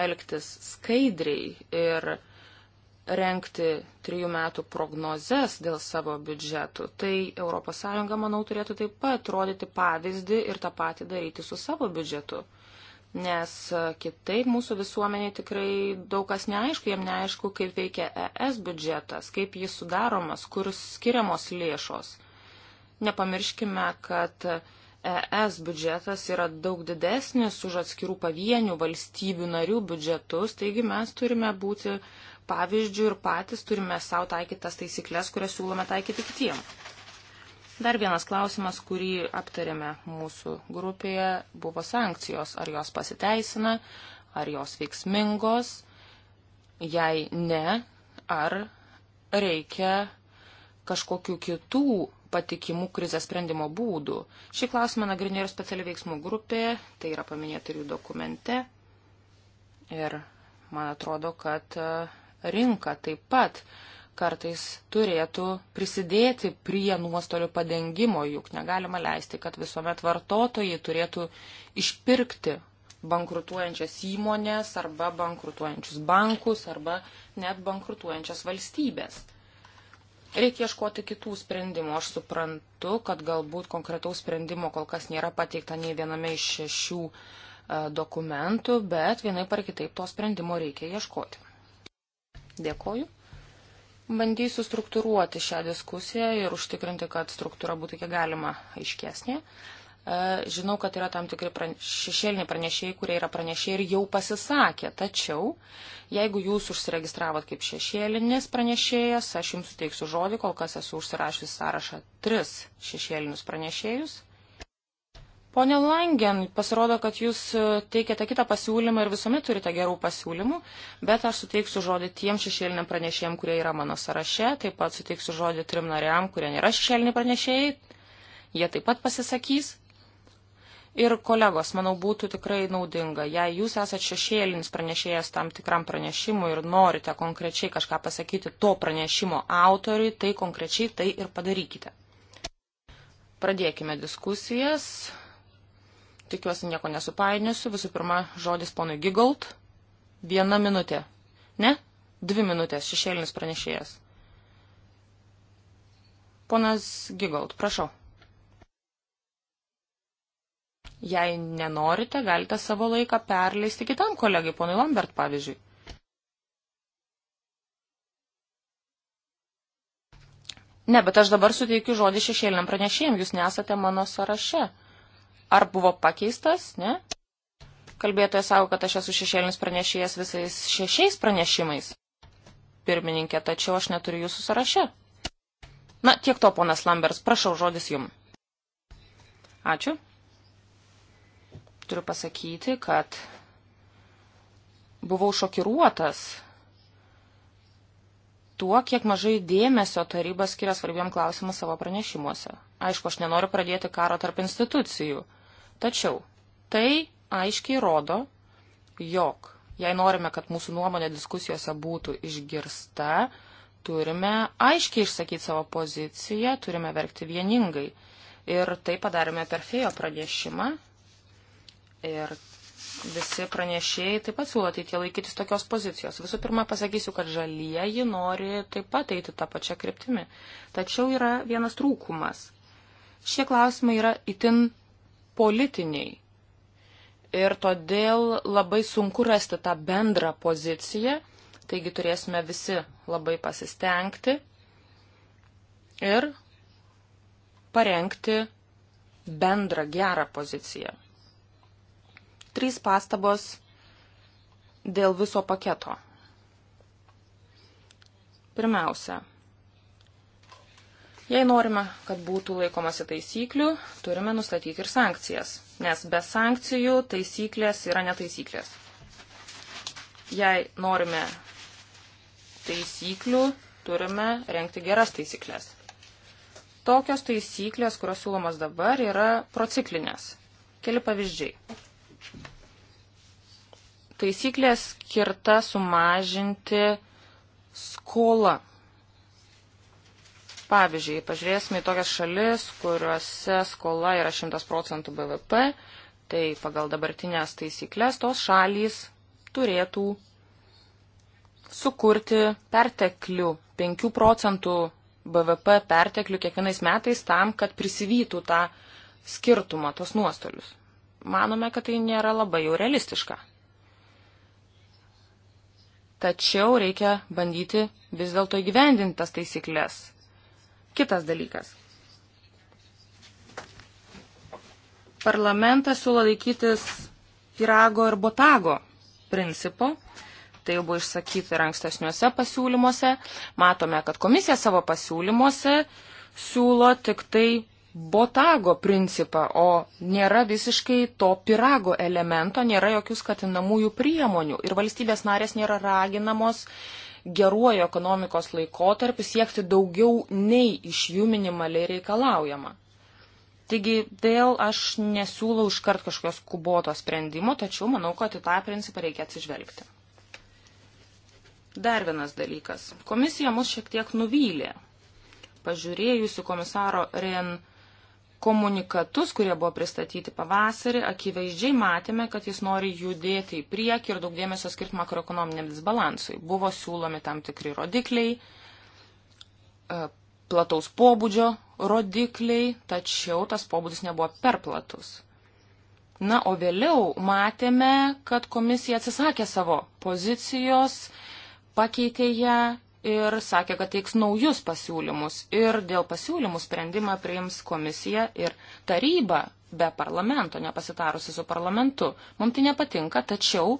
elgtis skaidriai ir renkti trijų metų prognozes dėl savo biudžetų, tai ES, manau, turėtų taip pat rodyti pavyzdį ir tą patį daryti su savo biudžetu. Nes e, kitaip mūsų visuomeniai tikrai daug kas neaišku, jiem neaišku, kaip veikia ES biudžetas, kaip jis sudaromas, kur skiriamos lėšos. Nepamirškime, kad ES biudžetas yra daug didesnis už atskirų pavienių valstybių narių biudžetus, taigi mes turime būti pavyzdžių ir patys turime savo taikytas taisyklės, kurias siūlome taikyti kitiem. Dar vienas klausimas, kurį aptarėme mūsų grupėje, buvo sankcijos. Ar jos pasiteisina, ar jos veiksmingos, jei ne, ar reikia kažkokių kitų patikimų krizės sprendimo būdų. Šį klausimą nagrinėjo ir speciali veiksmų grupė, tai yra paminėta ir jų dokumente. Ir man atrodo, kad rinka taip pat kartais turėtų prisidėti prie nuostolių padengimo, juk negalima leisti, kad visuomet vartotojai turėtų išpirkti bankrutuojančias įmonės arba bankrutuojančius bankus arba net bankrutuojančias valstybės. Reikia ieškoti kitų sprendimų. Aš suprantu, kad galbūt konkretaus sprendimo kol kas nėra pateikta nei viename iš šešių e, dokumentų, bet vienai par kitaip to sprendimo reikia ieškoti. Dėkoju. Bandysiu struktūruoti šią diskusiją ir užtikrinti, kad struktūra būtų kiek galima aiškesnė. E, žinau, kad yra tam tikri šešėliniai pranešėjai, kurie yra pranešėjai ir jau pasisakė. Tačiau, jeigu jūs užsiregistravot kaip šešėlinis pranešėjas, aš jums suteiksiu žodį, kol kas esu užsirašęs sąrašą tris šešėlinius pranešėjus. Pone Langen, pasirodo, kad jūs e, teikiate kitą pasiūlymą ir visuomet turite gerų pasiūlymų, bet aš suteiksiu žodį tiem šešėliniam pranešėjim, kurie yra mano sąraše, taip pat suteiksiu žodį trim nariam, kurie nėra šešėliniai pranešėjai, jie taip pat pasisakys. Ir kolegos, manau, būtų tikrai naudinga, jei jūs esate šešėlinis pranešėjas tam tikram pranešimui ir norite konkrečiai kažką pasakyti to pranešimo autoriui, tai konkrečiai tai ir padarykite. Pradėkime diskusijas tikiuosi nieko nesupainiosiu. Visų pirma, žodis ponui Gigold. Viena minutė. Ne? Dvi minutės šešėlinis pranešėjas. Ponas Gigold, prašau. Jei nenorite, galite savo laiką perleisti kitam kolegai, ponui Lambert, pavyzdžiui. Ne, bet aš dabar suteikiu žodį šešėliniam pranešėjim, jūs nesate mano sąraše. Ar buvo pakeistas, ne? Kalbėtoja savo, kad aš esu šešėlinis pranešėjas visais šešiais pranešimais. Pirmininkė, tačiau aš neturiu jūsų sąraše. Na, tiek to, ponas Lambers, prašau žodis jum. Ačiū. Turiu pasakyti, kad buvau šokiruotas tuo, kiek mažai dėmesio taryba skiria svarbiam klausimui savo pranešimuose. Aišku, aš nenoriu pradėti karo tarp institucijų. Tačiau tai aiškiai rodo, jog jei norime, kad mūsų nuomonė diskusijose būtų išgirsta, turime aiškiai išsakyti savo poziciją, turime verkti vieningai. Ir tai padarėme per fejo pranešimą. Ir visi pranešėjai taip pat siūlo ateitie laikytis tokios pozicijos. Visų pirma, pasakysiu, kad žalieji nori taip pat eiti tą pačią kryptimį. Tačiau yra vienas trūkumas. Šie klausimai yra itin politiniai. Ir todėl labai sunku rasti tą bendrą poziciją, taigi turėsime visi labai pasistengti ir parengti bendrą gerą poziciją. Trys pastabos dėl viso paketo. Pirmiausia, Jei norime, kad būtų laikomasi taisyklių, turime nustatyti ir sankcijas, nes be sankcijų taisyklės yra netaisyklės. Jei norime taisyklių, turime renkti geras taisyklės. Tokios taisyklės, kurios siūlomas dabar, yra prociklinės. Keli pavyzdžiai. Taisyklės skirta sumažinti skolą Pavyzdžiui, pažiūrėsime į tokias šalis, kuriuose skola yra 100 procentų BVP, tai pagal dabartinės taisyklės tos šalys turėtų sukurti perteklių 5 procentų BVP perteklių kiekvienais metais tam, kad prisivytų tą skirtumą, tos nuostolius. Manome, kad tai nėra labai jau realistiška. Tačiau reikia bandyti vis dėlto įgyvendinti tas taisyklės, Kitas dalykas. Parlamentas siūlo laikytis pirago ir botago principo. Tai jau buvo išsakyti ir ankstesniuose pasiūlymuose. Matome, kad komisija savo pasiūlymuose siūlo tik tai botago principą, o nėra visiškai to pirago elemento, nėra jokių skatinamųjų priemonių ir valstybės narės nėra raginamos geruoju ekonomikos laikotarpiu siekti daugiau nei iš jų minimaliai reikalaujama. Taigi vėl aš nesiūlau iškart kažkokios kuboto sprendimo, tačiau manau, kad į tą principą reikia atsižvelgti. Dar vienas dalykas. Komisija mus šiek tiek nuvylė. Pažiūrėjusi komisaro Ren komunikatus, kurie buvo pristatyti pavasarį, akivaizdžiai matėme, kad jis nori judėti į priekį ir daug dėmesio skirti makroekonominiam disbalansui. Buvo siūlomi tam tikri rodikliai, e, plataus pobūdžio rodikliai, tačiau tas pobūdis nebuvo per platus. Na, o vėliau matėme, kad komisija atsisakė savo pozicijos, pakeitė ją ir sakė, kad teiks naujus pasiūlymus. Ir dėl pasiūlymų sprendimą priims komisija ir taryba be parlamento, nepasitarusi su parlamentu. Mums tai nepatinka, tačiau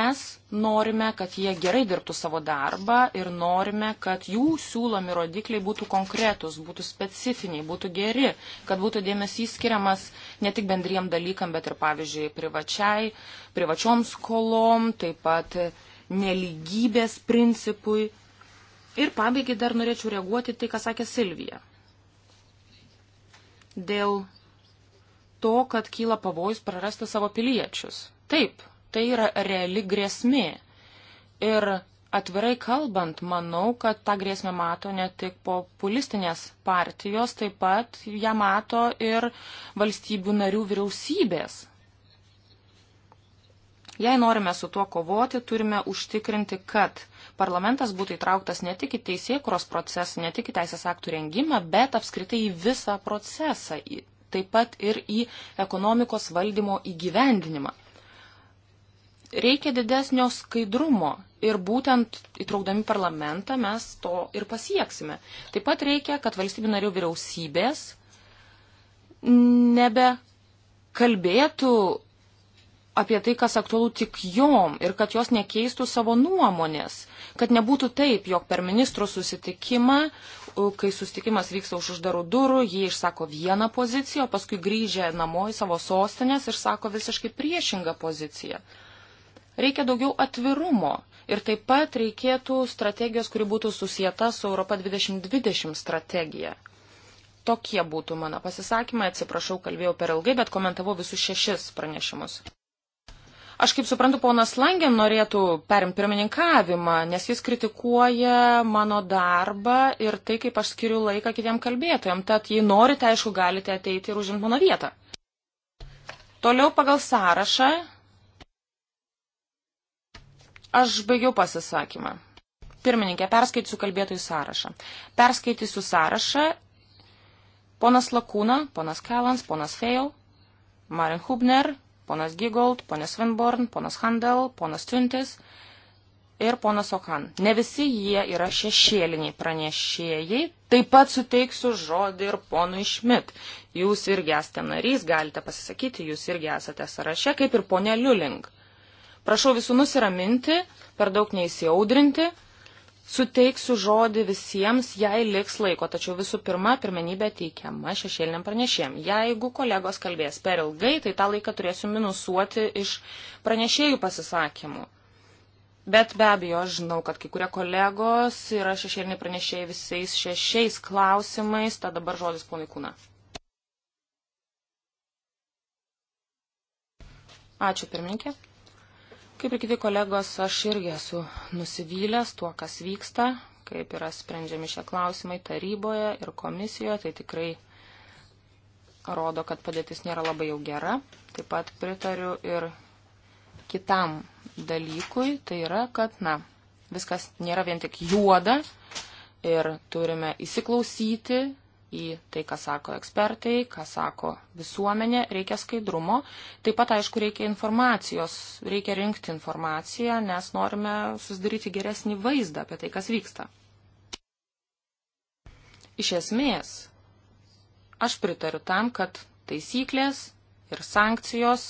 mes norime, kad jie gerai dirbtų savo darbą ir norime, kad jų siūlomi rodikliai būtų konkretus, būtų specifiniai, būtų geri, kad būtų dėmesys skiriamas ne tik bendriem dalykam, bet ir, pavyzdžiui, privačiai, privačioms skolom, taip pat nelygybės principui Ir pabaigai dar norėčiau reaguoti tai, ką sakė Silvija. Dėl to, kad kyla pavojus prarasti savo piliečius. Taip, tai yra reali grėsmė. Ir atvirai kalbant, manau, kad tą grėsmę mato ne tik populistinės partijos, taip pat ją mato ir valstybių narių vyriausybės. Jei norime su tuo kovoti, turime užtikrinti, kad parlamentas būtų įtrauktas ne tik į teisėkuros procesą, ne tik į teisės aktų rengimą, bet apskritai į visą procesą, taip pat ir į ekonomikos valdymo įgyvendinimą. Reikia didesnio skaidrumo ir būtent įtraukdami parlamentą mes to ir pasieksime. Taip pat reikia, kad valstybių narių vyriausybės nebe kalbėtų apie tai, kas aktualu tik jom ir kad jos nekeistų savo nuomonės. Kad nebūtų taip, jog per ministro susitikimą, kai susitikimas vyksta už uždarų durų, jie išsako vieną poziciją, o paskui grįžę namo į savo sostinės ir sako visiškai priešingą poziciją. Reikia daugiau atvirumo. Ir taip pat reikėtų strategijos, kuri būtų susijęta su Europa 2020 strategija. Tokie būtų mano pasisakymai, atsiprašau, kalbėjau per ilgai, bet komentavau visus šešis pranešimus. Aš kaip suprantu, ponas Langen norėtų perimti pirmininkavimą, nes jis kritikuoja mano darbą ir tai, kaip aš skiriu laiką kitiem kalbėtojam. Tad, jei norite, aišku, galite ateiti ir užimti mano vietą. Toliau pagal sąrašą aš baigiau pasisakymą. Pirmininkė, perskaitysiu kalbėtojų sąrašą. Perskaitysiu sąrašą. Ponas Lakūna, ponas Kelans, ponas Feil, Marin Hubner, ponas Gigold, ponas Svenborn, ponas Handel, ponas Tuntis ir ponas Okan. Ne visi jie yra šešėliniai pranešėjai. Taip pat suteiksiu žodį ir ponui Šmit. Jūs irgi esate narys, galite pasisakyti, jūs irgi esate sąraše, kaip ir ponė Liulink. Prašau visų nusiraminti, per daug neįsiaudrinti Suteiksiu žodį visiems, jei liks laiko, tačiau visų pirma, pirmenybė teikiama šešėliniam pranešėjim. Jeigu kolegos kalbės per ilgai, tai tą laiką turėsiu minusuoti iš pranešėjų pasisakymų. Bet be abejo, aš žinau, kad kai kurie kolegos yra šešėliniai pranešėjai visais šešiais klausimais, tad dabar žodis ponui Kūna. Ačiū pirminkė. Kaip ir kiti kolegos, aš irgi esu nusivylęs tuo, kas vyksta, kaip yra sprendžiami šie klausimai taryboje ir komisijoje, tai tikrai rodo, kad padėtis nėra labai jau gera. Taip pat pritariu ir kitam dalykui, tai yra, kad, na, viskas nėra vien tik juoda ir turime įsiklausyti į tai, ką sako ekspertai, ką sako visuomenė, reikia skaidrumo. Taip pat, aišku, reikia informacijos, reikia rinkti informaciją, nes norime susidaryti geresnį vaizdą apie tai, kas vyksta. Iš esmės, aš pritariu tam, kad taisyklės ir sankcijos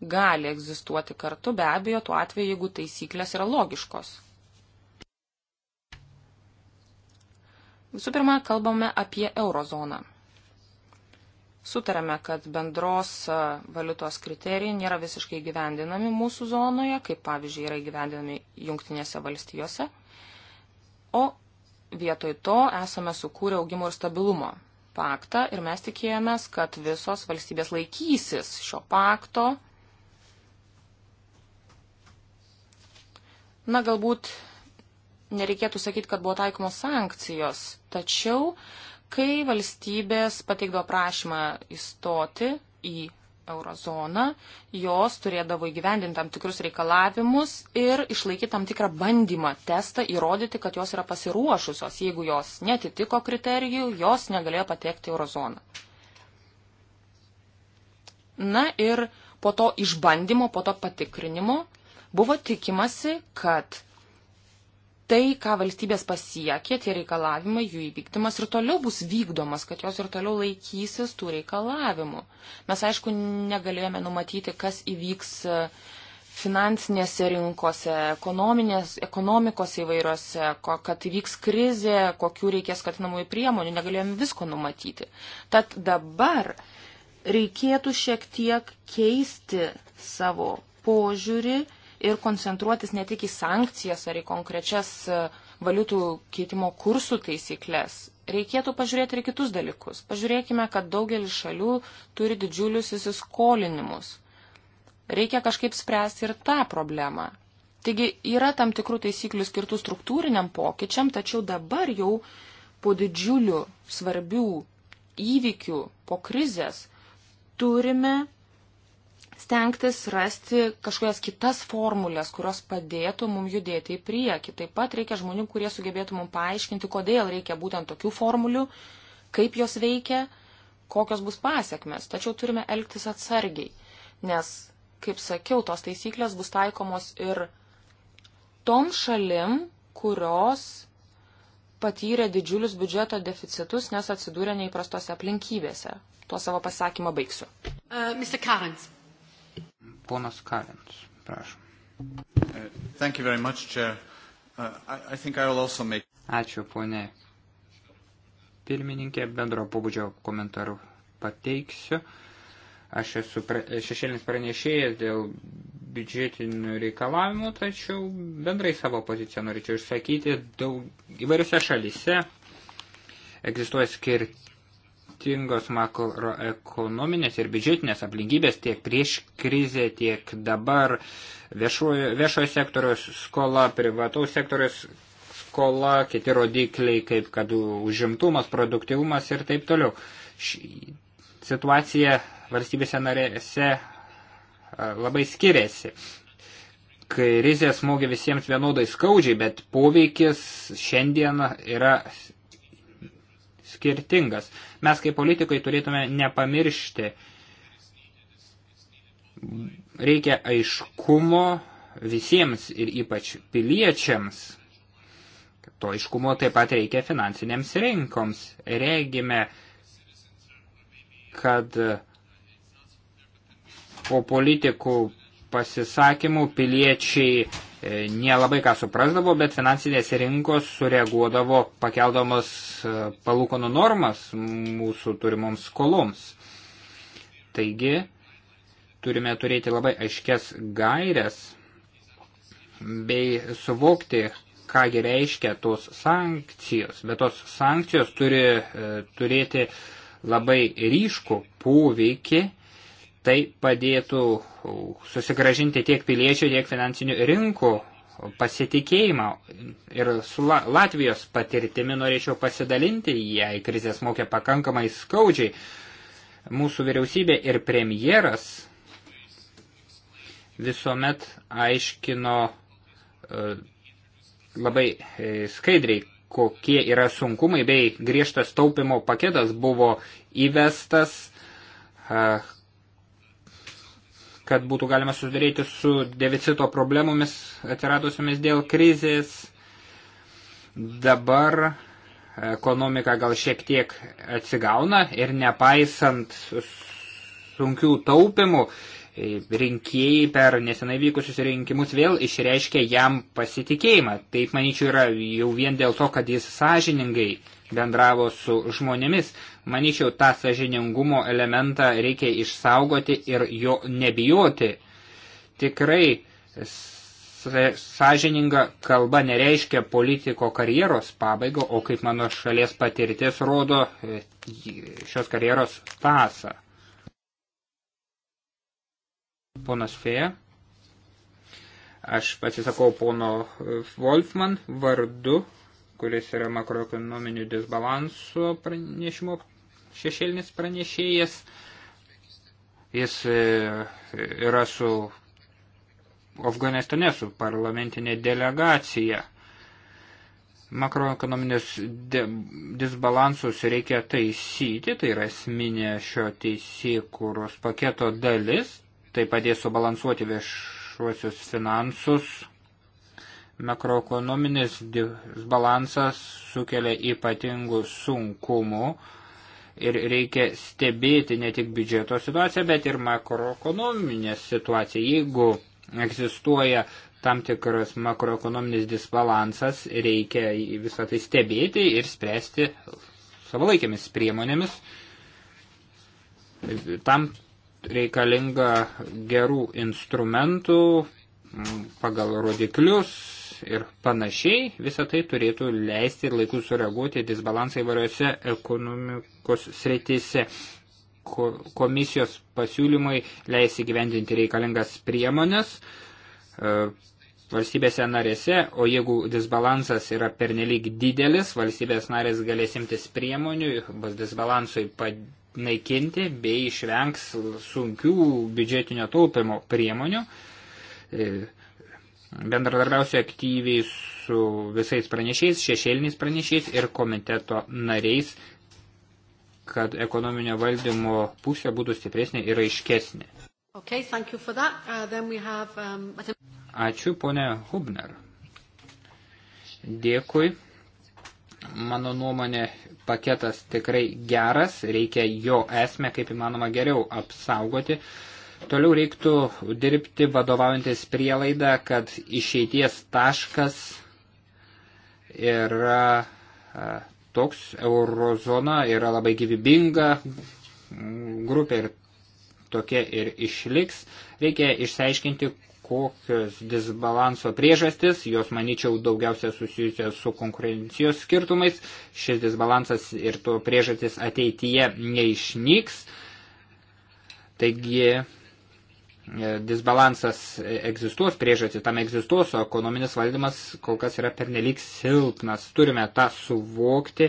gali egzistuoti kartu, be abejo, tuo atveju, jeigu taisyklės yra logiškos. Visų pirma, kalbame apie eurozoną. Sutarėme, kad bendros valiutos kriterijai nėra visiškai gyvendinami mūsų zonoje, kaip pavyzdžiui yra gyvendinami jungtinėse valstijose, o vietoj to esame sukūrę augimo ir stabilumo paktą ir mes tikėjomės, kad visos valstybės laikysis šio pakto. Na, galbūt nereikėtų sakyti, kad buvo taikomos sankcijos, tačiau kai valstybės pateikdavo prašymą įstoti į eurozoną, jos turėdavo įgyvendinti tam tikrus reikalavimus ir išlaikyti tam tikrą bandymą, testą, įrodyti, kad jos yra pasiruošusios. Jeigu jos netitiko kriterijų, jos negalėjo patekti eurozoną. Na ir po to išbandymo, po to patikrinimo buvo tikimasi, kad tai, ką valstybės pasiekė, tie reikalavimai, jų įvykdymas ir toliau bus vykdomas, kad jos ir toliau laikysis tų reikalavimų. Mes, aišku, negalėjome numatyti, kas įvyks e, finansinėse rinkose, ekonomikos įvairiose, ko, kad įvyks krizė, kokių reikės skatinamųjų priemonių, negalėjome visko numatyti. Tad dabar reikėtų šiek tiek keisti savo požiūrį ir koncentruotis ne tik į sankcijas ar į konkrečias e, valiutų keitimo kursų taisyklės. Reikėtų pažiūrėti ir kitus dalykus. Pažiūrėkime, kad daugelis šalių turi didžiulius įsiskolinimus. Reikia kažkaip spręsti ir tą problemą. Taigi yra tam tikrų taisyklių skirtų struktūriniam pokyčiam, tačiau dabar jau po didžiulių svarbių įvykių, po krizės, turime stengtis rasti kažkokias kitas formulės, kurios padėtų mums judėti į priekį. Taip pat reikia žmonių, kurie sugebėtų mums paaiškinti, kodėl reikia būtent tokių formulių, kaip jos veikia, kokios bus pasiekmes. Tačiau turime elgtis atsargiai, nes, kaip sakiau, tos taisyklės bus taikomos ir tom šalim, kurios patyrė didžiulius biudžeto deficitus, nes atsidūrė neįprastose aplinkybėse. Tuo savo pasakymą baigsiu. Uh, Mr. Karins. Ponas Kalins, prašom. Much, uh, I, I make... Ačiū, ponė pirmininkė, bendro pobūdžio komentarų pateiksiu. Aš esu pre, šešėlinis pranešėjas dėl biudžetinių reikalavimų, tačiau bendrai savo poziciją norėčiau išsakyti. Daug, įvairiose šalise egzistuoja skirti skirtingos makroekonominės ir biudžetinės aplinkybės tiek prieš krizę, tiek dabar viešojo, viešojo sektoriaus skola, privataus sektoriaus skola, kiti rodikliai, kaip kad užimtumas, produktivumas ir taip toliau. Ši situacija valstybėse narėse labai skiriasi krizė smogė visiems vienodai skaudžiai, bet poveikis šiandien yra skirtingas. Mes kaip politikai turėtume nepamiršti. Reikia aiškumo visiems ir ypač piliečiams. To aiškumo taip pat reikia finansinėms rinkoms. Regime, kad po politikų pasisakymų piliečiai E, nelabai ką suprasdavo, bet finansinės rinkos sureaguodavo pakeldamas e, palūkonų normas mūsų turimoms skoloms. Taigi, turime turėti labai aiškias gairias bei suvokti, kągi reiškia tos sankcijos, bet tos sankcijos turi e, turėti labai ryškų poveikį Tai padėtų susigražinti tiek piliečių, tiek finansinių rinkų pasitikėjimą. Ir su La Latvijos patirtimi norėčiau pasidalinti, jei krizės mokė pakankamai skaudžiai. Mūsų vyriausybė ir premjeras visuomet aiškino e, labai e, skaidriai, kokie yra sunkumai, bei griežtas taupimo paketas buvo įvestas, e, kad būtų galima susidaryti su deficito problemomis atsiradusiamis dėl krizės. Dabar ekonomika gal šiek tiek atsigauna ir nepaisant sunkių taupimų, rinkėjai per nesenai vykusius rinkimus vėl išreiškė jam pasitikėjimą. Taip, manyčiau, yra jau vien dėl to, kad jis sąžiningai bendravo su žmonėmis. Maničiau, tą sažiningumo elementą reikia išsaugoti ir jo nebijoti. Tikrai sąžininga kalba nereiškia politiko karjeros pabaigą, o kaip mano šalies patirtis rodo e, šios karjeros tasą. Ponas Fėja. Aš pasisakau pono Wolfman vardu, kuris yra makroekonominių disbalansų pranešimo šešėlinis pranešėjas. Jis e, yra su Afganistane, su parlamentinė delegacija. Makroekonominius disbalansus reikia taisyti, tai yra esminė šio teisėkūros paketo dalis, tai padės subalansuoti viešuosius finansus. Makroekonominis disbalansas sukelia ypatingų sunkumų ir reikia stebėti ne tik biudžeto situaciją, bet ir makroekonominę situaciją. Jeigu egzistuoja tam tikras makroekonominis disbalansas, reikia visą tai stebėti ir spręsti savalaikiamis priemonėmis. Tam reikalinga gerų instrumentų pagal rodiklius, ir panašiai, visą tai turėtų leisti ir laiku sureaguoti disbalansai variose ekonomikos srityse. Ko, komisijos pasiūlymai leis įgyvendinti reikalingas priemonės e, valstybėse narėse, o jeigu disbalansas yra pernelyg didelis, valstybės narės galės imtis priemonių, bus disbalansui panaikinti bei išvengs sunkių biudžetinio taupimo priemonių. E, bendradarbiausiu aktyviai su visais pranešiais, šešėliniais pranešiais ir komiteto nariais, kad ekonominio valdymo pusė būtų stipresnė ir aiškesnė. Okay, uh, have, um... Ačiū, ponė Hubner. Dėkui. Mano nuomonė, paketas tikrai geras, reikia jo esmę kaip įmanoma geriau apsaugoti. Uh, Toliau reiktų dirbti vadovaujantis prielaidą, kad išeities taškas yra toks, eurozona yra labai gyvybinga grupė ir tokia ir išliks. Reikia išsiaiškinti, kokios disbalanso priežastis, jos manyčiau daugiausia susijusios su konkurencijos skirtumais, šis disbalansas ir to priežastis ateityje neišnyks. Taigi E, disbalansas egzistuos, priežastys tam egzistuos, o ekonominis valdymas kol kas yra pernelyg silpnas. Turime tą suvokti.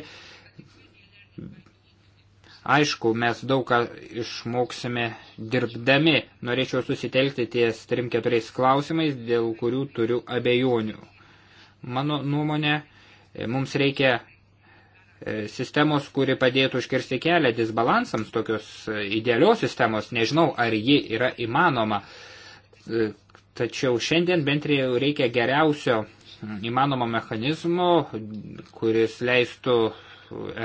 Aišku, mes daug ką išmoksime dirbdami. Norėčiau susitelkti ties trim keturiais klausimais, dėl kurių turiu abejonių. Mano nuomonė, mums reikia E, sistemos, kuri padėtų užkirsti kelią disbalansams, tokios e, idealios sistemos, nežinau, ar ji yra įmanoma. E, tačiau šiandien bent jau reikia geriausio įmanomo mechanizmo, kuris leistų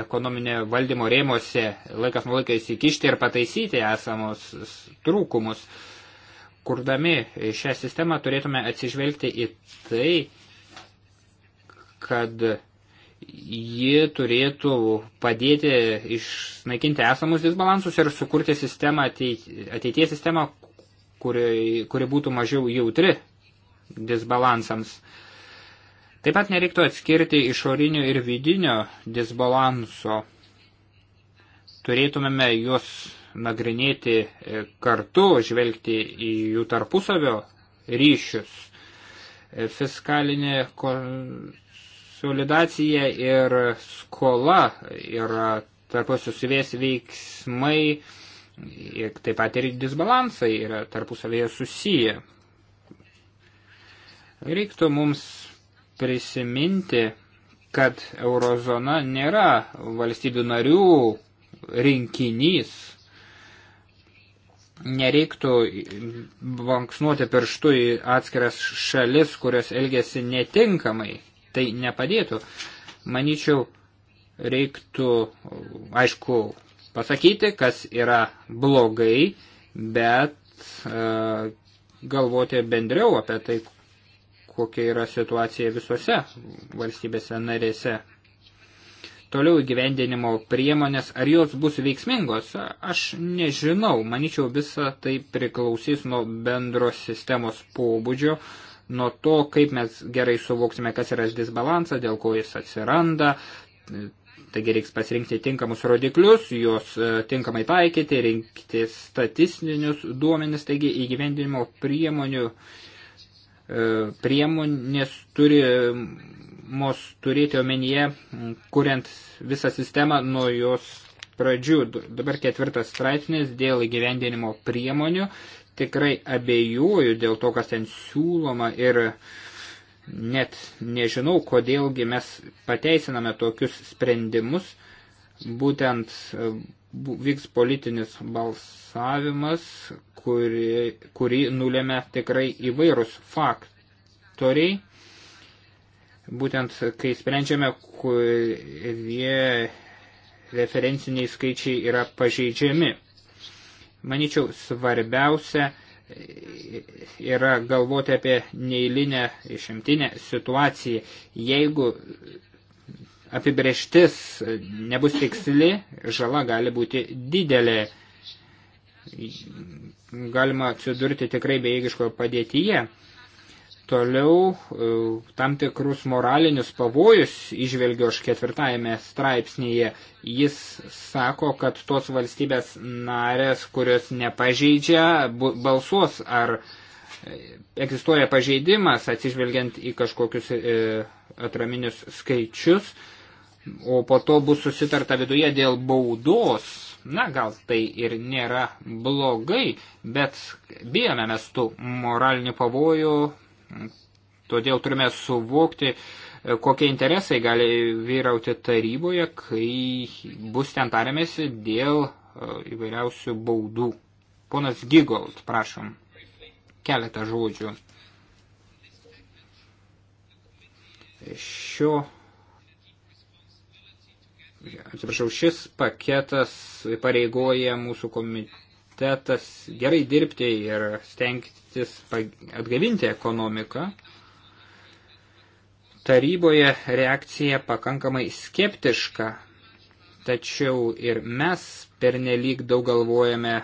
ekonominio valdymo rėmose laikas nuo laiko įsikišti ir pataisyti esamos trūkumus. Kurdami šią sistemą turėtume atsižvelgti į tai, kad ji turėtų padėti išnaikinti esamus disbalansus ir sukurti sistemą ateities sistemą, kuri, kuri būtų mažiau jautri disbalansams. Taip pat nereiktų atskirti išorinio ir vidinio disbalanso. Turėtumėme juos nagrinėti e, kartu, žvelgti į jų tarpusavio ryšius. E, fiskalinė kon konsolidacija ir skola yra tarpusios veiksmai ir taip pat ir disbalansai yra tarpusavėje susiję. Reiktų mums prisiminti, kad eurozona nėra valstybių narių rinkinys. Nereiktų banksnuoti pirštų į atskiras šalis, kurios elgesi netinkamai tai nepadėtų. Maničiau, reiktų, aišku, pasakyti, kas yra blogai, bet e, galvoti bendriau apie tai, kokia yra situacija visose valstybėse narėse. Toliau gyvendinimo priemonės, ar jos bus veiksmingos, aš nežinau. Manyčiau, visa tai priklausys nuo bendros sistemos pobūdžio, nuo to, kaip mes gerai suvoksime, kas yra disbalansas, dėl ko jis atsiranda. Taigi reiks pasirinkti tinkamus rodiklius, juos e, tinkamai taikyti, rinkti statistinius duomenis, taigi įgyvendinimo priemonių e, priemonės turimos turėti omenyje, kuriant visą sistemą nuo jos pradžių. Dabar ketvirtas straipsnis dėl įgyvendinimo priemonių tikrai abejoju dėl to, kas ten siūloma ir net nežinau, kodėlgi mes pateisiname tokius sprendimus, būtent e, vyks politinis balsavimas, kuri, kurį nulėmė tikrai įvairūs faktoriai. Būtent kai sprendžiame, kurie referenciniai skaičiai yra pažeidžiami. Maničiau, svarbiausia yra galvoti apie neįlinę išimtinę situaciją. Jeigu apibrieštis nebus tiksli, žala gali būti didelė. Galima atsidurti tikrai bejėgiškoje padėtyje. Toliau e, tam tikrus moralinius pavojus išvelgiu aš ketvirtajame straipsnėje. Jis sako, kad tos valstybės narės, kurios nepažeidžia, balsuos ar e, egzistuoja pažeidimas atsižvelgiant į kažkokius e, atraminius skaičius, o po to bus susitarta viduje dėl baudos. Na, gal tai ir nėra blogai, bet bijome mes tų moralinių pavojų, Todėl turime suvokti, e, kokie interesai gali vyrauti taryboje, kai bus ten tariamėsi dėl e, įvairiausių baudų. Ponas Gigold, prašom, keletą žodžių. Šio, atsiprašau, šis paketas pareigoja mūsų komitetą prioritetas gerai dirbti ir stengtis atgavinti ekonomiką. Taryboje reakcija pakankamai skeptiška, tačiau ir mes pernelyg daug galvojame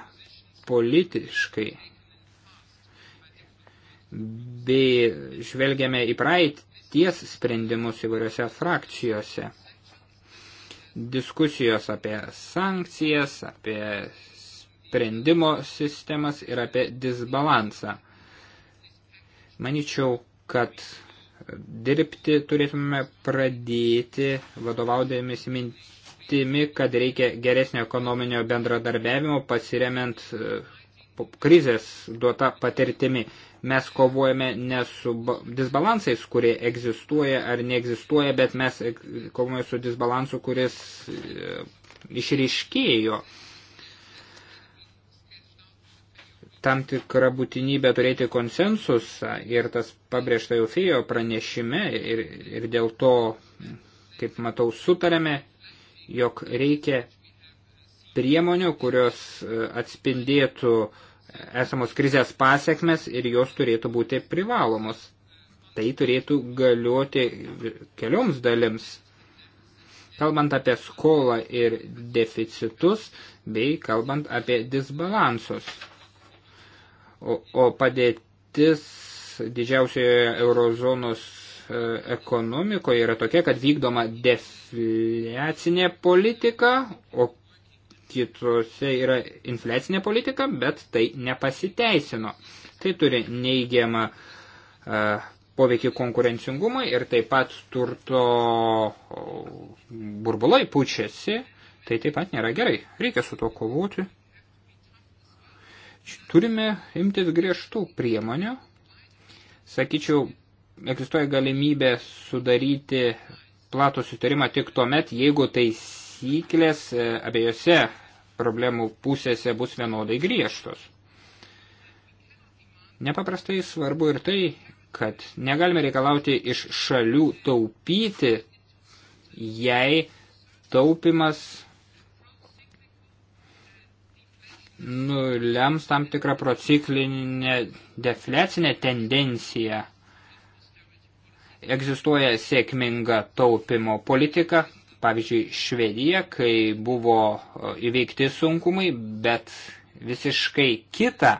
politiškai bei žvelgiame į praeities sprendimus įvairiose frakcijose. Diskusijos apie sankcijas, apie sprendimo sistemas ir apie disbalansą. Maničiau, kad dirbti turėtume pradėti vadovaudėmis mintimi, kad reikia geresnio ekonominio bendradarbiavimo pasiremiant e, krizės duota patirtimi. Mes kovojame ne su disbalansais, kurie egzistuoja ar neegzistuoja, bet mes e, kovojame su disbalansu, kuris e, išriškėjo. tam tikra būtinybė turėti konsensusą ir tas pabrėžta jau Fijo pranešime ir, ir dėl to, kaip matau, sutarėme, jog reikia priemonių, kurios e, atspindėtų esamos krizės pasiekmes ir jos turėtų būti privalomos. Tai turėtų galioti kelioms dalims. Kalbant apie skolą ir deficitus, bei kalbant apie disbalansus o, o padėtis didžiausioje eurozonos e, ekonomikoje yra tokia, kad vykdoma defliacinė politika, o kitose yra infliacinė politika, bet tai nepasiteisino. Tai turi neigiamą e, poveikį konkurencingumui ir taip pat turto burbulai pučiasi, tai taip pat nėra gerai. Reikia su to kovoti. Turime imtis griežtų priemonių. Sakyčiau, egzistuoja galimybė sudaryti platų sutarimą tik tuo met, jeigu taisyklės e, abiejose problemų pusėse bus vienodai griežtos. Nepaprastai svarbu ir tai, kad negalime reikalauti iš šalių taupyti, jei taupimas nulems tam tikrą prociklinę deflecinę tendenciją. Egzistuoja sėkminga taupimo politika, pavyzdžiui, Švedija, kai buvo įveikti sunkumai, bet visiškai kita,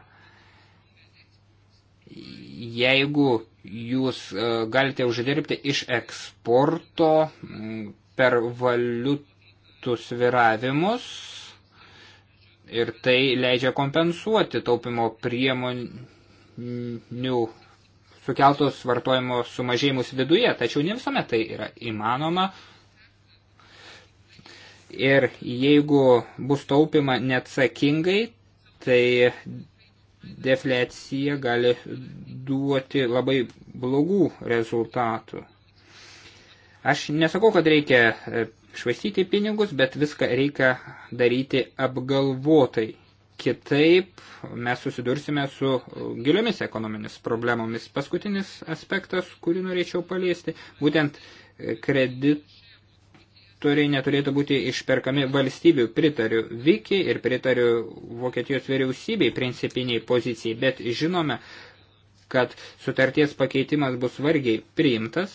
jeigu jūs galite uždirbti iš eksporto per valiutų sviravimus, ir tai leidžia kompensuoti taupimo priemonių sukeltus vartojimo sumažėjimus viduje, tačiau ne visuomet tai yra įmanoma. Ir jeigu bus taupima neatsakingai, tai deflecija gali duoti labai blogų rezultatų. Aš nesakau, kad reikia švaistyti pinigus, bet viską reikia daryti apgalvotai. Kitaip mes susidursime su giliomis ekonominis problemomis. Paskutinis aspektas, kurį norėčiau paliesti, būtent kreditoriai neturėtų būti išperkami valstybių. Pritariu Viki ir pritariu Vokietijos vyriausybei principiniai pozicijai, bet žinome, kad sutarties pakeitimas bus vargiai priimtas,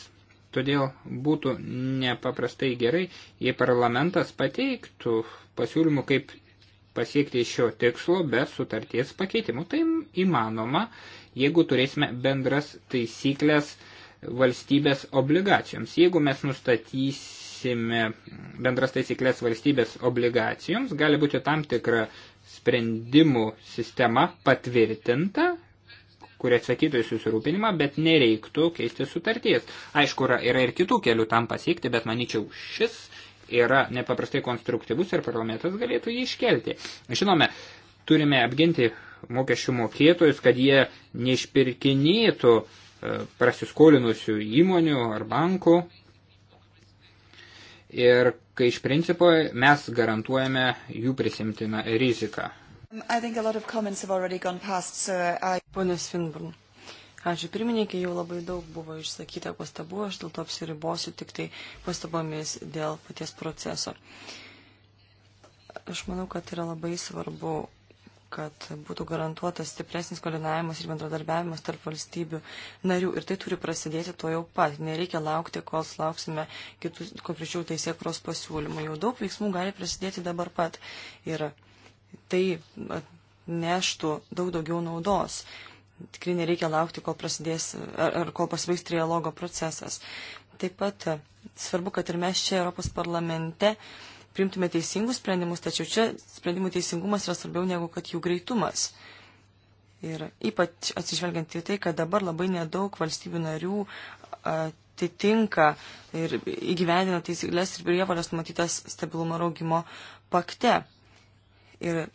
Todėl būtų nepaprastai gerai, jei parlamentas pateiktų pasiūlymų, kaip pasiekti šio tikslo be sutarties pakeitimų. Tai įmanoma, jeigu turėsime bendras taisyklės valstybės obligacijoms. Jeigu mes nustatysime bendras taisyklės valstybės obligacijoms, gali būti tam tikra sprendimų sistema patvirtinta kurie atsakytų į susirūpinimą, bet nereiktų keisti sutarties. Aišku, yra, yra ir kitų kelių tam pasiekti, bet manyčiau, šis yra nepaprastai konstruktyvus ir parlamentas galėtų jį iškelti. Žinome, turime apginti mokesčių mokėtojus, kad jie neišpirkinėtų e, prasiskolinusių įmonių ar bankų. Ir kai iš principo mes garantuojame jų prisimtiną riziką. Um, past, so I... Ponas Finburn, ačiū pirmininkė, jau labai daug buvo išsakyta pastabų, aš dėl to apsiribosiu tik tai pastabomis dėl paties proceso. Aš manau, kad yra labai svarbu kad būtų garantuotas stipresnis koordinavimas ir bendradarbiavimas tarp valstybių narių. Ir tai turi prasidėti to jau pat. Nereikia laukti, kol lauksime kitų konkrečių teisėkros pasiūlymų. Jau daug veiksmų gali prasidėti dabar pat. Ir tai neštų daug daugiau naudos. Tikrai nereikia laukti, kol prasidės ar, ar kol pasibaigs trialogo procesas. Taip pat e, svarbu, kad ir mes čia Europos parlamente priimtume teisingus sprendimus, tačiau čia sprendimų teisingumas yra svarbiau negu kad jų greitumas. Ir ypač atsižvelgiant į tai, kad dabar labai nedaug valstybių narių atitinka ir įgyvendina taisyklės ir prievalės numatytas stabilumo raugimo pakte ir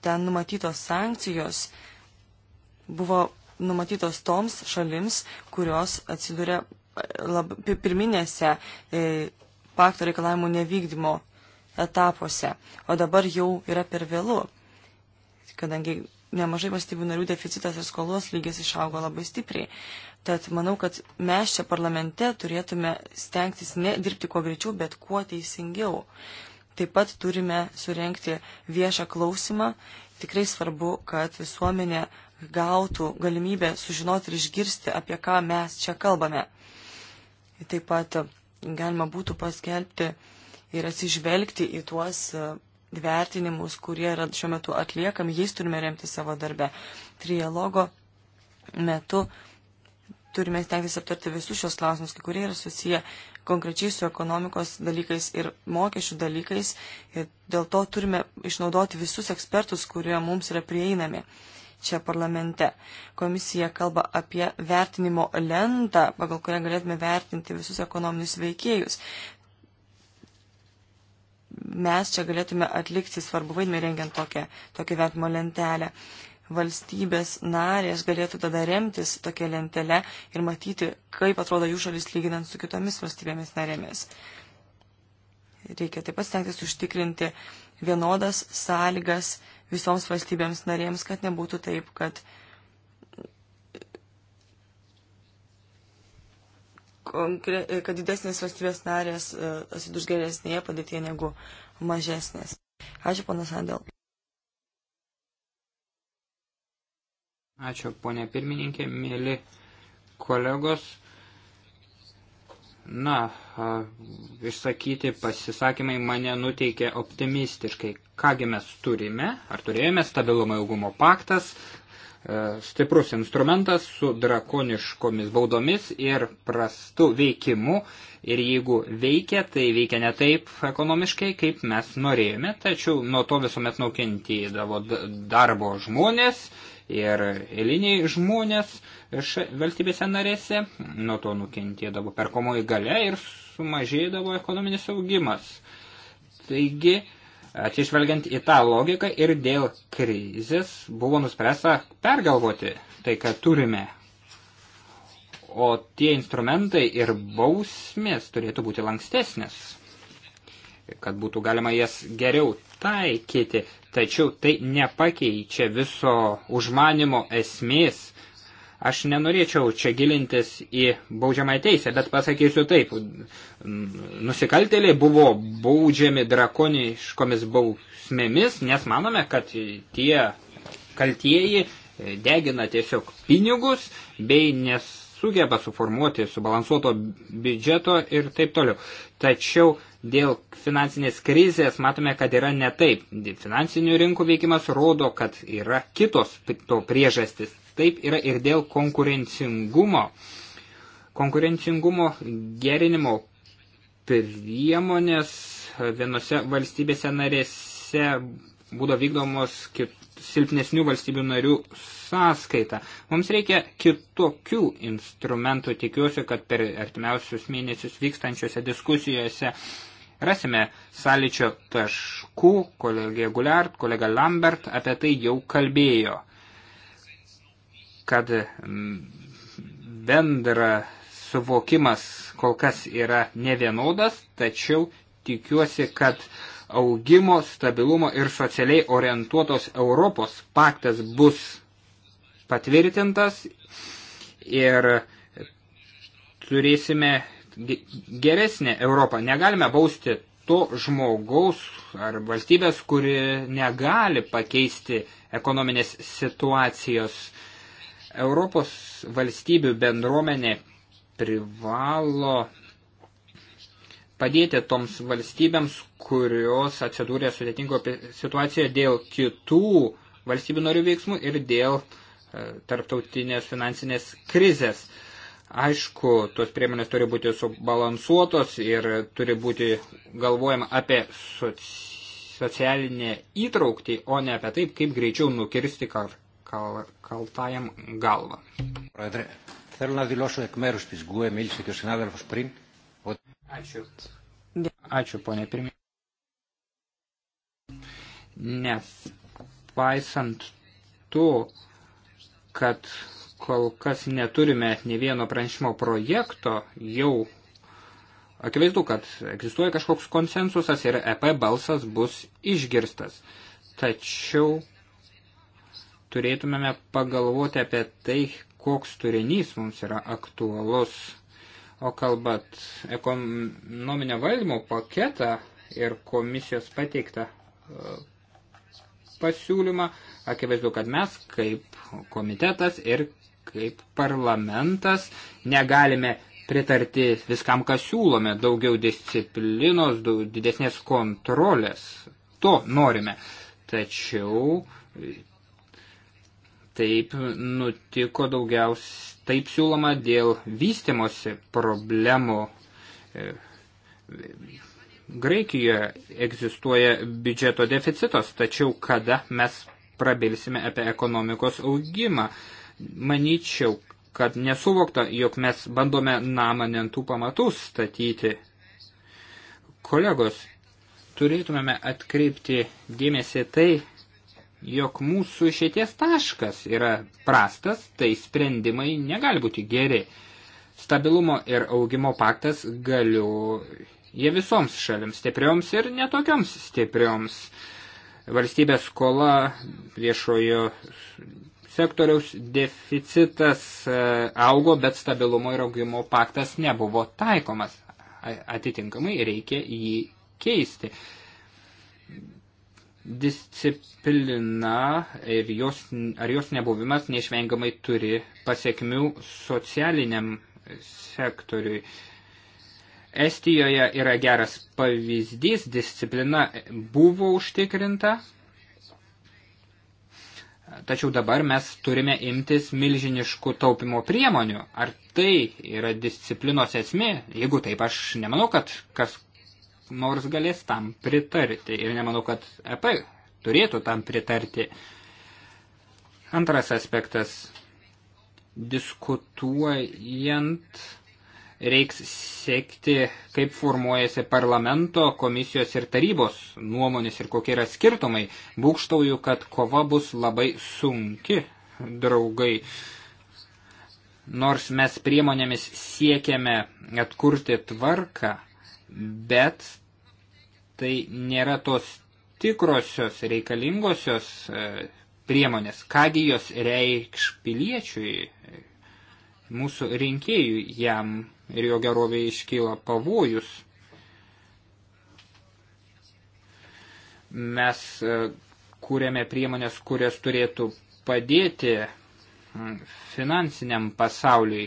ten numatytos sankcijos buvo numatytos toms šalims, kurios atsiduria e, lab, pirminėse e, pakto reikalavimų nevykdymo etapuose, o dabar jau yra per vėlu, kadangi nemažai valstybių narių deficitas ir skolos lygis išaugo labai stipriai. Tad manau, kad mes čia parlamente turėtume stengtis ne dirbti kuo greičiau, bet kuo teisingiau. E, Taip pat turime surenkti viešą klausimą. Tikrai svarbu, kad visuomenė gautų galimybę sužinoti ir išgirsti, apie ką mes čia kalbame. Taip pat galima būtų paskelbti ir atsižvelgti į tuos e, vertinimus, kurie yra šiuo metu atliekami, jais turime remti savo darbę. Trialogo metu turime stengtis aptarti visus šios klausimus, kai kurie yra susiję konkrečiai su ekonomikos dalykais ir mokesčių dalykais. Ir dėl to turime išnaudoti visus ekspertus, kurie mums yra prieinami čia parlamente. Komisija kalba apie vertinimo lentą, pagal kurią galėtume vertinti visus ekonominius veikėjus. Mes čia galėtume atlikti svarbu vaidmenį rengiant tokią, tokią vertinimo lentelę. Uh, valstybės narės galėtų tada remtis tokia lentelė ir matyti, kaip atrodo jų šalis lyginant su kitomis valstybėmis narėmis. Reikia taip pat stengtis užtikrinti vienodas sąlygas visoms valstybėms narėms, kad nebūtų taip, kad kad didesnės valstybės narės e, atsidurs geresnėje padėtėje negu mažesnės. Ačiū, panas Adel. Ačiū, ponė pirmininkė, mėly kolegos. Na, išsakyti pasisakymai mane nuteikė optimistiškai. Kągi mes turime, ar turėjome stabilumo ilgumo paktas, e, stiprus instrumentas su drakoniškomis baudomis ir prastu veikimu. Ir jeigu veikia, tai veikia ne taip ekonomiškai, kaip mes norėjome, tačiau nuo to visuomet nukentėdavo darbo žmonės ir eiliniai žmonės ša, valstybėse narėse, nuo to nukentėdavo perkomoji gale ir sumažėdavo ekonominis augimas. Taigi, atsižvelgiant į tą logiką ir dėl krizės buvo nuspręsta pergalvoti tai, ką turime. O tie instrumentai ir bausmės turėtų būti lankstesnės, kad būtų galima jas geriau taikyti, tačiau tai nepakeičia viso užmanimo esmės. Aš nenorėčiau čia gilintis į baudžiamąją teisę, bet pasakysiu taip. Nusikaltėliai buvo baudžiami drakoniškomis bausmėmis, nes manome, kad tie kaltieji degina tiesiog pinigus bei nes sugeba suformuoti subalansuoto biudžeto ir taip toliau. Tačiau dėl finansinės krizės matome, kad yra ne taip. Finansinių rinkų veikimas rodo, kad yra kitos to priežastis. Taip yra ir dėl konkurencingumo. Konkurencingumo gerinimo priemonės vienose valstybėse narėse būdo vykdomos kitų silpnesnių valstybių narių sąskaita. Mums reikia kitokių instrumentų. Tikiuosi, kad per artimiausius mėnesius vykstančiose diskusijose rasime sąlyčio taškų. Kolegė Guliart, kolega Lambert apie tai jau kalbėjo, kad mm, bendra suvokimas kol kas yra nevienodas, tačiau tikiuosi, kad uh, augimo, stabilumo ir socialiai orientuotos Europos paktas bus patvirtintas ir turėsime geresnę Europą. Negalime bausti to žmogaus ar valstybės, kuri negali pakeisti ekonominės situacijos. Europos valstybių bendruomenė privalo padėti toms valstybėms, kurios atsidūrė sudėtingo situacijoje dėl kitų valstybių norių veiksmų ir dėl e, tarptautinės finansinės krizės. Aišku, tos priemonės turi būti subalansuotos ir turi būti galvojama apie socialinę įtraukti, o ne apie taip, kaip greičiau nukirsti kal, kal, kaltajam galvą. Πρόεδρε, θέλω να δηλώσω εκ μέρους της ΓΚΟΕ, μίλησε και ο συνάδελφος πριν, Ačiū. Ačiū, ponė pirmininkė. Nes paisant to, kad kol kas neturime ne vieno pranešimo projekto, jau akivaizdu, kad egzistuoja kažkoks konsensusas ir EP balsas bus išgirstas. Tačiau turėtumėme pagalvoti apie tai, koks turinys mums yra aktualus O kalbat ekonominio valdymo paketą ir komisijos pateiktą e, pasiūlymą, akivaizdu, kad mes kaip komitetas ir kaip parlamentas negalime pritarti viskam, ką siūlome, daugiau disciplinos, daug didesnės kontrolės. To norime. Tačiau Taip nutiko daugiausiai, taip siūloma dėl vystimosi problemų. E, Graikijoje egzistuoja biudžeto deficitas, tačiau kada mes prabilsime apie ekonomikos augimą? Manyčiau, kad nesuvokta, jog mes bandome namą nentų pamatų statyti. Kolegos, turėtumėme atkreipti dėmesį tai, jog mūsų išeities taškas yra prastas, tai sprendimai negali būti geri. Stabilumo ir augimo paktas galiu jie visoms šalims, stiprioms ir netokioms stiprioms. Valstybės skola, viešojo sektoriaus deficitas e, augo, bet stabilumo ir augimo paktas nebuvo taikomas. Atitinkamai reikia jį keisti disciplina ir jos, ar jos nebuvimas neišvengiamai turi pasiekmių socialiniam sektoriui. Estijoje yra geras pavyzdys, disciplina buvo užtikrinta, tačiau dabar mes turime imtis milžiniškų taupimo priemonių. Ar tai yra disciplinos esmė? Jeigu taip, aš nemanau, kad kas nors galės tam pritarti. Ir nemanau, kad EP turėtų tam pritarti. Antras aspektas. Diskutuojant reiks sekti, kaip formuojasi parlamento, komisijos ir tarybos nuomonės ir kokie yra skirtumai. Būkštauju, kad kova bus labai sunki, draugai. Nors mes priemonėmis siekiame atkurti tvarką, bet tai nėra tos tikrosios reikalingosios e, priemonės, kągi jos reikš piliečiui, e, mūsų rinkėjui jam ir jo gerovė iškyla pavojus. Mes e, kūrėme priemonės, kurias turėtų padėti finansiniam pasauliui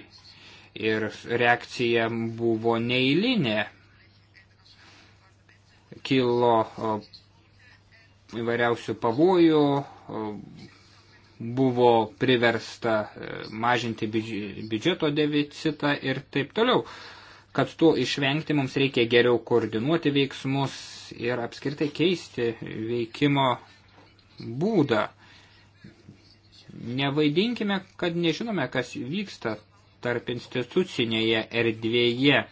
ir reakcija buvo neįlinė kilo įvairiausių pavojų, buvo priversta e, mažinti biudžeto deficitą ir taip toliau. Kad to išvengti, mums reikia geriau koordinuoti veiksmus ir apskritai keisti veikimo būdą. Nevaidinkime, kad nežinome, kas vyksta tarp institucinėje erdvėje.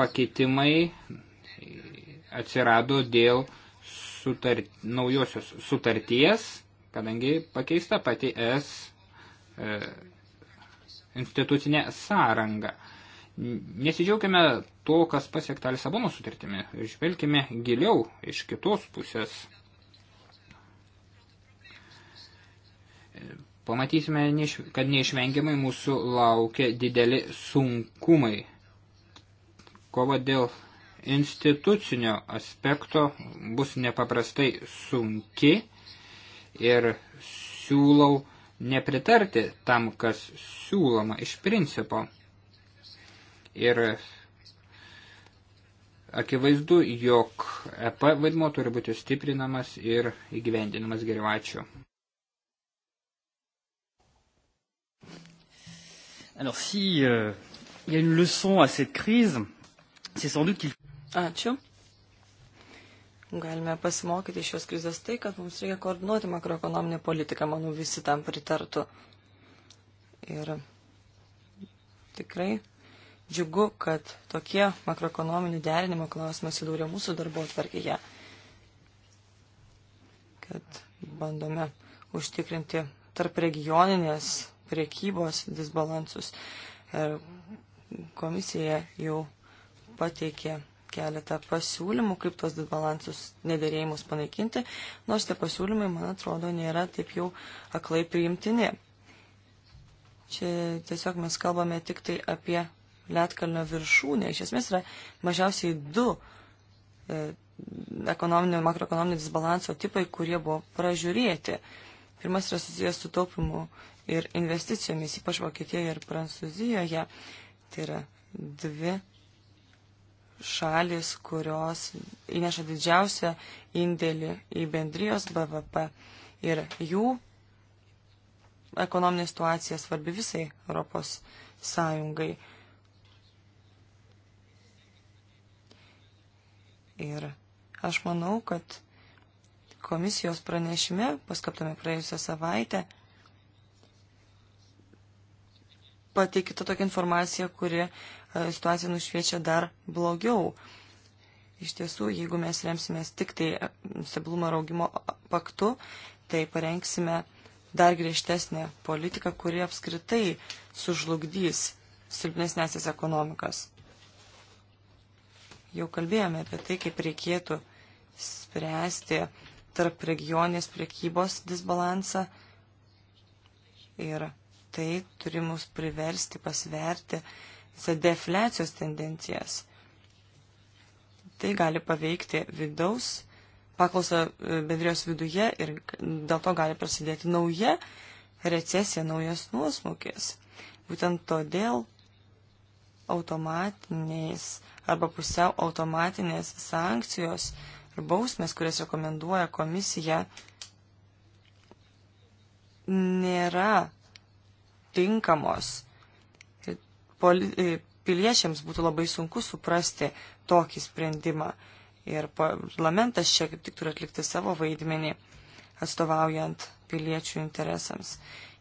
Pakeitimai atsirado dėl sutart, naujosios sutarties, kadangi pakeista pati es e, institucinė sąranga. Nesidžiaugime to, kas pasiekta Lisabono sutartimi. Žvelkime giliau iš kitos pusės. Pamatysime, kad neišvengiamai mūsų laukia dideli sunkumai. Kova dėl institucinio aspekto bus nepaprastai sunki ir siūlau nepritarti tam, kas siūloma iš principo. Ir akivaizdu, jog EP vaidmo turi būti stiprinamas ir įgyvendinamas geriau. Ačiū. Alors si euh, il y a une leçon à cette crise, c'est sans doute qu'il Ačiū. Galime pasimokyti iš šios krizės tai, kad mums reikia koordinuoti makroekonominę politiką, manau, visi tam pritartų. Ir tikrai džiugu, kad tokie makroekonominių derinimo klausimai atsidūrė mūsų darbo atvarkėje, kad bandome užtikrinti tarp regioninės priekybos disbalansus. Ir komisija jau pateikė keletą pasiūlymų, kaip tos disbalansus nedėrėjimus panaikinti, nors tie pasiūlymai, man atrodo, nėra taip jau aklai priimtini. Čia tiesiog mes kalbame tik tai apie Lietkalnio viršūnę. Iš esmės yra mažiausiai du e, ekonominio, makroekonominio disbalanso tipai, kurie buvo pražiūrėti. Pirmas yra susijęs su taupimu ir investicijomis, ypač Vokietijoje ir Prancūzijoje. Tai yra dvi šalis, kurios įneša didžiausią indėlį į bendrijos BVP ir jų ekonominė situacija svarbi visai Europos Sąjungai. Ir aš manau, kad komisijos pranešime, paskaptame praėjusią savaitę, pateikita tokia informacija, kuri E, situacija nušviečia dar blogiau. Iš tiesų, jeigu mes remsimės tik tai e, stabilumo ir augimo paktu, tai parengsime dar griežtesnę politiką, kuri apskritai sužlugdys silpnesnėsis ekonomikas. Jau kalbėjome apie tai, kaip reikėtų spręsti tarp regionės priekybos disbalansą ir tai turi mus priversti pasverti defliacijos tendencijas. Tai gali paveikti vidaus paklausą e, bendrijos viduje ir dėl to gali prasidėti nauja recesija, naujas nuosmukis. Būtent todėl automatiniais arba pusiau automatinės sankcijos ir bausmės, kurias rekomenduoja komisija, nėra tinkamos E, piliečiams būtų labai sunku suprasti tokį sprendimą. Ir parlamentas čia kaip tik turi atlikti savo vaidmenį, atstovaujant piliečių interesams.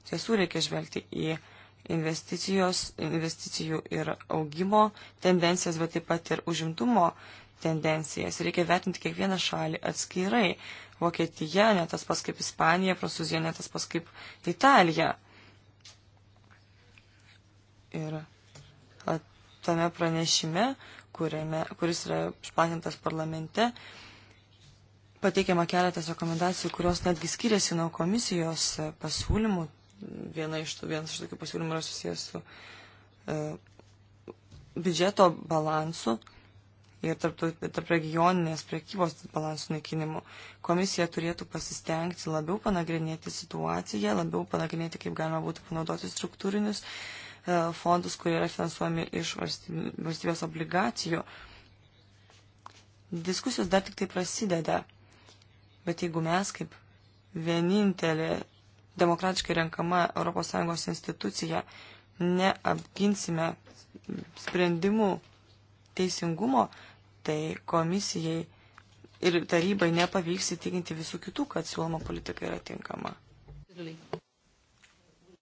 Tiesų reikia žvelgti į investicijos, investicijų ir augimo tendencijas, bet taip pat ir užimtumo tendencijas. Reikia vertinti kiekvieną šalį atskirai. Vokietija, ne tas pas kaip Ispanija, Prancūzija, ne tas pas kaip Italija. Ir tame pranešime, kuriame, kuris yra išplatintas parlamente, pateikiama keletas rekomendacijų, kurios netgi skiriasi nuo komisijos pasiūlymų. Viena iš tų, vienas iš tokių pasiūlymų yra susijęs su uh, biudžeto balansu ir tarp, tarp regioninės priekybos balansų naikinimu. Komisija turėtų pasistengti labiau panagrinėti situaciją, labiau panagrinėti, kaip galima būtų panaudoti struktūrinius uh, E, fondus, kurie yra finansuojami iš valstybės obligacijų. Diskusijos dar tik tai prasideda, bet jeigu mes kaip vienintelė demokratiškai renkama ES institucija neapginsime sprendimų teisingumo, tai komisijai ir tarybai nepavyks įtikinti visų kitų, kad siūloma politika yra tinkama. Really.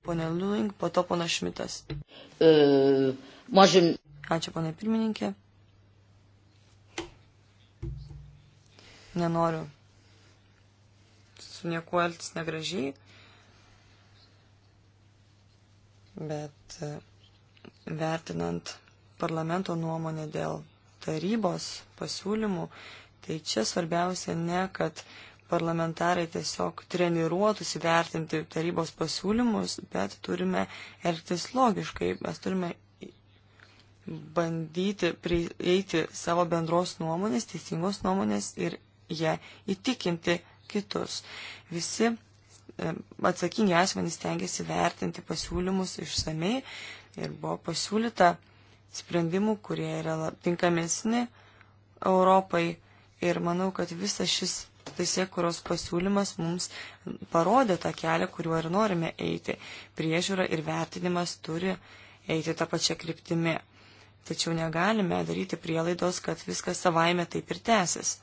Pone Luling, po to pona Šmitas. Uh, e, mažin... Ačiū, ponai pirmininkė. Nenoriu su niekuo elgtis negražiai, bet e, vertinant parlamento nuomonę dėl tarybos pasiūlymų, tai čia svarbiausia ne, kad parlamentarai tiesiog treniruotųsi vertinti tarybos pasiūlymus, bet turime elgtis logiškai, mes turime bandyti prieiti savo bendros nuomonės, teisingos nuomonės ir ją įtikinti kitus. Visi e, atsakingi asmenys tengiasi vertinti pasiūlymus išsamei ir buvo pasiūlyta sprendimų, kurie yra tinkamesni Europai. Ir manau, kad visas šis teisėkuros pasiūlymas mums parodė tą kelią, kuriuo ir norime eiti. Priežiūra ir vertinimas turi eiti tą pačią kryptimį. Tačiau negalime daryti prielaidos, kad viskas savaime taip ir tęsis.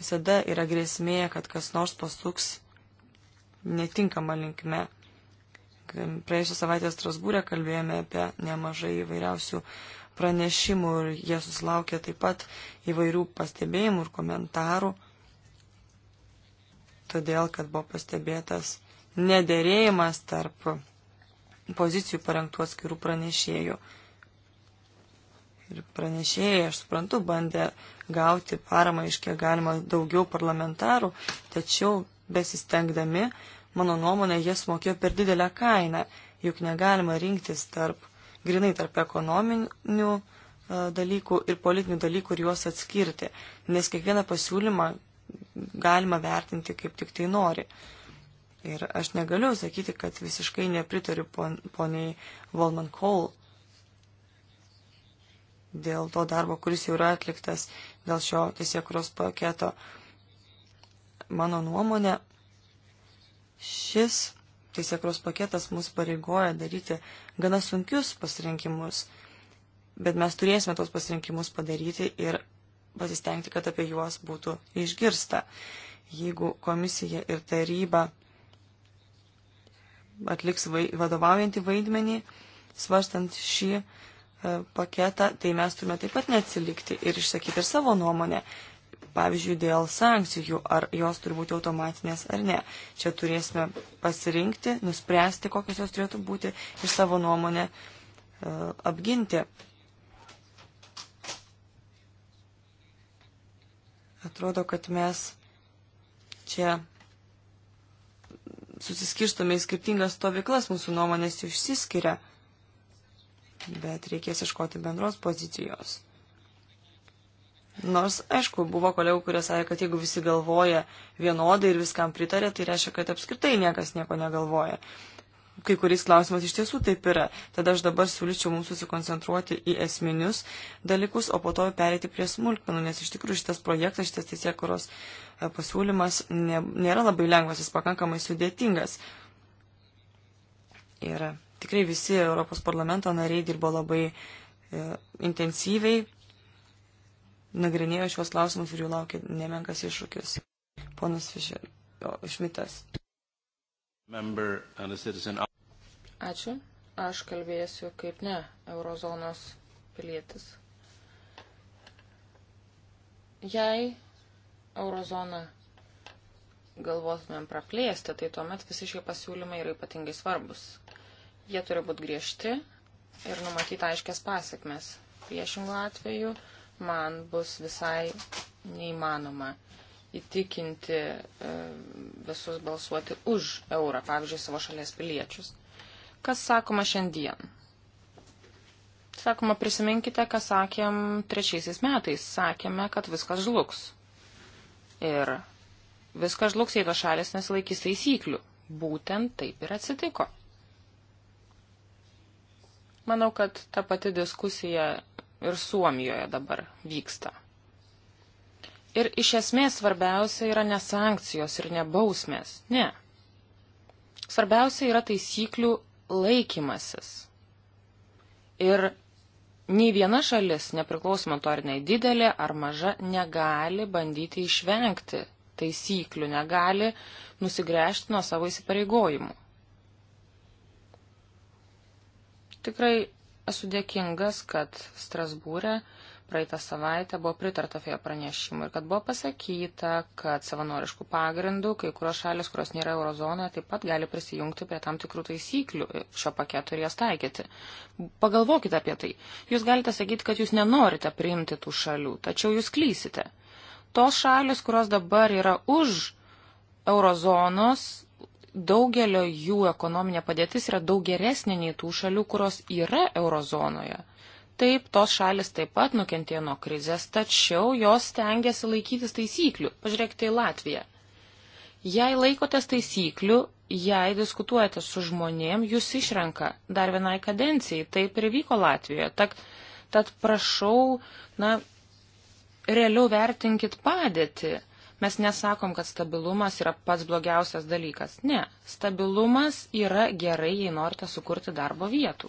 Visada yra grėsmė, kad kas nors pasuks netinkama linkme. Praėjusią savaitę Strasbūrę kalbėjome apie nemažai įvairiausių uh, pranešimų ir jie susilaukė taip pat įvairių pastebėjimų ir komentarų, todėl kad buvo pastebėtas nederėjimas tarp pozicijų parengtų atskirų pranešėjų. Ir pranešėjai, aš suprantu, bandė gauti paramą iš kiek galima daugiau parlamentarų, tačiau besistengdami, mano nuomonė, jie sumokėjo per didelę kainą, juk negalima rinktis tarp grinai tarp ekonominių e, dalykų ir politinių dalykų ir juos atskirti, nes kiekvieną pasiūlymą galima vertinti kaip tik tai nori. Ir aš negaliu sakyti, kad visiškai nepritariu pon, poniai Volman Cole dėl to darbo, kuris jau yra atliktas dėl šio tiesiekros paketo. Mano nuomonė, šis teisėkros paketas mus pareigoja daryti gana sunkius pasirinkimus, bet mes turėsime tos pasirinkimus padaryti ir pasistengti, kad apie juos būtų išgirsta. Jeigu komisija ir taryba atliks vai, vadovaujantį vaidmenį, svarstant šį e, paketą, tai mes turime taip pat neatsilikti ir išsakyti ir savo nuomonę pavyzdžiui, dėl sankcijų, ar jos turi būti automatinės ar ne. Čia turėsime pasirinkti, nuspręsti, kokios jos turėtų būti ir savo nuomonę uh, apginti. Atrodo, kad mes čia susiskirstome į skirtingas stovyklas, mūsų nuomonės išsiskiria, bet reikės iškoti bendros pozicijos. Nors, aišku, buvo kolegų, kurie sakė, kad jeigu visi galvoja vienodai ir viskam pritarė, tai reiškia, kad apskritai niekas nieko negalvoja. Kai kuriais klausimas iš tiesų taip yra. Tada aš dabar siūlyčiau mums susikoncentruoti į esminius dalykus, o po to perėti prie smulkmenų, nes iš tikrųjų šitas projektas, šitas teisėkuros e, pasiūlymas ne, nėra labai lengvas, jis pakankamai sudėtingas. Ir tikrai visi Europos parlamento nariai dirbo labai e, intensyviai, nagrinėjo šios klausimus ir jų laukia nemenkas iššūkis. Ponas Fišer, o, Šmitas. Ačiū. Aš kalbėsiu kaip ne eurozonos pilietis. Jei eurozoną galvotumėm praplėsti, tai tuomet visi šie pasiūlymai yra ypatingai svarbus. Jie turi būti griežti ir numatyti aiškias pasiekmes. Priešingų atveju man bus visai neįmanoma įtikinti e, visus balsuoti už eurą, pavyzdžiui, savo šalies piliečius. Kas sakoma šiandien? Sakoma, prisiminkite, ką sakėm trečiaisiais metais. Sakėme, kad viskas žlugs. Ir viskas žlugs, jei tos šalis nesilaikys taisyklių. Būtent taip ir atsitiko. Manau, kad ta pati diskusija ir Suomijoje dabar vyksta. Ir iš esmės svarbiausia yra ne sankcijos ir ne bausmės, ne. Svarbiausia yra taisyklių laikymasis. Ir nei viena šalis, nepriklausoma to ar jinai didelė ar maža, negali bandyti išvengti taisyklių, negali nusigręžti nuo savo įsipareigojimų. Tikrai Esu dėkingas, kad Strasbūrė praeitą savaitę buvo pritarta FIA pranešimui ir kad buvo pasakyta, kad savanoriškų pagrindų kai kurios šalis, kurios nėra eurozonoje, taip pat gali prisijungti prie tam tikrų taisyklių šio paketo ir jas taikyti. Pagalvokite apie tai. Jūs galite sakyti, kad jūs nenorite priimti tų šalių, tačiau jūs klysite. Tos šalis, kurios dabar yra už eurozonos, daugelio jų ekonominė padėtis yra daug geresnė nei tų šalių, kurios yra eurozonoje. Taip, tos šalis taip pat nukentėjo nuo krizės, tačiau jos stengiasi laikytis taisyklių. Pažiūrėkite į Latviją. Jei laikotės taisyklių, jei diskutuojate su žmonėm, jūs išrenka dar vienai kadencijai. Taip ir vyko Latvijoje. Tak, tad prašau, na, realiau vertinkit padėtį. Mes nesakom, kad stabilumas yra pats blogiausias dalykas. Ne, stabilumas yra gerai, jei norite sukurti darbo vietų.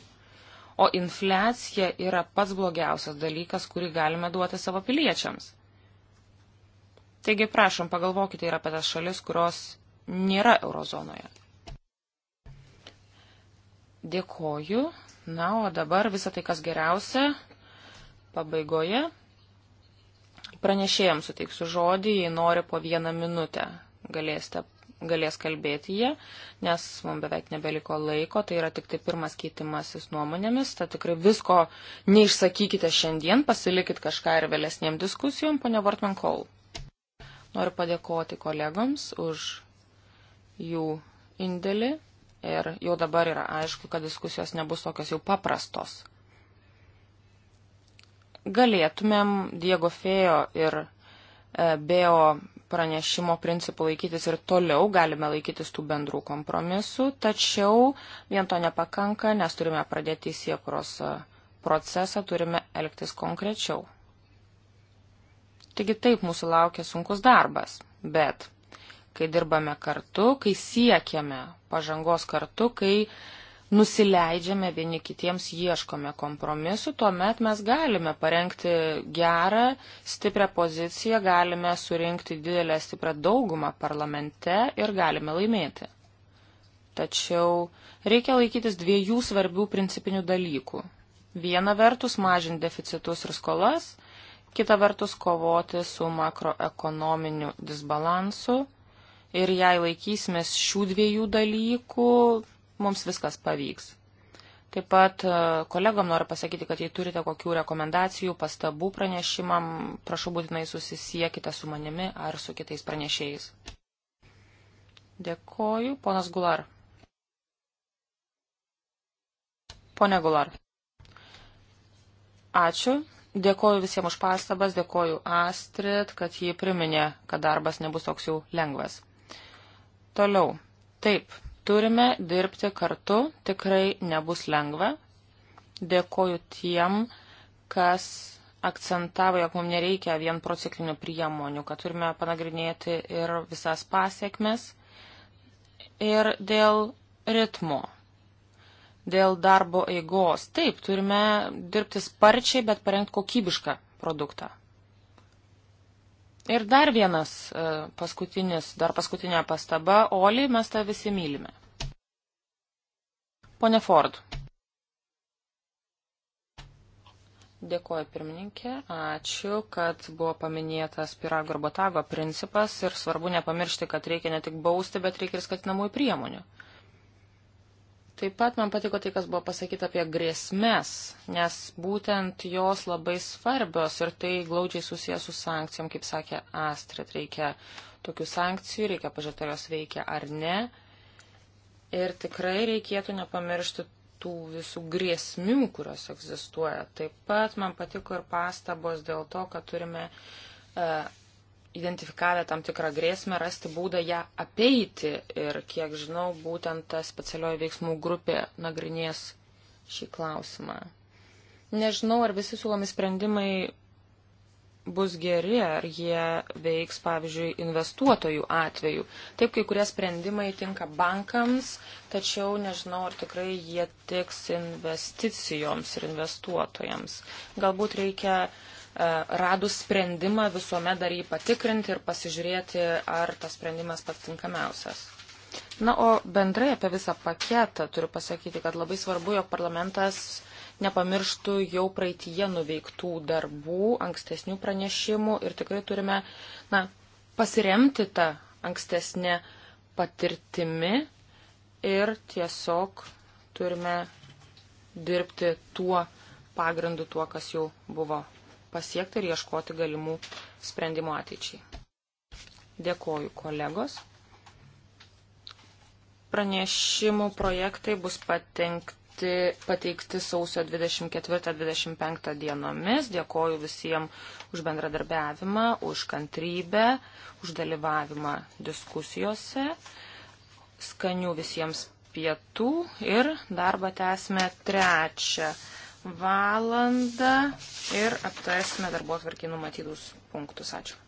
O infliacija yra pats blogiausias dalykas, kurį galime duoti savo piliečiams. Taigi, prašom, pagalvokite ir apie tas šalis, kurios nėra eurozonoje. Dėkoju. Na, o dabar visą tai, kas geriausia, pabaigoje Pranešėjams suteiksiu žodį, jei nori po vieną minutę galėsite, galės kalbėti jie, nes mums beveik nebeliko laiko, tai yra tik tai pirmas keitimasis nuomonėmis, tad tikrai visko neišsakykite šiandien, pasilikit kažką ir vėlesniem diskusijom, ponia Vartman Kol. Noriu padėkoti kolegoms už jų indėlį ir jau dabar yra aišku, kad diskusijos nebus tokios jau paprastos galėtumėm Diego Fejo ir e, Beo pranešimo principų laikytis ir toliau, galime laikytis tų bendrų kompromisų, tačiau vien to nepakanka, nes turime pradėti įsiekros e, procesą, turime elgtis konkrečiau. Taigi taip mūsų laukia sunkus darbas, bet kai dirbame kartu, kai siekiame pažangos kartu, kai uh, nusileidžiame vieni kitiems, ieškome kompromisu, tuomet mes galime parengti gerą, stiprią poziciją, galime surinkti didelę, stiprią daugumą parlamente ir galime laimėti. Tačiau reikia laikytis dviejų svarbių principinių dalykų. Viena vertus mažinti deficitus ir skolas, kita vertus kovoti su makroekonominiu disbalansu. Ir jei laikysimės šių dviejų dalykų, mums viskas pavyks. Taip pat e, kolegom noriu pasakyti, kad jei turite kokių rekomendacijų, pastabų pranešimam, prašau būtinai susisiekite su manimi ar su kitais pranešėjais. Dėkoju, ponas Gular. Pone Gular. Ačiū. Dėkoju visiems už pastabas, dėkoju Astrid, kad ji priminė, kad darbas nebus toks jau lengvas. Toliau. Taip, Turime dirbti kartu, tikrai nebus lengva. Dėkoju tiem, kas akcentavo, jog mums nereikia vien prociklinių priemonių, kad turime panagrinėti ir visas pasiekmes. Ir dėl ritmo, dėl darbo eigos. Taip, turime dirbti sparčiai, bet parengti kokybišką produktą. Ir dar vienas e, paskutinis, dar paskutinė pastaba. Oli, mes tą visi mylime. Pone Ford. Dėkuoju pirmininkė, ačiū, kad buvo paminėtas pirago arba tago principas ir svarbu nepamiršti, kad reikia ne tik bausti, bet reikia ir skatinamųjų priemonių. Uh, Taip pat man patiko tai, kas buvo pasakyta apie grėsmės, nes būtent jos labai svarbios ir tai glaudžiai susijęs su sankcijom, kaip sakė Astrid. Reikia tokių sankcijų, reikia pažiūrėti, ar jos veikia ar ne. Ir tikrai reikėtų nepamiršti tų visų grėsmių, kurios egzistuoja. Taip pat man patiko ir pastabos dėl to, kad turime. Uh, identifikavę tam tikrą grėsmę, rasti būdą ją apeiti. Ir kiek žinau, būtent ta specialioji veiksmų grupė nagrinės šį klausimą. Nežinau, ar visi siūlomi sprendimai bus geri, ar jie veiks, pavyzdžiui, investuotojų atveju. Taip, kai kurie sprendimai tinka bankams, tačiau nežinau, ar tikrai jie tiks investicijoms ir investuotojams. Galbūt reikia uh, E, radus sprendimą visuomet dar jį patikrinti ir pasižiūrėti, ar tas sprendimas pats tinkamiausias. Na, o bendrai apie visą paketą turiu pasakyti, kad labai svarbu, jog parlamentas nepamirštų jau praeitie nuveiktų darbų, ankstesnių pranešimų ir tikrai turime na, pasiremti tą ankstesnę patirtimi ir tiesiog turime dirbti tuo pagrindu, tuo, kas jau buvo pasiekti ir ieškoti galimų sprendimų ateičiai. Dėkoju kolegos. Pranešimų projektai bus patenkti, pateikti sausio 24-25 dienomis. Dėkoju visiems už bendradarbiavimą, už kantrybę, už dalyvavimą diskusijose. Skanių visiems pietų ir darbą tęsime trečią valandą ir aptarsime darbo atvarkį numatytus punktus. Ačiū.